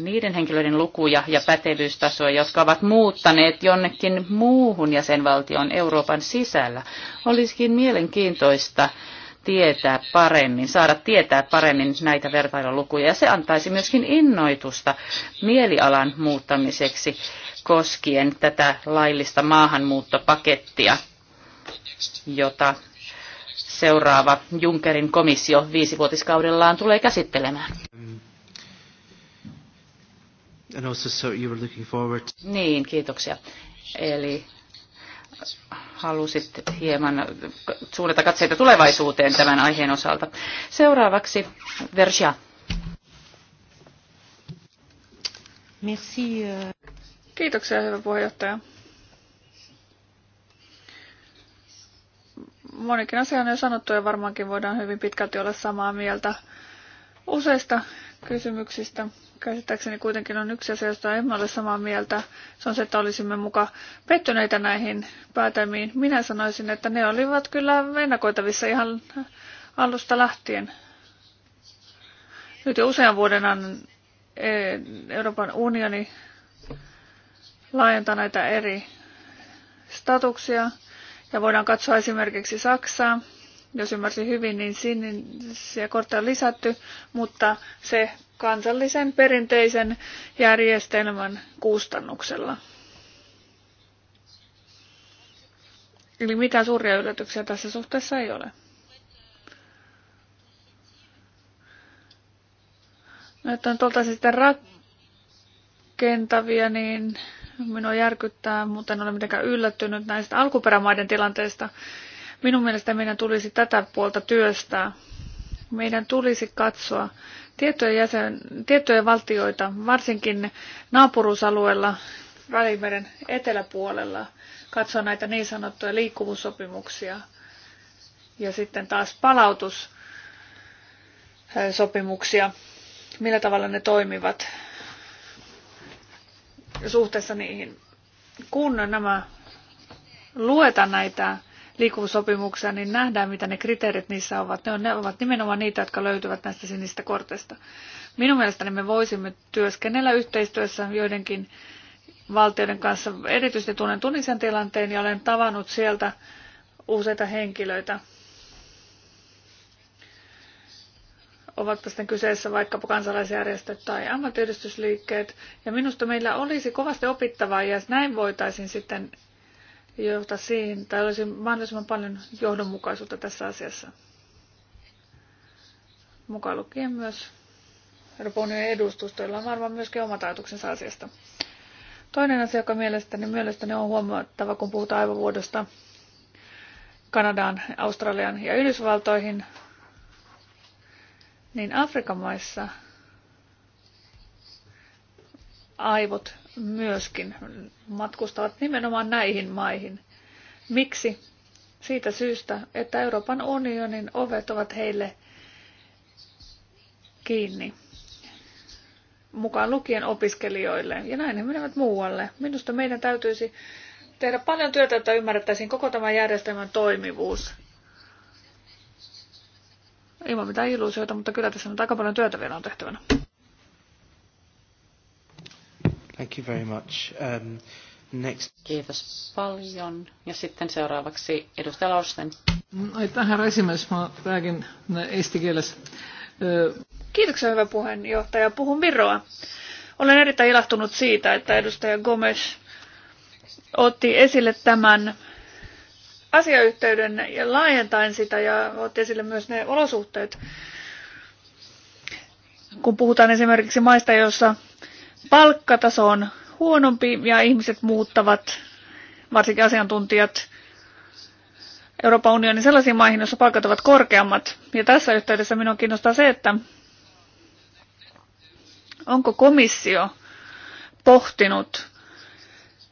niiden henkilöiden lukuja ja pätevyystasoja, jotka ovat muuttaneet jonnekin muuhun jäsenvaltion Euroopan sisällä. Olisikin mielenkiintoista tietää paremmin, saada tietää paremmin näitä vertailulukuja. Ja se antaisi myöskin innoitusta mielialan muuttamiseksi koskien tätä laillista maahanmuuttopakettia, jota seuraava Junckerin komissio viisivuotiskaudellaan tulee käsittelemään. Niin, kiitoksia. Eli halusit hieman suunnata katseita tulevaisuuteen tämän aiheen osalta. Seuraavaksi Verja. Euh. Kiitoksia, hyvä puheenjohtaja. Monikin asia on jo sanottu ja varmaankin voidaan hyvin pitkälti olla samaa mieltä useista kysymyksistä käsittääkseni kuitenkin on yksi asia, josta emme ole samaa mieltä. Se on se, että olisimme muka pettyneitä näihin päätelmiin. Minä sanoisin, että ne olivat kyllä ennakoitavissa ihan alusta lähtien. Nyt jo usean vuoden e, Euroopan unioni laajentaa näitä eri statuksia. Ja voidaan katsoa esimerkiksi Saksaa. Jos ymmärsin hyvin, niin sinisiä kortteja on lisätty, mutta se kansallisen perinteisen järjestelmän kustannuksella. Eli mitään suuria yllätyksiä tässä suhteessa ei ole. Että on tuolta sitten rakentavia, niin minua järkyttää, mutta en ole mitenkään yllättynyt näistä alkuperämaiden tilanteista. Minun mielestä meidän tulisi tätä puolta työstää. Meidän tulisi katsoa, Tiettyjä, jäsen, tiettyjä valtioita, varsinkin naapuruusalueella Välimeren eteläpuolella, katsoa näitä niin sanottuja liikkuvuussopimuksia ja sitten taas palautussopimuksia, millä tavalla ne toimivat suhteessa niihin. Kun nämä lueta näitä liikkuvuussopimuksia, niin nähdään, mitä ne kriteerit niissä ovat. Ne, on, ne ovat nimenomaan niitä, jotka löytyvät näistä sinistä korteista. Minun mielestäni me voisimme työskennellä yhteistyössä joidenkin valtioiden kanssa. Erityisesti tunnen Tunisian tilanteen ja olen tavannut sieltä useita henkilöitä. Ovatpa sitten kyseessä vaikkapa kansalaisjärjestöt tai ammattiyhdistysliikkeet. Ja minusta meillä olisi kovasti opittavaa ja näin voitaisiin sitten johtaa siihen, tai olisi mahdollisimman paljon johdonmukaisuutta tässä asiassa. Mukaan lukien myös Euroopan edustusta, jolla on varmaan myöskin omat ajatuksensa asiasta. Toinen asia, joka mielestäni, mielestäni on huomattava, kun puhutaan aivovuodosta Kanadaan, Australian ja Yhdysvaltoihin, niin Afrikan maissa aivot myöskin matkustavat nimenomaan näihin maihin. Miksi? Siitä syystä, että Euroopan unionin ovet ovat heille kiinni, mukaan lukien opiskelijoille, ja näin he menevät muualle. Minusta meidän täytyisi tehdä paljon työtä, että ymmärrettäisiin koko tämän järjestelmän toimivuus. Ilman mitään illuusioita, mutta kyllä tässä on aika paljon työtä vielä on tehtävänä. Thank you very much. Um, next. Kiitos paljon. Ja sitten seuraavaksi edustaja Lausten. Mm, Aitäh, herra esimies. Mä pääkin eesti Kiitoksia, hyvä puheenjohtaja. Puhun Viroa. Olen erittäin ilahtunut siitä, että edustaja Gomes otti esille tämän asiayhteyden ja laajentain sitä ja otti esille myös ne olosuhteet. Kun puhutaan esimerkiksi maista, joissa palkkataso on huonompi ja ihmiset muuttavat, varsinkin asiantuntijat, Euroopan unionin sellaisiin maihin, joissa palkat ovat korkeammat. Ja tässä yhteydessä minua kiinnostaa se, että onko komissio pohtinut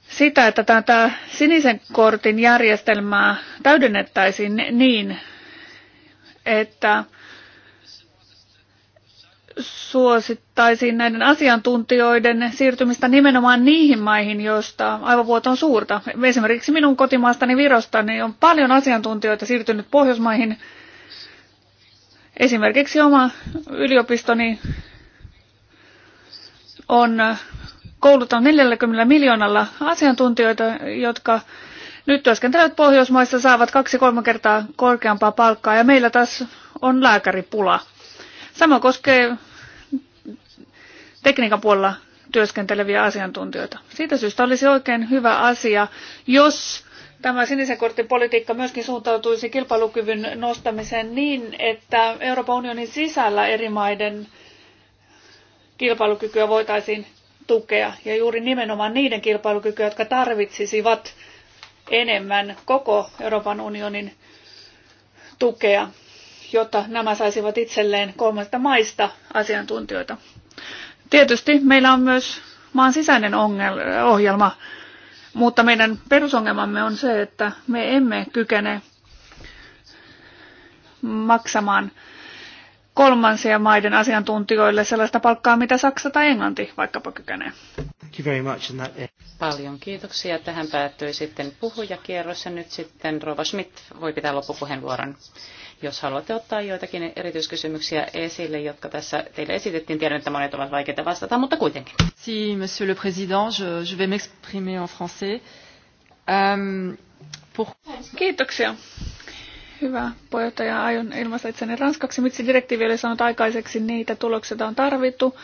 sitä, että tätä sinisen kortin järjestelmää täydennettäisiin niin, että Suosittaisin näiden asiantuntijoiden siirtymistä nimenomaan niihin maihin, joista aivovuoto on suurta. Esimerkiksi minun kotimaastani Virosta niin on paljon asiantuntijoita siirtynyt Pohjoismaihin. Esimerkiksi oma yliopistoni on kouluttanut 40 miljoonalla asiantuntijoita, jotka nyt työskentelevät Pohjoismaissa saavat kaksi-kolme kertaa korkeampaa palkkaa ja meillä taas on lääkäripula. Sama koskee tekniikan puolella työskenteleviä asiantuntijoita. Siitä syystä olisi oikein hyvä asia, jos tämä sinisen kortin politiikka myöskin suuntautuisi kilpailukyvyn nostamiseen niin, että Euroopan unionin sisällä eri maiden kilpailukykyä voitaisiin tukea ja juuri nimenomaan niiden kilpailukykyä, jotka tarvitsisivat enemmän koko Euroopan unionin tukea jotta nämä saisivat itselleen kolmesta maista asiantuntijoita. Tietysti meillä on myös maan sisäinen ohjelma, mutta meidän perusongelmamme on se, että me emme kykene maksamaan kolmansien maiden asiantuntijoille sellaista palkkaa, mitä Saksa tai Englanti vaikkapa kykenee. Thank you very much that... Paljon kiitoksia. Tähän päättyi sitten puhujakierros ja nyt sitten Rova Schmidt voi pitää loppupuheenvuoron. Jos haluatte ottaa joitakin erityiskysymyksiä esille, jotka tässä teille esitettiin, tiedän, että monet ovat vaikeita vastata, mutta kuitenkin. Si, monsieur le président, je, je vais m'exprimer en français. Um, pour... Kiitoksia. Hyvä puheenjohtaja, aion ilmaista itseäni ranskaksi. Miksi direktiivi oli saanut aikaiseksi niitä tuloksia, on tarvittu,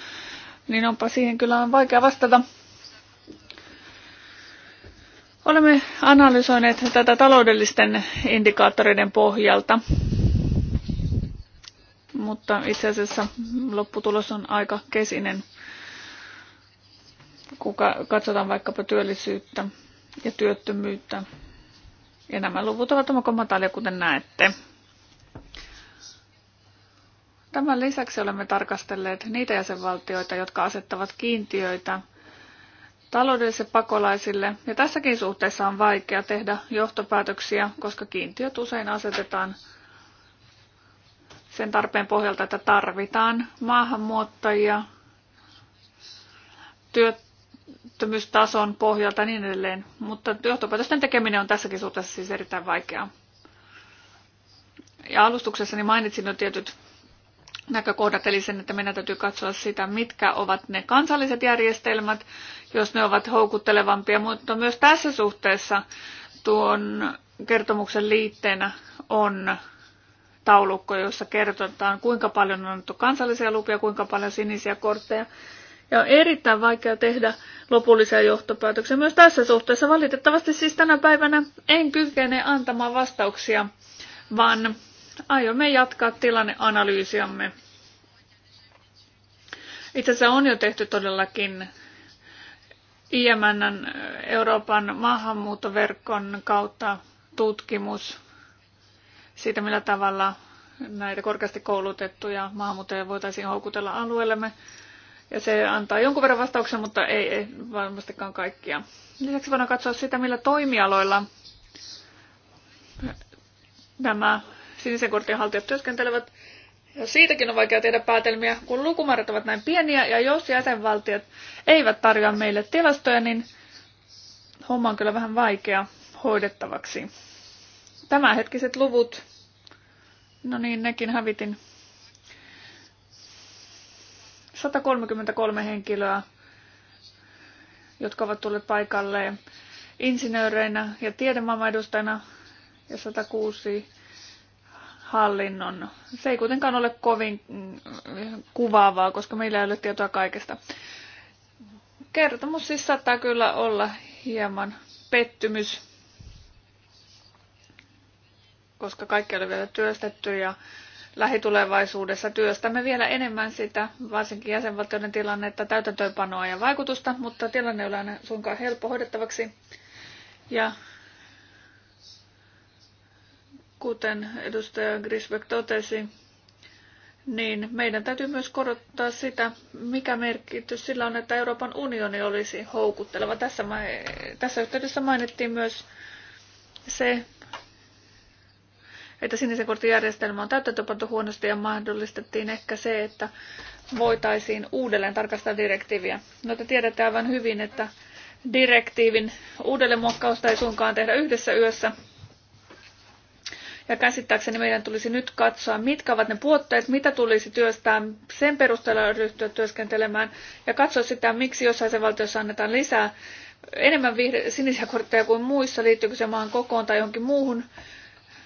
niin onpa siihen kyllä on vaikea vastata. Olemme analysoineet tätä taloudellisten indikaattoreiden pohjalta mutta itse asiassa lopputulos on aika kesinen, kun katsotaan vaikkapa työllisyyttä ja työttömyyttä. Ja nämä luvut ovat omakon matalia, kuten näette. Tämän lisäksi olemme tarkastelleet niitä jäsenvaltioita, jotka asettavat kiintiöitä taloudellisille pakolaisille, ja tässäkin suhteessa on vaikea tehdä johtopäätöksiä, koska kiintiöt usein asetetaan sen tarpeen pohjalta, että tarvitaan maahanmuuttajia työttömyystason pohjalta ja niin edelleen. Mutta johtopäätösten tekeminen on tässäkin suhteessa siis erittäin vaikeaa. Ja alustuksessani mainitsin jo tietyt näkökohdat, eli sen, että meidän täytyy katsoa sitä, mitkä ovat ne kansalliset järjestelmät, jos ne ovat houkuttelevampia, mutta myös tässä suhteessa tuon kertomuksen liitteenä on taulukko, jossa kerrotaan, kuinka paljon on annettu kansallisia lupia, kuinka paljon sinisiä kortteja. Ja on erittäin vaikea tehdä lopullisia johtopäätöksiä. Myös tässä suhteessa valitettavasti siis tänä päivänä en kykene antamaan vastauksia, vaan aiomme jatkaa tilanneanalyysiamme. Itse asiassa on jo tehty todellakin IMN Euroopan maahanmuuttoverkon kautta tutkimus siitä, millä tavalla näitä korkeasti koulutettuja maahanmuuttajia voitaisiin houkutella alueellemme. Ja se antaa jonkun verran vastauksen, mutta ei, ei varmastikaan kaikkia. Lisäksi voidaan katsoa sitä, millä toimialoilla nämä sinisen kortin haltijat työskentelevät. Ja siitäkin on vaikea tehdä päätelmiä, kun lukumäärät ovat näin pieniä ja jos jäsenvaltiot eivät tarjoa meille tilastoja, niin homma on kyllä vähän vaikea hoidettavaksi tämänhetkiset luvut, no niin, nekin hävitin. 133 henkilöä, jotka ovat tulleet paikalle insinööreinä ja tiedemaailman edustajana ja 106 hallinnon. Se ei kuitenkaan ole kovin mm, kuvaavaa, koska meillä ei ole tietoa kaikesta. Kertomus siis saattaa kyllä olla hieman pettymys koska kaikki oli vielä työstetty ja lähitulevaisuudessa työstämme vielä enemmän sitä, varsinkin jäsenvaltioiden tilannetta, täytäntöönpanoa ja vaikutusta, mutta tilanne ei ole aina suinkaan helppo hoidettavaksi. Ja kuten edustaja Grisbeck totesi, niin meidän täytyy myös korottaa sitä, mikä merkitys sillä on, että Euroopan unioni olisi houkutteleva. Tässä, tässä yhteydessä mainittiin myös se, että sinisen kortin järjestelmä on täytäntöpantu huonosti ja mahdollistettiin ehkä se, että voitaisiin uudelleen tarkastaa direktiiviä. No te tiedätte aivan hyvin, että direktiivin uudelleenmuokkausta ei suinkaan tehdä yhdessä yössä. Ja käsittääkseni meidän tulisi nyt katsoa, mitkä ovat ne puotteet, mitä tulisi työstää, sen perusteella ryhtyä työskentelemään ja katsoa sitä, miksi jossain se valtiossa annetaan lisää enemmän sinisiä kortteja kuin muissa, liittyykö se maan kokoon tai johonkin muuhun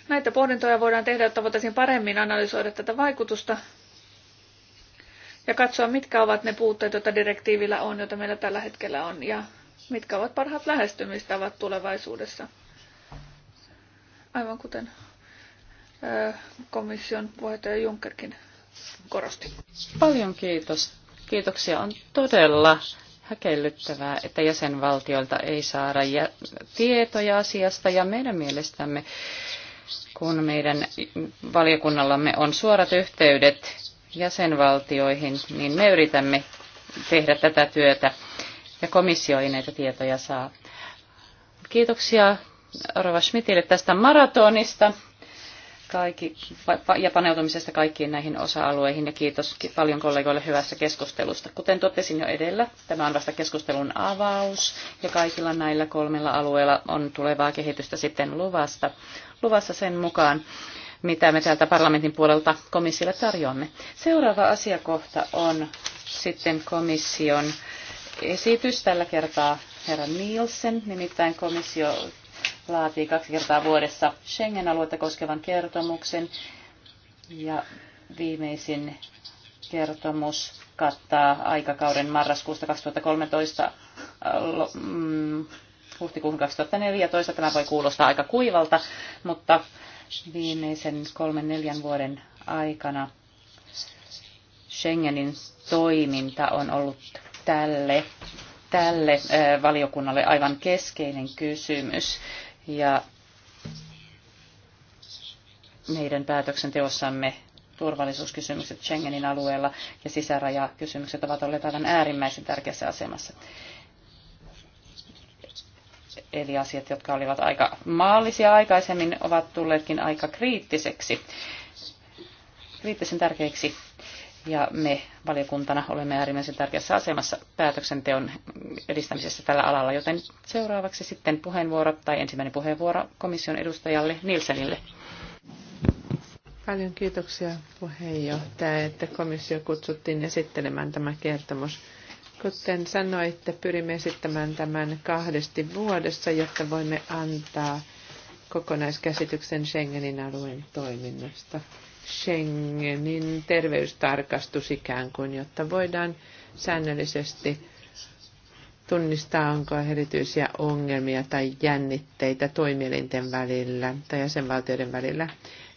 Näitä pohdintoja voidaan tehdä, jotta voitaisiin paremmin analysoida tätä vaikutusta ja katsoa, mitkä ovat ne puutteet, joita direktiivillä on, joita meillä tällä hetkellä on, ja mitkä ovat parhaat lähestymistavat tulevaisuudessa. Aivan kuten komission puheenjohtaja Junckerkin korosti. Paljon kiitos. Kiitoksia. On todella häkellyttävää, että jäsenvaltioilta ei saada tietoja asiasta ja meidän mielestämme kun meidän valiokunnallamme on suorat yhteydet jäsenvaltioihin, niin me yritämme tehdä tätä työtä ja komissio ei näitä tietoja saa. Kiitoksia Rova Schmidtille tästä maratonista kaikki, ja paneutumisesta kaikkiin näihin osa-alueihin ja kiitos paljon kollegoille hyvästä keskustelusta. Kuten totesin jo edellä, tämä on vasta keskustelun avaus ja kaikilla näillä kolmella alueella on tulevaa kehitystä sitten luvasta, luvassa sen mukaan, mitä me täältä parlamentin puolelta komissiolle tarjoamme. Seuraava asiakohta on sitten komission esitys tällä kertaa herra Nielsen, nimittäin komissio laatii kaksi kertaa vuodessa Schengen-aluetta koskevan kertomuksen ja viimeisin kertomus kattaa aikakauden marraskuusta 2013 äh, mm, huhtikuuhun 2014. Tämä voi kuulostaa aika kuivalta, mutta viimeisen kolmen neljän vuoden aikana Schengenin toiminta on ollut tälle, tälle äh, valiokunnalle aivan keskeinen kysymys ja meidän päätöksenteossamme turvallisuuskysymykset Schengenin alueella ja sisärajakysymykset ovat olleet aivan äärimmäisen tärkeässä asemassa. Eli asiat, jotka olivat aika maallisia aikaisemmin, ovat tulleetkin aika kriittiseksi, kriittisen tärkeiksi ja me valiokuntana olemme äärimmäisen tärkeässä asemassa päätöksenteon edistämisessä tällä alalla, joten seuraavaksi sitten puheenvuoro tai ensimmäinen puheenvuoro komission edustajalle Nilsenille. Paljon kiitoksia puheenjohtaja, että komissio kutsuttiin esittelemään tämä kertomus. Kuten sanoitte, pyrimme esittämään tämän kahdesti vuodessa, jotta voimme antaa kokonaiskäsityksen Schengenin alueen toiminnasta. Schengenin terveystarkastus ikään kuin, jotta voidaan säännöllisesti tunnistaa, onko erityisiä ongelmia tai jännitteitä toimielinten välillä tai jäsenvaltioiden välillä.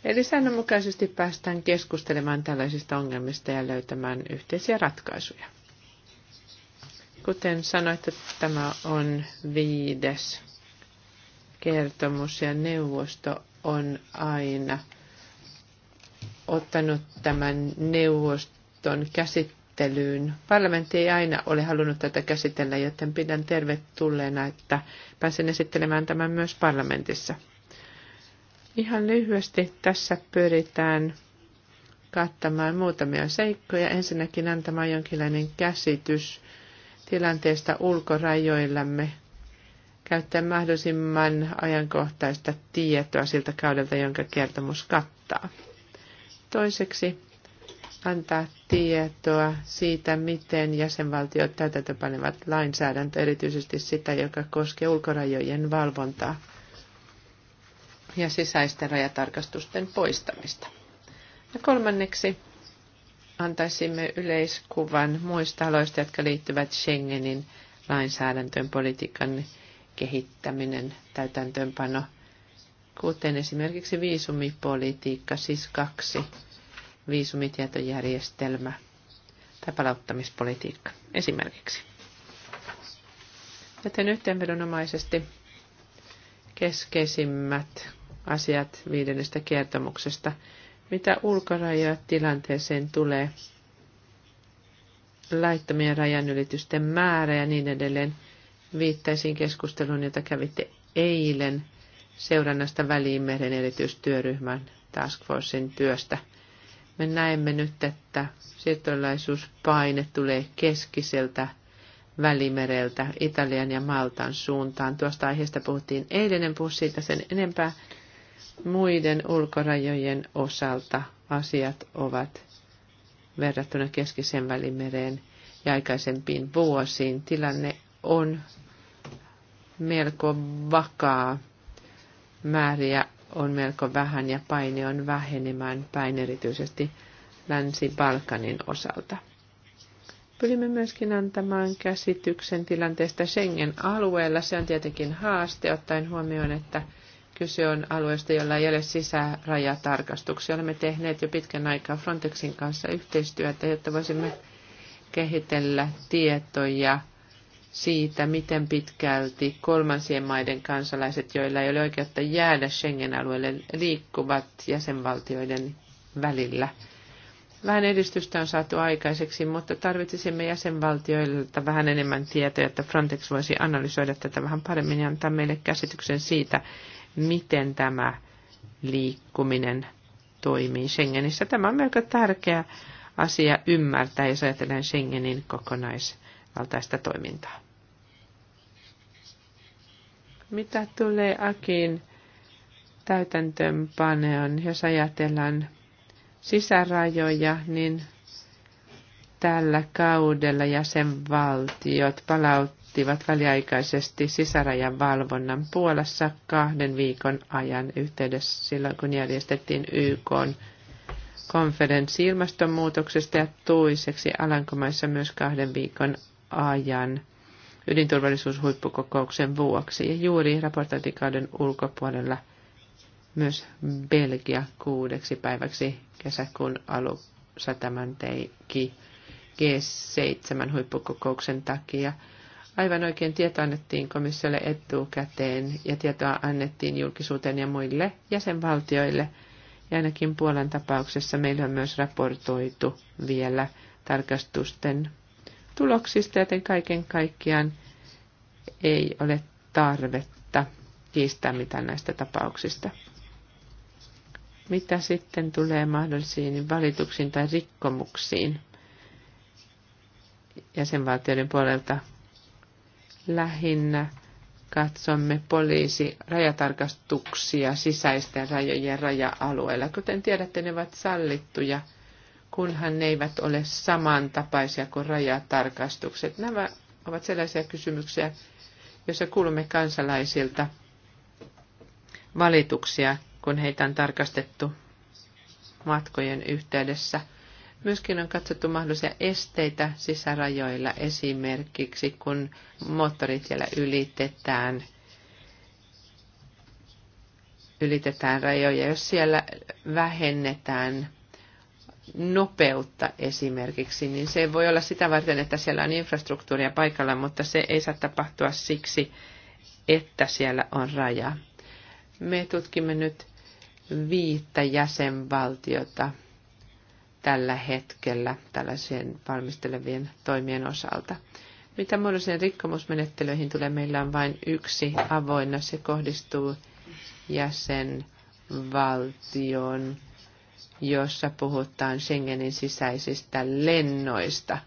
Eli säännönmukaisesti päästään keskustelemaan tällaisista ongelmista ja löytämään yhteisiä ratkaisuja. Kuten sanoitte, tämä on viides kertomus ja neuvosto on aina ottanut tämän neuvoston käsittelyyn. Parlamentti ei aina ole halunnut tätä käsitellä, joten pidän tervetulleena, että pääsen esittelemään tämän myös parlamentissa. Ihan lyhyesti tässä pyritään kattamaan muutamia seikkoja. Ensinnäkin antamaan jonkinlainen käsitys tilanteesta ulkorajoillamme, käyttää mahdollisimman ajankohtaista tietoa siltä kaudelta, jonka kertomus kattaa. Toiseksi antaa tietoa siitä, miten jäsenvaltiot täytäntöpanevat lainsäädäntö, erityisesti sitä, joka koskee ulkorajojen valvontaa ja sisäisten rajatarkastusten poistamista. Ja kolmanneksi antaisimme yleiskuvan muista aloista, jotka liittyvät Schengenin lainsäädäntöön, politiikan kehittäminen, täytäntöönpano – kuten esimerkiksi viisumipolitiikka, siis kaksi viisumitietojärjestelmä tai palauttamispolitiikka esimerkiksi. Joten yhteenvedonomaisesti keskeisimmät asiat viidennestä kertomuksesta, mitä tilanteeseen tulee, laittomien rajanylitysten määrä ja niin edelleen, viittaisin keskusteluun, jota kävitte eilen – seurannasta Välimeren erityistyöryhmän Task Forcein työstä. Me näemme nyt, että siirtolaisuuspaine tulee keskiseltä Välimereltä Italian ja Maltan suuntaan. Tuosta aiheesta puhuttiin eilen, en puhu siitä sen enempää. Muiden ulkorajojen osalta asiat ovat verrattuna keskisen välimereen ja aikaisempiin vuosiin. Tilanne on melko vakaa määriä on melko vähän ja paine on vähenemään päin erityisesti Länsi-Balkanin osalta. Pyrimme myöskin antamaan käsityksen tilanteesta Schengen-alueella. Se on tietenkin haaste, ottaen huomioon, että kyse on alueesta, jolla ei ole sisärajatarkastuksia. Olemme tehneet jo pitkän aikaa Frontexin kanssa yhteistyötä, jotta voisimme kehitellä tietoja – siitä, miten pitkälti kolmansien maiden kansalaiset, joilla ei ole oikeutta jäädä Schengen-alueelle, liikkuvat jäsenvaltioiden välillä. Vähän edistystä on saatu aikaiseksi, mutta tarvitsisimme jäsenvaltioilta vähän enemmän tietoa, että Frontex voisi analysoida tätä vähän paremmin ja antaa meille käsityksen siitä, miten tämä liikkuminen toimii Schengenissä. Tämä on melko tärkeä asia ymmärtää, jos ajatellaan Schengenin kokonaisvaltaista toimintaa. Mitä tulee Akin täytäntöönpaneon, jos ajatellaan sisärajoja, niin tällä kaudella jäsenvaltiot palauttivat väliaikaisesti sisärajan valvonnan Puolassa kahden viikon ajan yhteydessä silloin, kun järjestettiin YK konferenssi ilmastonmuutoksesta ja toiseksi Alankomaissa myös kahden viikon ajan ydinturvallisuushuippukokouksen vuoksi. Ja juuri raportointikauden ulkopuolella myös Belgia kuudeksi päiväksi kesäkuun alussa tämän teki G7 huippukokouksen takia. Aivan oikein tieto annettiin komissiolle etukäteen ja tietoa annettiin julkisuuteen ja muille jäsenvaltioille. Ja ainakin Puolan tapauksessa meillä on myös raportoitu vielä tarkastusten tuloksista, joten kaiken kaikkiaan ei ole tarvetta kiistää mitään näistä tapauksista. Mitä sitten tulee mahdollisiin valituksiin tai rikkomuksiin jäsenvaltioiden puolelta? Lähinnä katsomme poliisi rajatarkastuksia sisäisten rajojen raja-alueilla. Kuten tiedätte, ne ovat sallittuja kunhan ne eivät ole samantapaisia kuin rajatarkastukset. Nämä ovat sellaisia kysymyksiä, joissa kuulumme kansalaisilta valituksia, kun heitä on tarkastettu matkojen yhteydessä. Myöskin on katsottu mahdollisia esteitä sisärajoilla, esimerkiksi kun siellä ylitetään, ylitetään rajoja. Jos siellä vähennetään nopeutta esimerkiksi, niin se voi olla sitä varten, että siellä on infrastruktuuria paikalla, mutta se ei saa tapahtua siksi, että siellä on raja. Me tutkimme nyt viittä jäsenvaltiota tällä hetkellä tällaisien valmistelevien toimien osalta. Mitä muodollisiin rikkomusmenettelyihin tulee, meillä on vain yksi avoinna. Se kohdistuu jäsenvaltion jossa puhutaan Schengenin sisäisistä lennoista,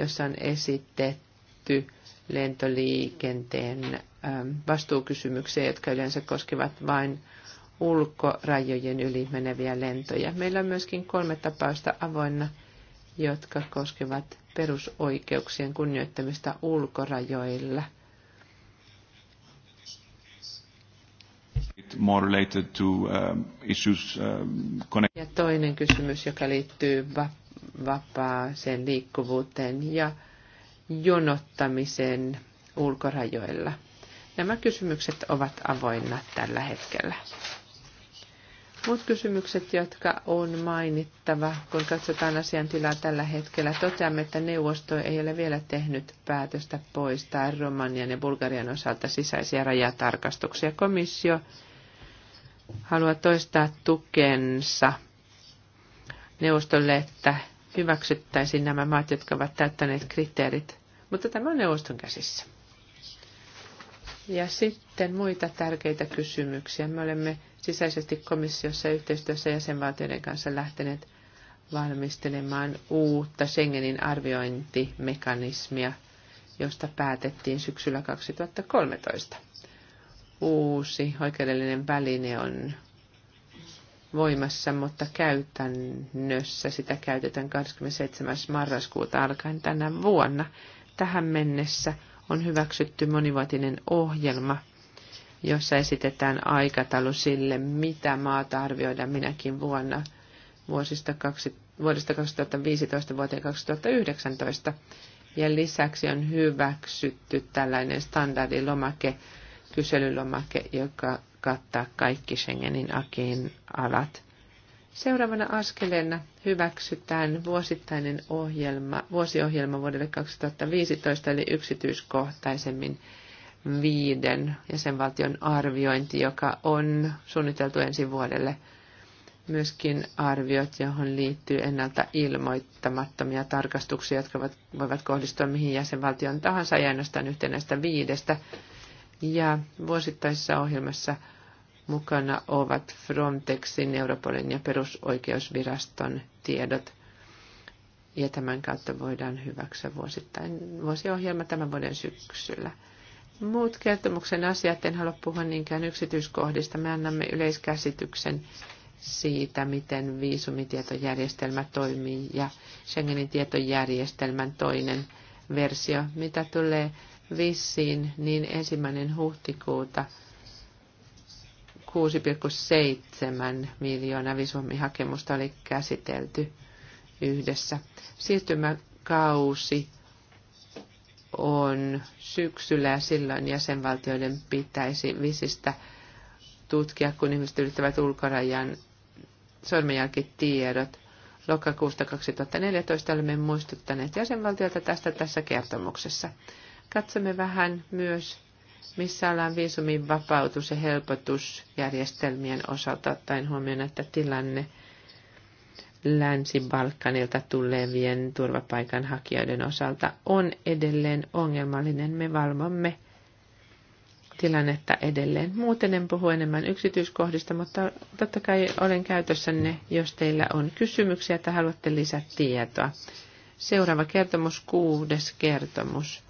jossa on esitetty lentoliikenteen ähm, vastuukysymyksiä, jotka yleensä koskevat vain ulkorajojen yli meneviä lentoja. Meillä on myöskin kolme tapausta avoinna, jotka koskevat perusoikeuksien kunnioittamista ulkorajoilla – more related to um, issues um, Ja toinen kysymys, joka liittyy vapaaseen liikkuvuuteen ja jonottamiseen ulkorajoilla. Nämä kysymykset ovat avoinna tällä hetkellä. Muut kysymykset, jotka on mainittava, kun katsotaan asiantilaa tällä hetkellä, toteamme, että neuvosto ei ole vielä tehnyt päätöstä poistaa Romanian ja Bulgarian osalta sisäisiä rajatarkastuksia. Komissio haluaa toistaa tukensa neuvostolle, että hyväksyttäisiin nämä maat, jotka ovat täyttäneet kriteerit. Mutta tämä on neuvoston käsissä. Ja sitten muita tärkeitä kysymyksiä. Me olemme sisäisesti komissiossa yhteistyössä jäsenvaltioiden kanssa lähteneet valmistelemaan uutta Schengenin arviointimekanismia, josta päätettiin syksyllä 2013 uusi oikeudellinen väline on voimassa, mutta käytännössä sitä käytetään 27. marraskuuta alkaen tänä vuonna. Tähän mennessä on hyväksytty monivuotinen ohjelma, jossa esitetään aikataulu sille, mitä maata arvioidaan minäkin vuonna vuosista 20, vuodesta 2015 vuoteen 2019. Ja lisäksi on hyväksytty tällainen standardilomake kyselylomake, joka kattaa kaikki Schengenin akin alat. Seuraavana askeleena hyväksytään vuosittainen ohjelma, vuosiohjelma vuodelle 2015, eli yksityiskohtaisemmin viiden jäsenvaltion arviointi, joka on suunniteltu ensi vuodelle. Myöskin arviot, johon liittyy ennalta ilmoittamattomia tarkastuksia, jotka voivat kohdistua mihin jäsenvaltion tahansa, ja ainoastaan yhtenäistä viidestä. Ja vuosittaisessa ohjelmassa mukana ovat Frontexin, Europolin ja perusoikeusviraston tiedot. Ja tämän kautta voidaan hyväksyä vuosittain vuosiohjelma tämän vuoden syksyllä. Muut kertomuksen asiat, en halua puhua niinkään yksityiskohdista. Me annamme yleiskäsityksen siitä, miten viisumitietojärjestelmä toimii ja Schengenin tietojärjestelmän toinen versio, mitä tulee vissiin, niin ensimmäinen huhtikuuta 6,7 miljoonaa visumihakemusta oli käsitelty yhdessä. Siirtymäkausi on syksyllä ja silloin jäsenvaltioiden pitäisi visistä tutkia, kun ihmiset ylittävät ulkorajan sormenjälkitiedot. Lokakuusta 2014 olemme muistuttaneet jäsenvaltioita tästä tässä kertomuksessa. Katsomme vähän myös, missä ollaan viisumin vapautus- ja helpotusjärjestelmien osalta, ottaen huomioon, että tilanne Länsi-Balkanilta tulevien turvapaikanhakijoiden osalta on edelleen ongelmallinen. Me valvomme tilannetta edelleen. Muuten en puhu enemmän yksityiskohdista, mutta totta kai olen käytössänne, jos teillä on kysymyksiä tai haluatte lisätietoa. Seuraava kertomus, kuudes kertomus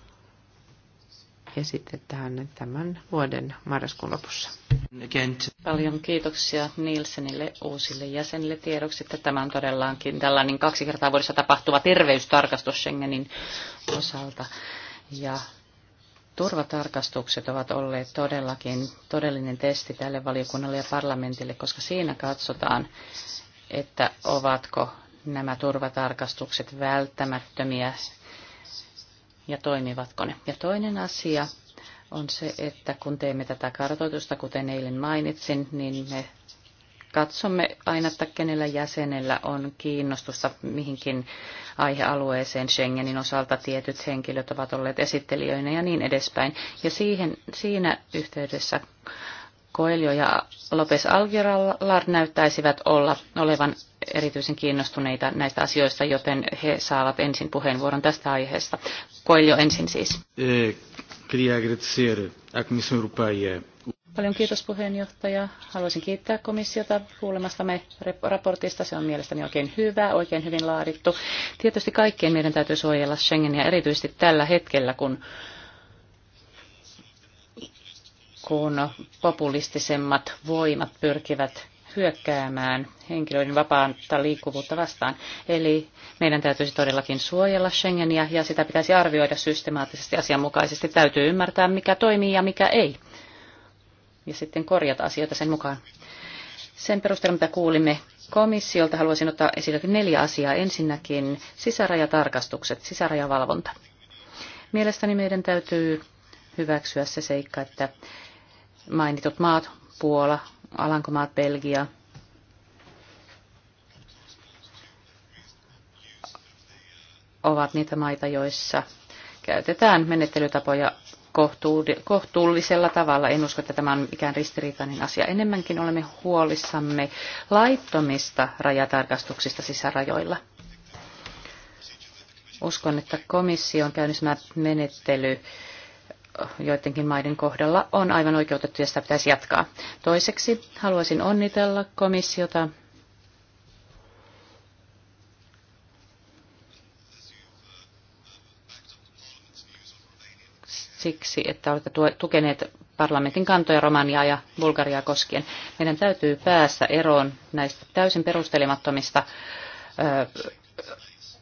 esitetään tämän vuoden marraskuun lopussa. Paljon kiitoksia Nielsenille uusille jäsenille tiedoksi, että tämä on todellakin tällainen kaksi kertaa vuodessa tapahtuva terveystarkastus Schengenin osalta. Ja turvatarkastukset ovat olleet todellakin todellinen testi tälle valiokunnalle ja parlamentille, koska siinä katsotaan, että ovatko nämä turvatarkastukset välttämättömiä ja toimivatko ne. Ja toinen asia on se, että kun teemme tätä kartoitusta, kuten eilen mainitsin, niin me katsomme aina, että kenellä jäsenellä on kiinnostusta mihinkin aihealueeseen Schengenin osalta. Tietyt henkilöt ovat olleet esittelijöinä ja niin edespäin. Ja siihen, siinä yhteydessä Coelho ja Lopes Algeralar näyttäisivät olla, olevan erityisen kiinnostuneita näistä asioista, joten he saavat ensin puheenvuoron tästä aiheesta. Coelho ensin siis. E, Paljon kiitos puheenjohtaja. Haluaisin kiittää komissiota kuulemastamme raportista. Se on mielestäni oikein hyvä, oikein hyvin laadittu. Tietysti kaikkien meidän täytyy suojella Schengenia erityisesti tällä hetkellä, kun kun populistisemmat voimat pyrkivät hyökkäämään henkilöiden vapaata liikkuvuutta vastaan. Eli meidän täytyisi todellakin suojella Schengeniä ja sitä pitäisi arvioida systemaattisesti asianmukaisesti. Täytyy ymmärtää, mikä toimii ja mikä ei. Ja sitten korjata asioita sen mukaan. Sen perusteella, mitä kuulimme komissiolta, haluaisin ottaa esille neljä asiaa. Ensinnäkin sisärajatarkastukset, sisärajavalvonta. Mielestäni meidän täytyy hyväksyä se seikka, että mainitut maat, Puola, Alankomaat, Belgia, ovat niitä maita, joissa käytetään menettelytapoja kohtuullisella tavalla. En usko, että tämä on ikään ristiriitainen asia. Enemmänkin olemme huolissamme laittomista rajatarkastuksista sisärajoilla. Uskon, että komissio on käynnistämä menettely, joidenkin maiden kohdalla on aivan oikeutettu ja sitä pitäisi jatkaa. Toiseksi haluaisin onnitella komissiota siksi, että olette tukeneet parlamentin kantoja Romaniaa ja Bulgariaa koskien. Meidän täytyy päästä eroon näistä täysin perustelemattomista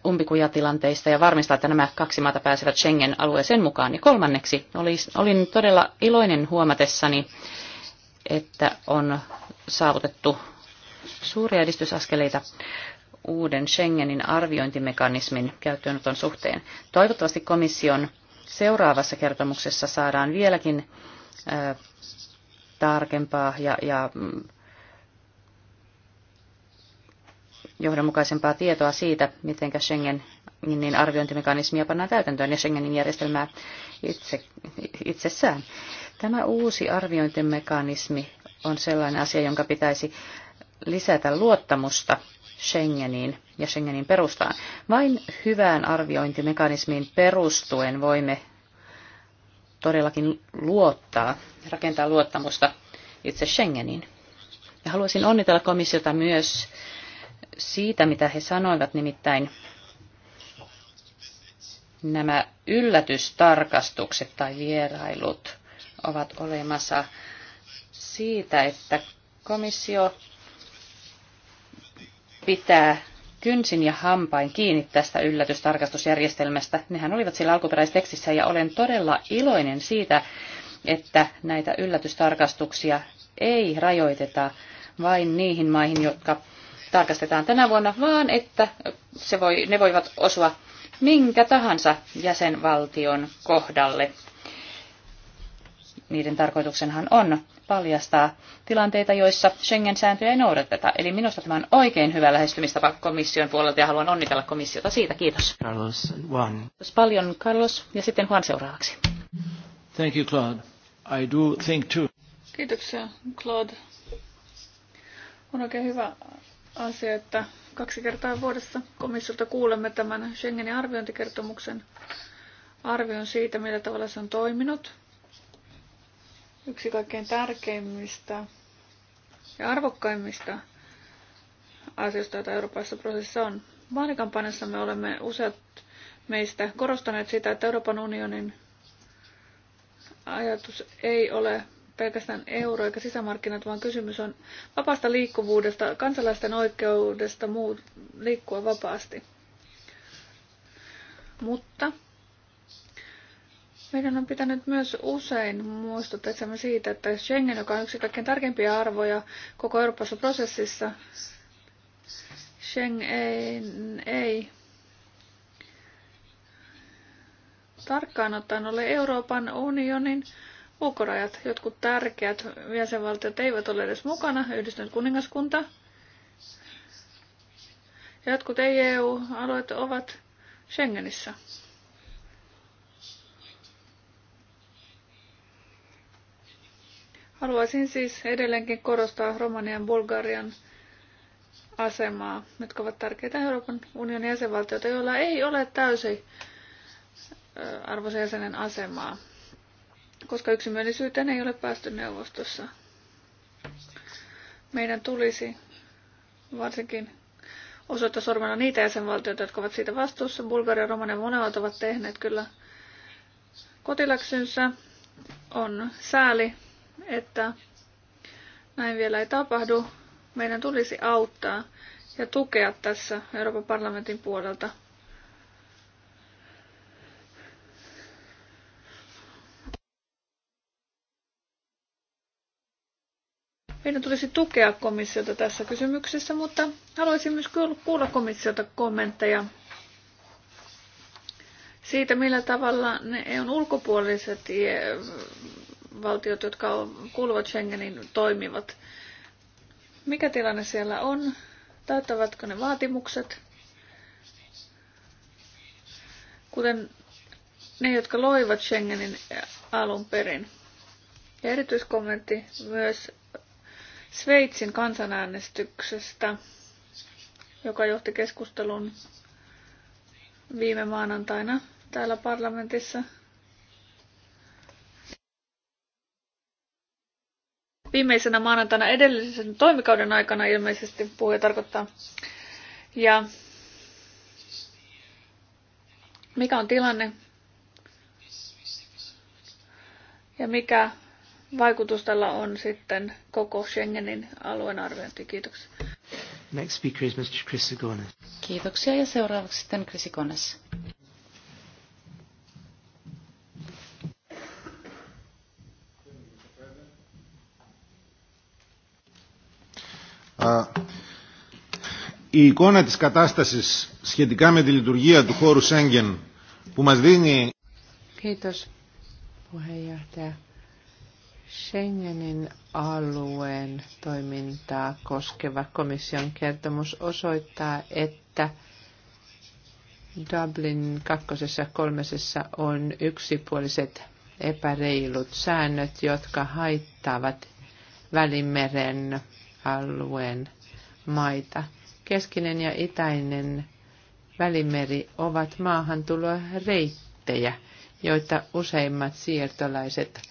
umpikujatilanteista ja varmistaa, että nämä kaksi maata pääsevät Schengen-alueeseen mukaan. Ja kolmanneksi olin todella iloinen huomatessani, että on saavutettu suuria edistysaskeleita uuden Schengenin arviointimekanismin käyttöönoton suhteen. Toivottavasti komission seuraavassa kertomuksessa saadaan vieläkin tarkempaa ja, ja mm, johdonmukaisempaa tietoa siitä, miten Schengenin niin arviointimekanismia pannaan täytäntöön ja Schengenin järjestelmää itse, itsessään. Tämä uusi arviointimekanismi on sellainen asia, jonka pitäisi lisätä luottamusta Schengeniin ja Schengenin perustaan. Vain hyvään arviointimekanismiin perustuen voimme todellakin luottaa, rakentaa luottamusta itse Schengeniin. Ja haluaisin onnitella komissiota myös siitä, mitä he sanoivat, nimittäin nämä yllätystarkastukset tai vierailut ovat olemassa siitä, että komissio pitää kynsin ja hampain kiinni tästä yllätystarkastusjärjestelmästä. Nehän olivat siellä alkuperäistekstissä ja olen todella iloinen siitä, että näitä yllätystarkastuksia ei rajoiteta vain niihin maihin, jotka tarkastetaan tänä vuonna, vaan että se voi, ne voivat osua minkä tahansa jäsenvaltion kohdalle. Niiden tarkoituksenhan on paljastaa tilanteita, joissa Schengen-sääntöjä ei noudateta. Eli minusta tämä on oikein hyvä lähestymistapa komission puolelta ja haluan onnitella komissiota siitä. Kiitos. Carlos Kiitos paljon Carlos ja sitten Juan seuraavaksi. Thank you, Claude. I do think too. Kiitoksia, Claude. On oikein hyvä asia, että kaksi kertaa vuodessa komissiolta kuulemme tämän Schengenin arviointikertomuksen arvion siitä, millä tavalla se on toiminut. Yksi kaikkein tärkeimmistä ja arvokkaimmista asioista, joita Euroopassa prosessissa on. Vaalikampanjassa me olemme useat meistä korostaneet sitä, että Euroopan unionin ajatus ei ole pelkästään euro eikä sisämarkkinat, vaan kysymys on vapaasta liikkuvuudesta, kansalaisten oikeudesta muu liikkua vapaasti. Mutta meidän on pitänyt myös usein muistuttaa siitä, että Schengen, joka on yksi kaikkein tärkeimpiä arvoja koko Euroopassa prosessissa, Schengen ei tarkkaan ottaen ole Euroopan unionin ulkorajat. Jotkut tärkeät jäsenvaltiot eivät ole edes mukana, yhdistynyt kuningaskunta. Jotkut ei-EU-alueet ovat Schengenissä. Haluaisin siis edelleenkin korostaa Romanian ja Bulgarian asemaa, jotka ovat tärkeitä Euroopan unionin jäsenvaltioita, joilla ei ole täysin arvoisen jäsenen asemaa koska yksimielisyyteen ei ole päästy neuvostossa. Meidän tulisi varsinkin osoittaa sormella niitä jäsenvaltioita, jotka ovat siitä vastuussa. Bulgaria, Romania ja monet ovat tehneet kyllä kotiläksynsä. On sääli, että näin vielä ei tapahdu. Meidän tulisi auttaa ja tukea tässä Euroopan parlamentin puolelta – Meidän tulisi tukea komissiota tässä kysymyksessä, mutta haluaisin myös kuulla komissiota kommentteja siitä, millä tavalla ne EUn ulkopuoliset valtiot, jotka kuuluvat Schengenin, toimivat. Mikä tilanne siellä on? Täyttävätkö ne vaatimukset? Kuten ne, jotka loivat Schengenin alun perin. Ja erityiskommentti myös Sveitsin kansanäänestyksestä, joka johti keskustelun viime maanantaina täällä parlamentissa. Viimeisenä maanantaina edellisen toimikauden aikana ilmeisesti puhuja tarkoittaa. Ja mikä on tilanne ja mikä vaikutus tällä on sitten koko Schengenin alueen arviointi. Kiitoksia. Next speaker is Mr. Chris Chrysogonis. Kiitoksia ja seuraavaksi sitten Chris Chrysogonis. Η εικόνα της κατάστασης σχετικά με τη λειτουργία του χώρου Σέγγεν που μας δίνει... Κύριε Πρόεδρε, Schengenin alueen toimintaa koskeva komission kertomus osoittaa, että Dublin kakkosessa ja kolmesessa on yksipuoliset epäreilut säännöt, jotka haittaavat Välimeren alueen maita. Keskinen ja itäinen Välimeri ovat maahantuloreittejä, joita useimmat siirtolaiset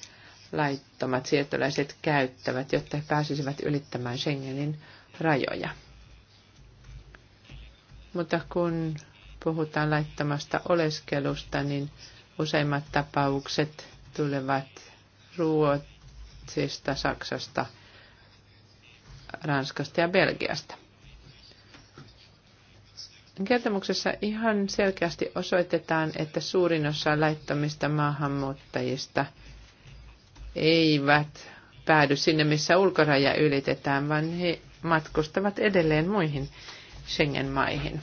laittomat siirtolaiset käyttävät, jotta he pääsisivät ylittämään Schengenin rajoja. Mutta kun puhutaan laittomasta oleskelusta, niin useimmat tapaukset tulevat Ruotsista, Saksasta, Ranskasta ja Belgiasta. Kertomuksessa ihan selkeästi osoitetaan, että suurin osa laittomista maahanmuuttajista – eivät päädy sinne, missä ulkoraja ylitetään, vaan he matkustavat edelleen muihin Schengen-maihin.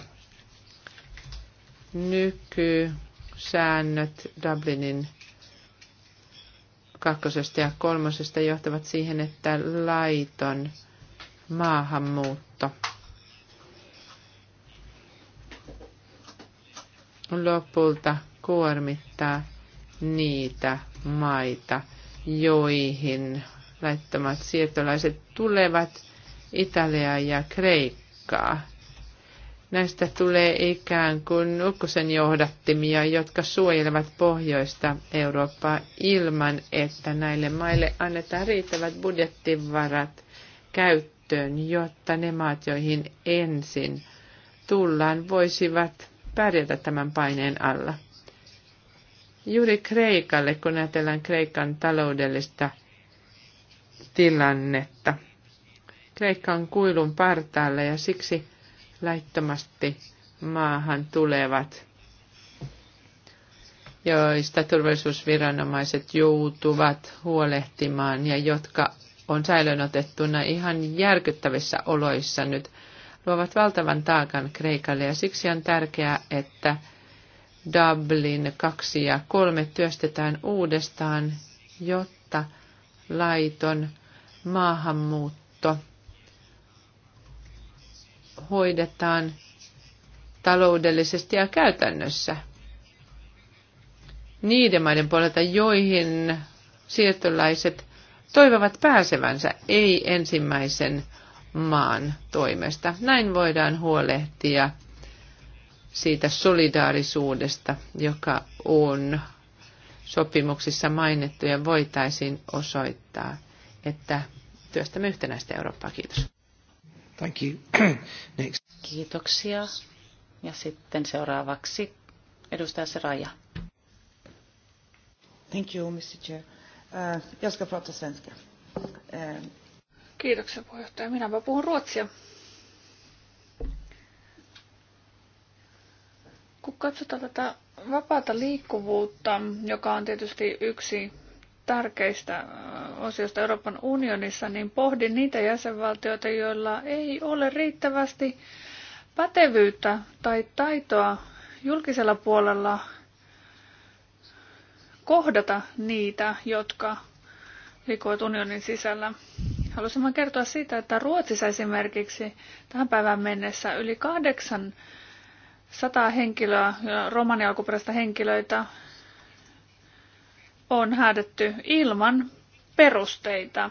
Nykysäännöt Dublinin kakkosesta ja kolmosesta johtavat siihen, että laiton maahanmuutto lopulta kuormittaa niitä maita, joihin laittomat siirtolaiset tulevat Italiaa ja Kreikkaa. Näistä tulee ikään kuin ukkosen johdattimia, jotka suojelevat pohjoista Eurooppaa ilman, että näille maille annetaan riittävät budjettivarat käyttöön, jotta ne maat, joihin ensin tullaan, voisivat pärjätä tämän paineen alla juuri Kreikalle, kun ajatellaan Kreikan taloudellista tilannetta. Kreikka on kuilun partaalla ja siksi laittomasti maahan tulevat, joista turvallisuusviranomaiset joutuvat huolehtimaan ja jotka on säilönotettuna ihan järkyttävissä oloissa nyt, luovat valtavan taakan Kreikalle ja siksi on tärkeää, että Dublin 2 ja 3 työstetään uudestaan, jotta laiton maahanmuutto hoidetaan taloudellisesti ja käytännössä niiden maiden puolelta, joihin siirtolaiset toivovat pääsevänsä, ei ensimmäisen maan toimesta. Näin voidaan huolehtia siitä solidaarisuudesta, joka on sopimuksissa mainittu ja voitaisiin osoittaa, että työstämme yhtenäistä Eurooppaa. Kiitos. Thank you. Next. Kiitoksia. Ja sitten seuraavaksi edustaja Seraja. Thank you, Mr. Chair. Uh, Jaska svenska. Uh. Um, Kiitoksia puheenjohtaja. Minäpä puhun ruotsia. Kun katsotaan tätä vapaata liikkuvuutta, joka on tietysti yksi tärkeistä osioista Euroopan unionissa, niin pohdin niitä jäsenvaltioita, joilla ei ole riittävästi pätevyyttä tai taitoa julkisella puolella kohdata niitä, jotka liikkuvat unionin sisällä. Haluaisin vain kertoa siitä, että Ruotsissa esimerkiksi tähän päivään mennessä yli kahdeksan Sata henkilöä, romanialkuperäistä henkilöitä, on häädetty ilman perusteita.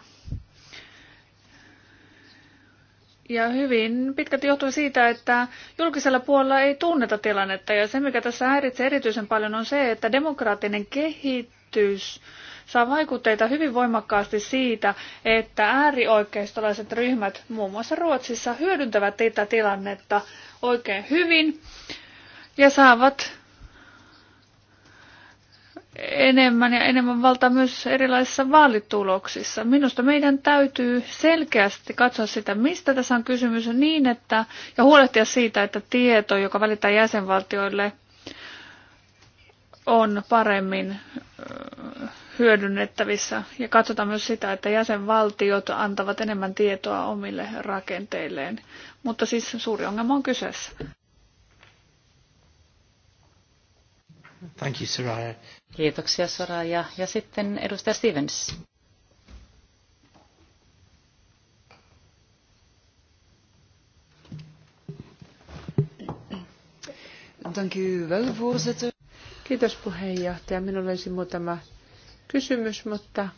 Ja hyvin pitkälti johtui siitä, että julkisella puolella ei tunneta tilannetta. Ja se, mikä tässä häiritsee erityisen paljon, on se, että demokraattinen kehitys saa vaikutteita hyvin voimakkaasti siitä, että äärioikeistolaiset ryhmät muun muassa Ruotsissa hyödyntävät tätä tilannetta oikein hyvin ja saavat enemmän ja enemmän valtaa myös erilaisissa vaalituloksissa. Minusta meidän täytyy selkeästi katsoa sitä, mistä tässä on kysymys niin, että, ja huolehtia siitä, että tieto, joka välittää jäsenvaltioille, on paremmin hyödynnettävissä ja katsotaan myös sitä, että jäsenvaltiot antavat enemmän tietoa omille rakenteilleen. Mutta siis suuri ongelma on kyseessä. Thank you, Soraya. Kiitoksia Soraya. Ja sitten edustaja Stevens. Dank u wel, voorzitter. Kiitos puheenjohtaja. Minulla olisi muutama kysymys, mutta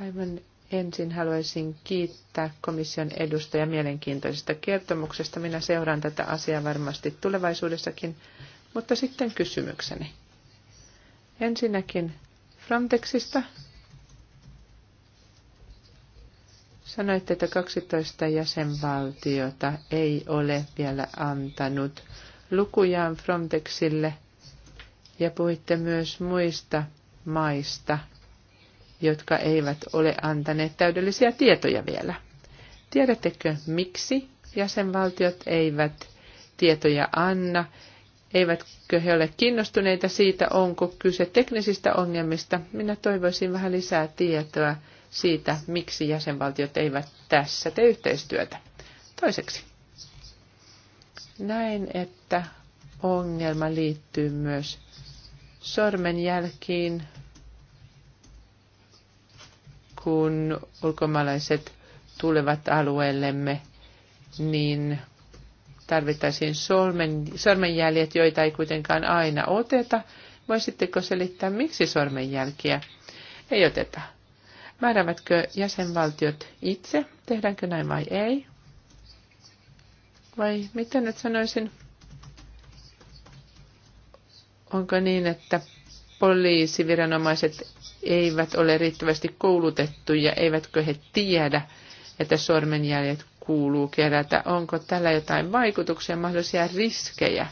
aivan ensin haluaisin kiittää komission edustajia mielenkiintoisesta kertomuksesta. Minä seuraan tätä asiaa varmasti tulevaisuudessakin, mutta sitten kysymykseni. Ensinnäkin Frontexista. Sanoitte, että 12 jäsenvaltiota ei ole vielä antanut lukujaan Frontexille ja puhuitte myös muista maista, jotka eivät ole antaneet täydellisiä tietoja vielä. Tiedättekö, miksi jäsenvaltiot eivät tietoja anna? Eivätkö he ole kiinnostuneita siitä, onko kyse teknisistä ongelmista? Minä toivoisin vähän lisää tietoa siitä, miksi jäsenvaltiot eivät tässä tee yhteistyötä. Toiseksi. Näin, että ongelma liittyy myös sormenjälkiin, kun ulkomaalaiset tulevat alueellemme, niin tarvittaisiin sormen, sormenjäljet, joita ei kuitenkaan aina oteta. Voisitteko selittää, miksi sormenjälkiä ei oteta? Määräävätkö jäsenvaltiot itse, tehdäänkö näin vai ei? Vai miten nyt sanoisin? Onko niin, että poliisiviranomaiset eivät ole riittävästi koulutettuja, eivätkö he tiedä, että sormenjäljet kuuluu kerätä? Onko tällä jotain vaikutuksia, mahdollisia riskejä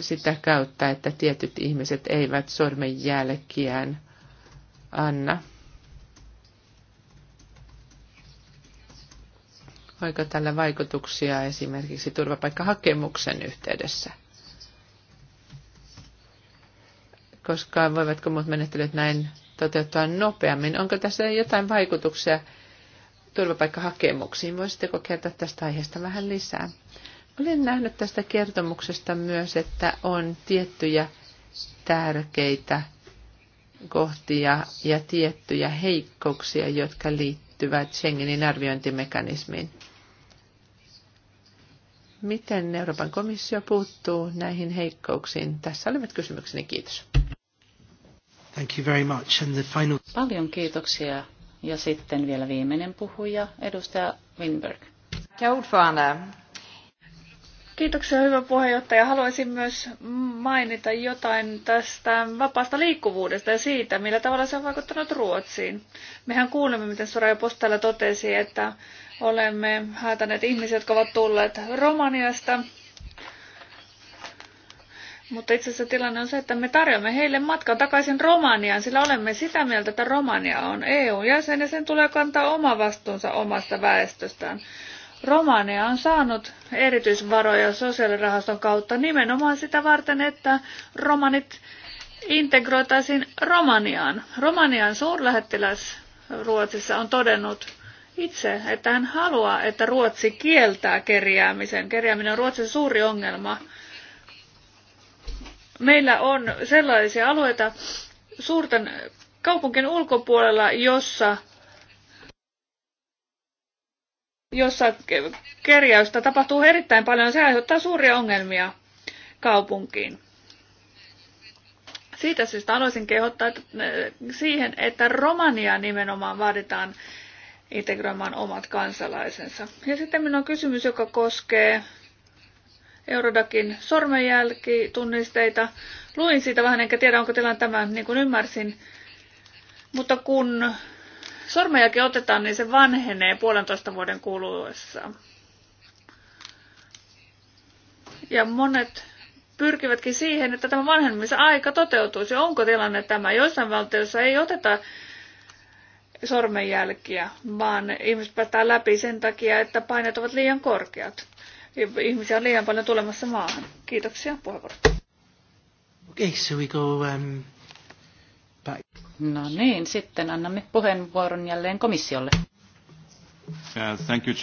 sitä kautta, että tietyt ihmiset eivät sormenjälkiään anna? Voiko tällä vaikutuksia esimerkiksi turvapaikkahakemuksen yhteydessä? koska voivatko muut menettelyt näin toteuttaa nopeammin. Onko tässä jotain vaikutuksia turvapaikkahakemuksiin? Voisitteko kertoa tästä aiheesta vähän lisää? Olen nähnyt tästä kertomuksesta myös, että on tiettyjä tärkeitä kohtia ja tiettyjä heikkouksia, jotka liittyvät Schengenin arviointimekanismiin. Miten Euroopan komissio puuttuu näihin heikkouksiin? Tässä olivat kysymykseni. Kiitos. Thank you very much. And the final... Paljon kiitoksia. Ja sitten vielä viimeinen puhuja, edustaja Winberg. Kiitoksia, hyvä puheenjohtaja. Haluaisin myös mainita jotain tästä vapaasta liikkuvuudesta ja siitä, millä tavalla se on vaikuttanut Ruotsiin. Mehän kuulemme, miten Soraya Postella totesi, että olemme häätäneet ihmisiä, jotka ovat tulleet Romaniasta mutta itse asiassa tilanne on se, että me tarjoamme heille matkan takaisin Romaniaan, sillä olemme sitä mieltä, että Romania on EU-jäsen ja sen tulee kantaa oma vastuunsa omasta väestöstään. Romania on saanut erityisvaroja sosiaalirahaston kautta nimenomaan sitä varten, että romanit integroitaisiin Romaniaan. Romanian suurlähettiläs Ruotsissa on todennut itse, että hän haluaa, että Ruotsi kieltää kerjäämisen. Kerjääminen on Ruotsin suuri ongelma meillä on sellaisia alueita suurten kaupunkien ulkopuolella, jossa jossa kerjäystä tapahtuu erittäin paljon, se aiheuttaa suuria ongelmia kaupunkiin. Siitä syystä haluaisin kehottaa että, äh, siihen, että Romania nimenomaan vaaditaan integroimaan omat kansalaisensa. Ja sitten minulla on kysymys, joka koskee Eurodakin sormenjälkitunnisteita. Luin siitä vähän, enkä tiedä onko tilanne tämä, niin kuin ymmärsin. Mutta kun sormenjälki otetaan, niin se vanhenee puolentoista vuoden kuluessa. Ja monet pyrkivätkin siihen, että tämä vanhenemisaika toteutuisi. Onko tilanne tämä? Joissain valtioissa ei oteta sormenjälkiä, vaan ihmiset päästään läpi sen takia, että paineet ovat liian korkeat ihmisiä on liian paljon tulemassa maahan. Kiitoksia puheenvuoro. Okay, so we go, um, back. No niin, sitten annamme puheenvuoron jälleen komissiolle. Thank you,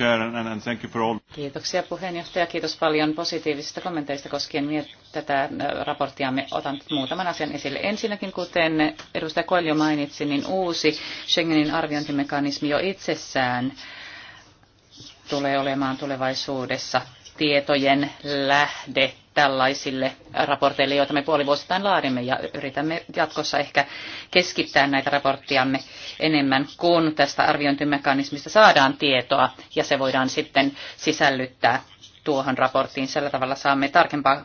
and thank you for all. Kiitoksia puheenjohtaja. Kiitos paljon positiivisista kommenteista koskien tätä äh, raporttiamme. Otan muutaman asian esille. Ensinnäkin, kuten edustaja Koilio mainitsi, niin uusi Schengenin arviointimekanismi jo itsessään tulee olemaan tulevaisuudessa tietojen lähde tällaisille raporteille, joita me puolivuosittain laadimme ja yritämme jatkossa ehkä keskittää näitä raporttiamme enemmän, kun tästä arviointimekanismista saadaan tietoa ja se voidaan sitten sisällyttää tuohon raporttiin. Sillä tavalla saamme tarkempaa,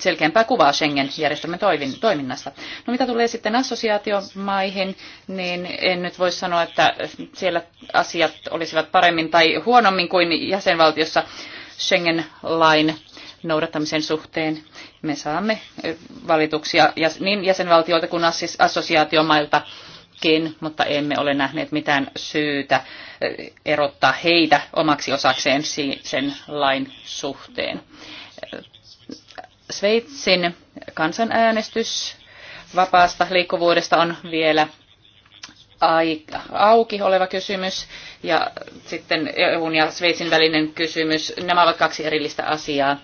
selkeämpää kuvaa Schengen-järjestelmän toiminnasta. No mitä tulee sitten assosiaatiomaihin, niin en nyt voi sanoa, että siellä asiat olisivat paremmin tai huonommin kuin jäsenvaltiossa Schengen-lain noudattamisen suhteen. Me saamme valituksia niin jäsenvaltioilta kuin assosiaatiomailtakin, mutta emme ole nähneet mitään syytä erottaa heitä omaksi osakseen sen lain suhteen. Sveitsin kansanäänestys vapaasta liikkuvuudesta on vielä auki oleva kysymys ja sitten EUn ja Sveitsin välinen kysymys. Nämä ovat kaksi erillistä asiaa.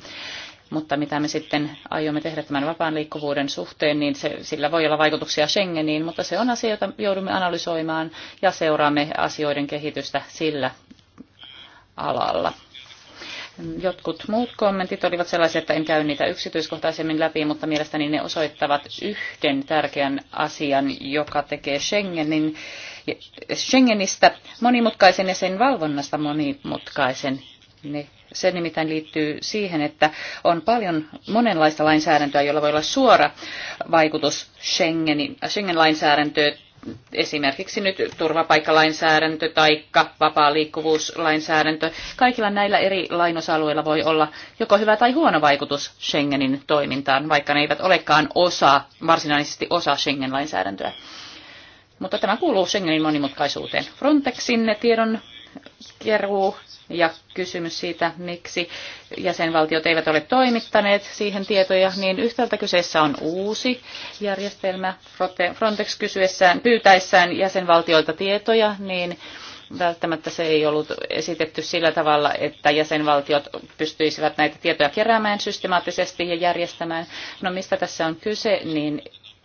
Mutta mitä me sitten aiomme tehdä tämän vapaan liikkuvuuden suhteen, niin se, sillä voi olla vaikutuksia Schengeniin, mutta se on asia, jota joudumme analysoimaan ja seuraamme asioiden kehitystä sillä alalla. Jotkut muut kommentit olivat sellaisia, että en käy niitä yksityiskohtaisemmin läpi, mutta mielestäni ne osoittavat yhden tärkeän asian, joka tekee Schengenin, Schengenistä monimutkaisen ja sen valvonnasta monimutkaisen. Ne se nimittäin liittyy siihen, että on paljon monenlaista lainsäädäntöä, jolla voi olla suora vaikutus Schengenin, Schengen-lainsäädäntöön esimerkiksi nyt turvapaikkalainsäädäntö tai vapaa liikkuvuuslainsäädäntö. Kaikilla näillä eri lainosalueilla voi olla joko hyvä tai huono vaikutus Schengenin toimintaan, vaikka ne eivät olekaan osa, varsinaisesti osa Schengen-lainsäädäntöä. Mutta tämä kuuluu Schengenin monimutkaisuuteen. Frontexin tiedon keruu ja kysymys siitä, miksi jäsenvaltiot eivät ole toimittaneet siihen tietoja, niin yhtäältä kyseessä on uusi järjestelmä. Frontex kysyessään, pyytäessään jäsenvaltioilta tietoja, niin välttämättä se ei ollut esitetty sillä tavalla, että jäsenvaltiot pystyisivät näitä tietoja keräämään systemaattisesti ja järjestämään. No mistä tässä on kyse, niin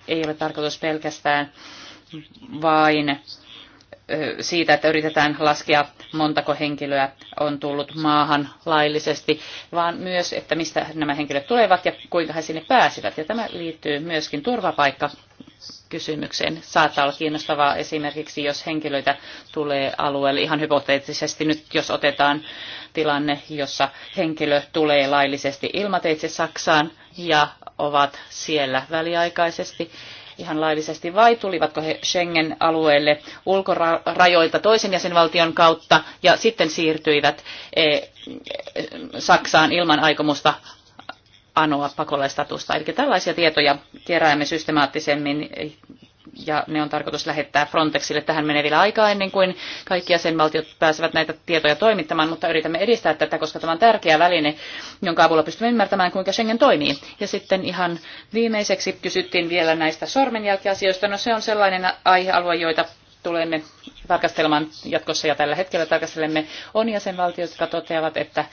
ei ole tarkoitus pelkästään vain siitä, että yritetään laskea montako henkilöä on tullut maahan laillisesti, vaan myös, että mistä nämä henkilöt tulevat ja kuinka he sinne pääsivät. Ja tämä liittyy myöskin turvapaikka kysymykseen. Saattaa olla kiinnostavaa esimerkiksi, jos henkilöitä tulee alueelle ihan hypoteettisesti nyt, jos otetaan tilanne, jossa henkilö tulee laillisesti ilmateitse Saksaan ja ovat siellä väliaikaisesti ihan laillisesti vai tulivatko he Schengen-alueelle ulkorajoilta toisen jäsenvaltion kautta ja sitten siirtyivät e, e, Saksaan ilman aikomusta anoa pakolaistatusta. Eli tällaisia tietoja keräämme systemaattisemmin ja ne on tarkoitus lähettää Frontexille. Tähän menee vielä aikaa ennen kuin kaikki jäsenvaltiot pääsevät näitä tietoja toimittamaan, mutta yritämme edistää tätä, koska tämä on tärkeä väline, jonka avulla pystymme ymmärtämään, kuinka Schengen toimii. Ja sitten ihan viimeiseksi kysyttiin vielä näistä sormenjälkiasioista. No se on sellainen aihealue, joita tulemme tarkastelemaan jatkossa ja tällä hetkellä tarkastelemme, on jäsenvaltiot, jotka toteavat, että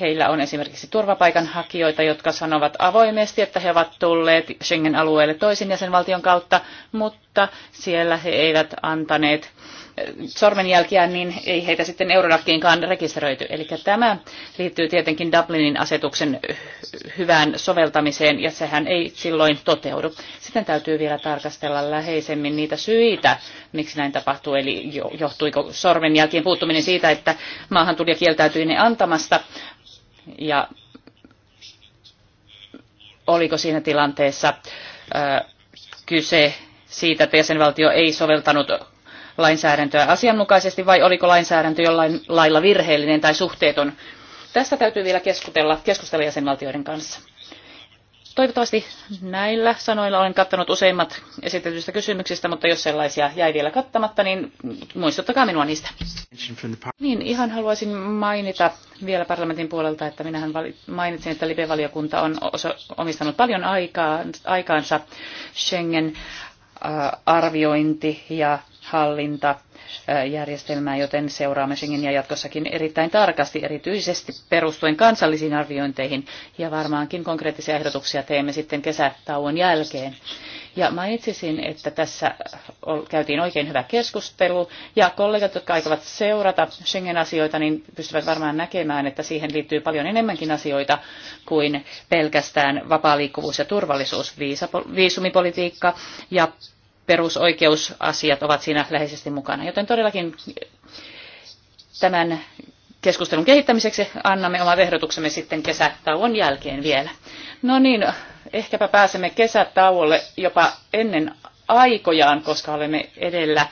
heillä on esimerkiksi turvapaikanhakijoita, jotka sanovat avoimesti, että he ovat tulleet Schengen-alueelle toisen jäsenvaltion kautta, mutta siellä he eivät antaneet eh, sormenjälkiään, niin ei heitä sitten Eurodakkiinkaan rekisteröity. Eli tämä liittyy tietenkin Dublinin asetuksen hyvään soveltamiseen, ja sehän ei silloin toteudu. Sitten täytyy vielä tarkastella läheisemmin niitä syitä, miksi näin tapahtuu, eli johtuiko sormenjälkien puuttuminen siitä, että maahantulija kieltäytyi ne antamasta ja oliko siinä tilanteessa kyse siitä, että jäsenvaltio ei soveltanut lainsäädäntöä asianmukaisesti vai oliko lainsäädäntö jollain lailla virheellinen tai suhteeton. Tästä täytyy vielä keskustella, keskustella jäsenvaltioiden kanssa. Toivottavasti näillä sanoilla olen kattanut useimmat esitetyistä kysymyksistä, mutta jos sellaisia jäi vielä kattamatta, niin muistuttakaa minua niistä. Niin, ihan haluaisin mainita vielä parlamentin puolelta, että minähän mainitsin, että Libe-valiokunta on omistanut paljon aikaa, aikaansa Schengen arviointi ja hallintajärjestelmää, joten seuraamme ja jatkossakin erittäin tarkasti, erityisesti perustuen kansallisiin arviointeihin ja varmaankin konkreettisia ehdotuksia teemme sitten kesätauon jälkeen. Ja mainitsisin, että tässä käytiin oikein hyvä keskustelu ja kollegat, jotka aikovat seurata Schengen-asioita, niin pystyvät varmaan näkemään, että siihen liittyy paljon enemmänkin asioita kuin pelkästään vapaa liikkuvuus ja turvallisuus, viisumipolitiikka ja perusoikeusasiat ovat siinä läheisesti mukana. Joten todellakin tämän keskustelun kehittämiseksi annamme omat ehdotuksemme sitten kesätauon jälkeen vielä. No niin, ehkäpä pääsemme kesätauolle jopa ennen aikojaan, koska olemme edellä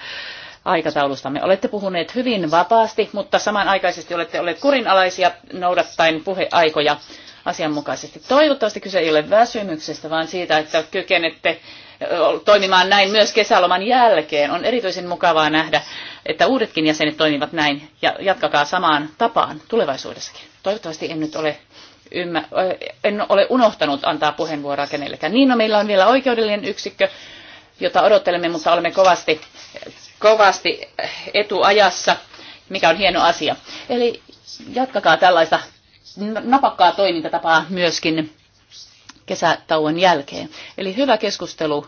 aikataulustamme. Olette puhuneet hyvin vapaasti, mutta samanaikaisesti olette olleet kurinalaisia noudattaen puheaikoja asianmukaisesti. Toivottavasti kyse ei ole väsymyksestä, vaan siitä, että kykenette toimimaan näin myös kesäloman jälkeen. On erityisen mukavaa nähdä, että uudetkin jäsenet toimivat näin ja jatkakaa samaan tapaan tulevaisuudessakin. Toivottavasti en nyt ole ymmär, en ole unohtanut antaa puheenvuoroa kenellekään. Niin, no meillä on vielä oikeudellinen yksikkö, jota odottelemme, mutta olemme kovasti, kovasti etuajassa, mikä on hieno asia. Eli jatkakaa tällaista napakkaa toimintatapaa myöskin kesätauon jälkeen. Eli hyvä keskustelu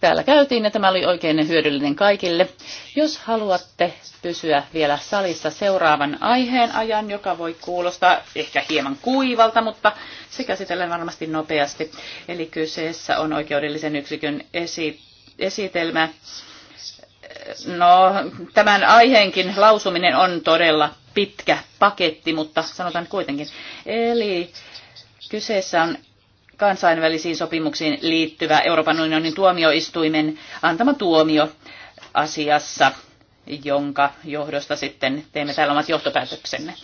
täällä käytiin ja tämä oli oikein hyödyllinen kaikille. Jos haluatte pysyä vielä salissa seuraavan aiheen ajan, joka voi kuulostaa ehkä hieman kuivalta, mutta se käsitellään varmasti nopeasti. Eli kyseessä on oikeudellisen yksikön esi- esitelmä. No, tämän aiheenkin lausuminen on todella pitkä paketti, mutta sanotaan kuitenkin. Eli kyseessä on kansainvälisiin sopimuksiin liittyvä Euroopan unionin tuomioistuimen antama tuomio asiassa, jonka johdosta sitten teemme täällä omat johtopäätöksemme.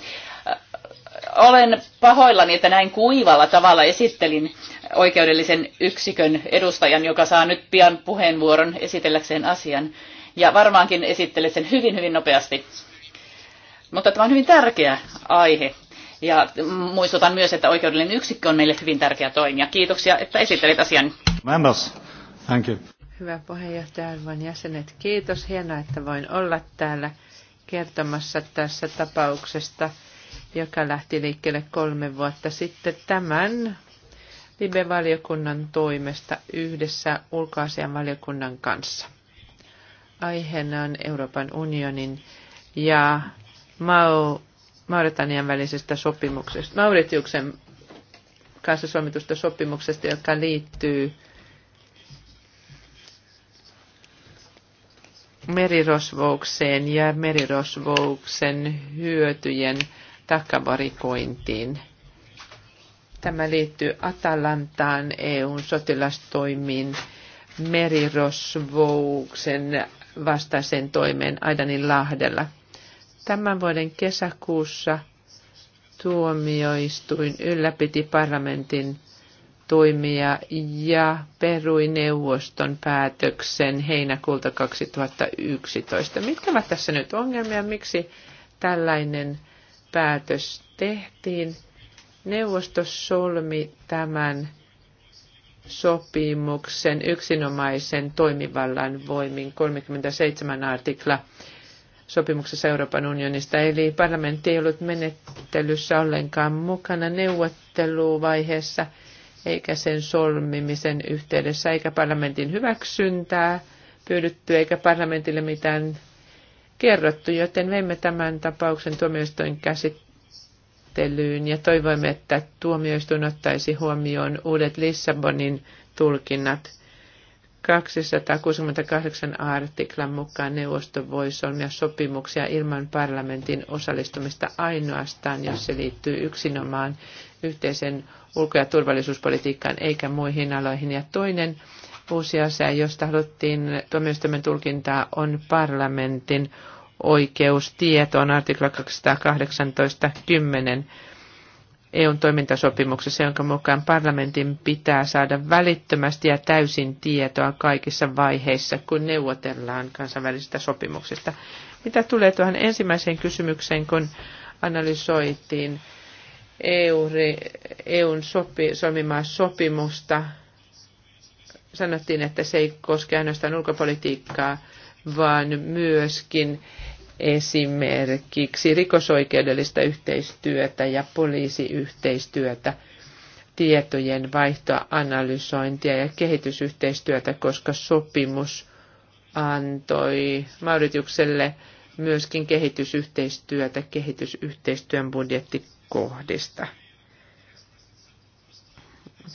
Olen pahoillani, että näin kuivalla tavalla esittelin oikeudellisen yksikön edustajan, joka saa nyt pian puheenvuoron esitelläkseen asian. Ja varmaankin esittelee sen hyvin, hyvin nopeasti. Mutta tämä on hyvin tärkeä aihe ja muistutan myös, että oikeudellinen yksikkö on meille hyvin tärkeä toimija. Kiitoksia, että esittelit asian. Mandos, thank you. Hyvä puheenjohtaja, arvon jäsenet. Kiitos, hienoa, että voin olla täällä kertomassa tässä tapauksesta, joka lähti liikkeelle kolme vuotta sitten tämän Libe-valiokunnan toimesta yhdessä valiokunnan kanssa. Aiheena on Euroopan unionin ja Mao Mauritanian välisestä sopimuksesta, Mauritiuksen kanssa solmitusta sopimuksesta, joka liittyy merirosvoukseen ja merirosvouksen hyötyjen takavarikointiin. Tämä liittyy Atalantaan, EUn sotilastoimiin, merirosvouksen vastaisen toimeen Aidanin lahdella. Tämän vuoden kesäkuussa tuomioistuin ylläpiti parlamentin toimia ja perui neuvoston päätöksen heinäkuulta 2011. Mitkä ovat tässä nyt ongelmia? Miksi tällainen päätös tehtiin? Neuvosto solmi tämän sopimuksen yksinomaisen toimivallan voimin 37 artikla sopimuksessa Euroopan unionista, eli parlamentti ei ollut menettelyssä ollenkaan mukana neuvotteluvaiheessa eikä sen solmimisen yhteydessä, eikä parlamentin hyväksyntää pyydetty, eikä parlamentille mitään kerrottu, joten veimme tämän tapauksen tuomioistuin käsittelyyn ja toivoimme, että tuomioistuin ottaisi huomioon uudet Lissabonin tulkinnat – 268 artiklan mukaan neuvosto voi solmia sopimuksia ilman parlamentin osallistumista ainoastaan, jos se liittyy yksinomaan yhteisen ulko- ja turvallisuuspolitiikkaan eikä muihin aloihin. Ja toinen uusi asia, josta haluttiin tuomioistuimen tulkintaa, on parlamentin oikeus on artikla 218.10 EUn toimintasopimuksessa, jonka mukaan parlamentin pitää saada välittömästi ja täysin tietoa kaikissa vaiheissa, kun neuvotellaan kansainvälisistä sopimuksista. Mitä tulee tuohon ensimmäiseen kysymykseen, kun analysoitiin EUn sopi, sopimaa sopimusta, sanottiin, että se ei koske ainoastaan ulkopolitiikkaa, vaan myöskin esimerkiksi rikosoikeudellista yhteistyötä ja poliisiyhteistyötä, tietojen vaihtoa, analysointia ja kehitysyhteistyötä, koska sopimus antoi Mauritiukselle myöskin kehitysyhteistyötä kehitysyhteistyön budjettikohdista.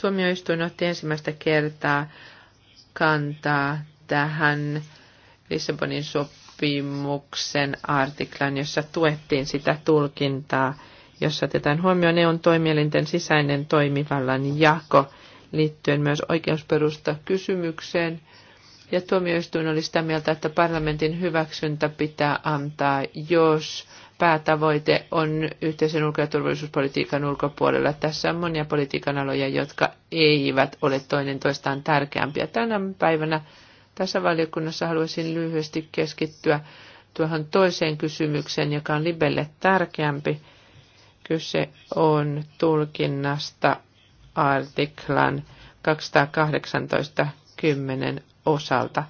Tuomioistuin otti ensimmäistä kertaa kantaa tähän Lissabonin sopimukseen sopimuksen artiklan, jossa tuettiin sitä tulkintaa, jossa otetaan huomioon EUn toimielinten sisäinen toimivallan jako liittyen myös oikeusperusta kysymykseen. Ja tuomioistuin oli sitä mieltä, että parlamentin hyväksyntä pitää antaa, jos päätavoite on yhteisen ulko- ja turvallisuuspolitiikan ulkopuolella. Tässä on monia politiikan aloja, jotka eivät ole toinen toistaan tärkeämpiä. Tänä päivänä tässä valiokunnassa haluaisin lyhyesti keskittyä tuohon toiseen kysymykseen, joka on Libelle tärkeämpi. Kyse on tulkinnasta artiklan 218.10 osalta.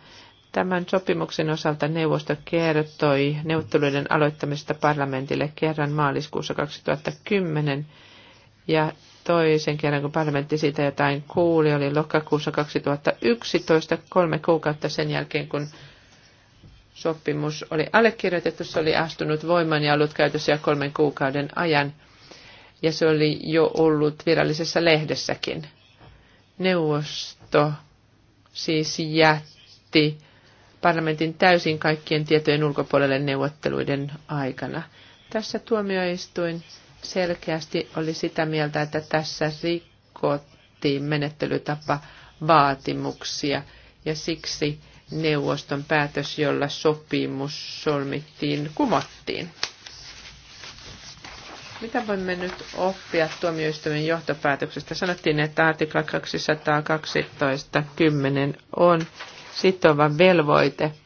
Tämän sopimuksen osalta neuvosto kertoi neuvotteluiden aloittamisesta parlamentille kerran maaliskuussa 2010 ja toisen kerran, kun parlamentti siitä jotain kuuli, oli lokakuussa 2011, kolme kuukautta sen jälkeen, kun sopimus oli allekirjoitettu, se oli astunut voimaan ja ollut käytössä jo kolmen kuukauden ajan. Ja se oli jo ollut virallisessa lehdessäkin. Neuvosto siis jätti parlamentin täysin kaikkien tietojen ulkopuolelle neuvotteluiden aikana. Tässä tuomioistuin selkeästi oli sitä mieltä, että tässä rikkottiin menettelytapa vaatimuksia ja siksi neuvoston päätös, jolla sopimus solmittiin, kumottiin. Mitä voimme nyt oppia tuomioistuimen johtopäätöksestä? Sanottiin, että artikla 212.10 on sitova velvoite –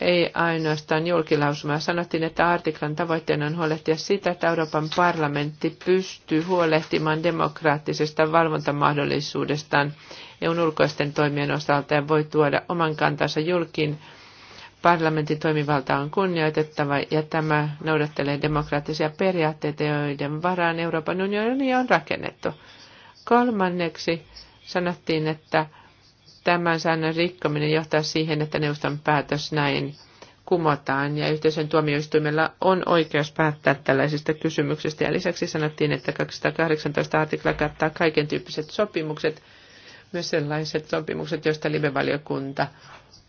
ei ainoastaan julkilausumaa. Sanottiin, että artiklan tavoitteena on huolehtia sitä, että Euroopan parlamentti pystyy huolehtimaan demokraattisesta valvontamahdollisuudestaan EUn ulkoisten toimien osalta ja voi tuoda oman kantansa julkiin. Parlamentin toimivalta on kunnioitettava ja tämä noudattelee demokraattisia periaatteita, joiden varaan Euroopan unioni on rakennettu. Kolmanneksi sanottiin, että Tämän säännön rikkominen johtaa siihen, että neuvoston päätös näin kumotaan ja yhteisön tuomioistuimella on oikeus päättää tällaisista kysymyksistä. Ja lisäksi sanottiin, että 218 artikla kattaa kaiken tyyppiset sopimukset, myös sellaiset sopimukset, joista livevaliokunta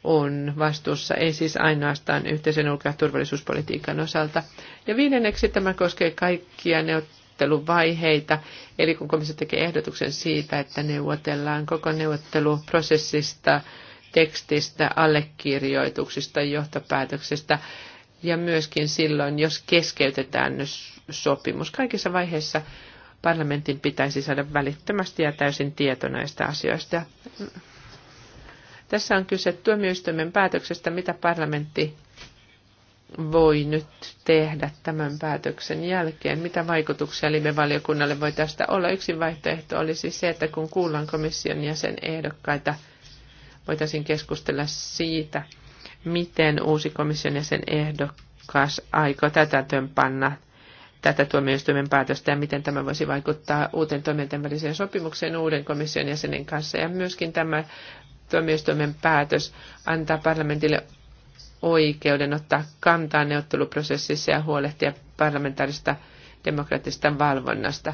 on vastuussa, ei siis ainoastaan yhteisen ulko- ja turvallisuuspolitiikan osalta. Ja viidenneksi tämä koskee kaikkia neuvotteluja neuvotteluvaiheita, eli kun komissio tekee ehdotuksen siitä, että neuvotellaan koko neuvotteluprosessista, tekstistä, allekirjoituksista, johtopäätöksestä, ja myöskin silloin, jos keskeytetään sopimus. Kaikissa vaiheissa parlamentin pitäisi saada välittömästi ja täysin tieto näistä asioista. Tässä on kyse tuomioistuimen päätöksestä, mitä parlamentti voi nyt tehdä tämän päätöksen jälkeen? Mitä vaikutuksia live-valiokunnalle voi tästä olla? Yksi vaihtoehto olisi se, että kun kuullaan komission jäsen ehdokkaita, voitaisiin keskustella siitä, miten uusi komission jäsen ehdokas aikoo tätä panna tätä tuomioistuimen päätöstä ja miten tämä voisi vaikuttaa uuteen toimijoiden sopimukseen uuden komission jäsenen kanssa. Ja myöskin tämä tuomioistuimen päätös antaa parlamentille oikeuden ottaa kantaa neuvotteluprosessissa ja huolehtia parlamentaarista demokraattista valvonnasta.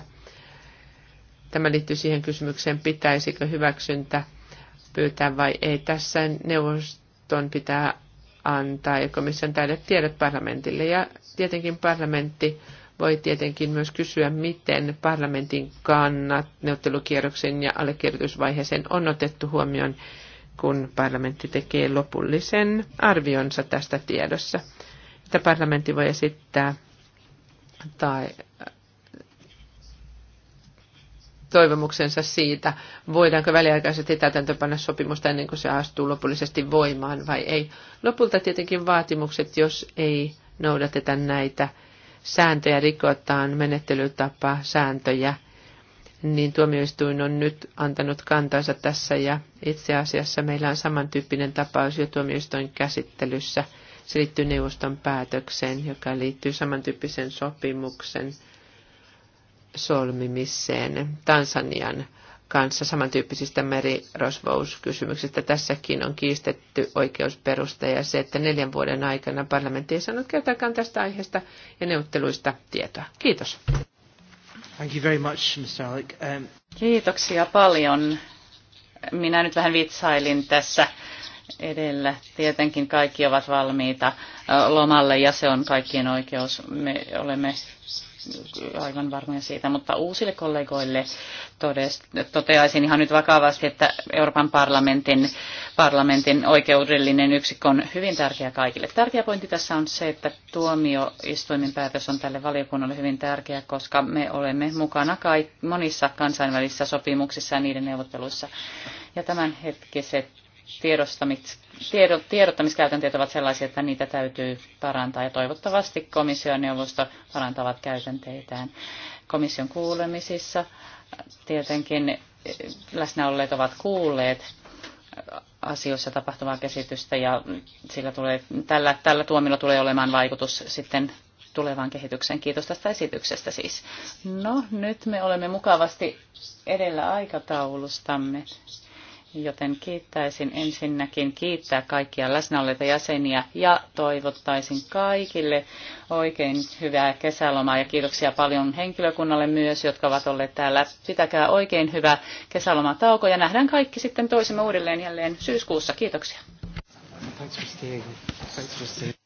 Tämä liittyy siihen kysymykseen, pitäisikö hyväksyntä pyytää vai ei. Tässä neuvoston pitää antaa ja komission täydet tiedot parlamentille. Ja tietenkin parlamentti voi tietenkin myös kysyä, miten parlamentin kannat neuvottelukierroksen ja allekirjoitusvaiheeseen on otettu huomioon kun parlamentti tekee lopullisen arvionsa tästä tiedossa, että parlamentti voi esittää tai äh, toivomuksensa siitä, voidaanko väliaikaisesti täytäntöpanna sopimusta ennen kuin se astuu lopullisesti voimaan vai ei. Lopulta tietenkin vaatimukset, jos ei noudateta näitä sääntöjä, rikotaan menettelytapa, sääntöjä, niin tuomioistuin on nyt antanut kantansa tässä ja itse asiassa meillä on samantyyppinen tapaus jo tuomioistuin käsittelyssä. Se liittyy neuvoston päätökseen, joka liittyy samantyyppisen sopimuksen solmimiseen Tansanian kanssa samantyyppisistä merirosvouskysymyksistä. Tässäkin on kiistetty oikeusperusta ja se, että neljän vuoden aikana parlamentti ei saanut kertaakaan tästä aiheesta ja neuvotteluista tietoa. Kiitos. Thank you very much, Mr. Alec. Um... Kiitoksia paljon. Minä nyt vähän vitsailin tässä edellä. Tietenkin kaikki ovat valmiita lomalle ja se on kaikkien oikeus. Me olemme aivan varmoja siitä, mutta uusille kollegoille todes, toteaisin ihan nyt vakavasti, että Euroopan parlamentin, parlamentin oikeudellinen yksikkö on hyvin tärkeä kaikille. Tärkeä pointti tässä on se, että tuomioistuimen päätös on tälle valiokunnalle hyvin tärkeä, koska me olemme mukana kaik- monissa kansainvälisissä sopimuksissa ja niiden neuvotteluissa. Ja tämänhetkiset tiedottamiskäytänteet ovat sellaisia, että niitä täytyy parantaa ja toivottavasti komission neuvosto parantavat käytänteitään. Komission kuulemisissa tietenkin läsnä olleet ovat kuulleet asioissa tapahtuvaa käsitystä ja sillä tulee, tällä, tällä tuomilla tulee olemaan vaikutus sitten tulevaan kehitykseen. Kiitos tästä esityksestä siis. No, nyt me olemme mukavasti edellä aikataulustamme joten kiittäisin ensinnäkin kiittää kaikkia läsnäolleita jäseniä ja toivottaisin kaikille oikein hyvää kesälomaa ja kiitoksia paljon henkilökunnalle myös, jotka ovat olleet täällä. Pitäkää oikein hyvä kesälomatauko ja nähdään kaikki sitten toisemme uudelleen jälleen syyskuussa. Kiitoksia. Thanks for staying. Thanks for staying.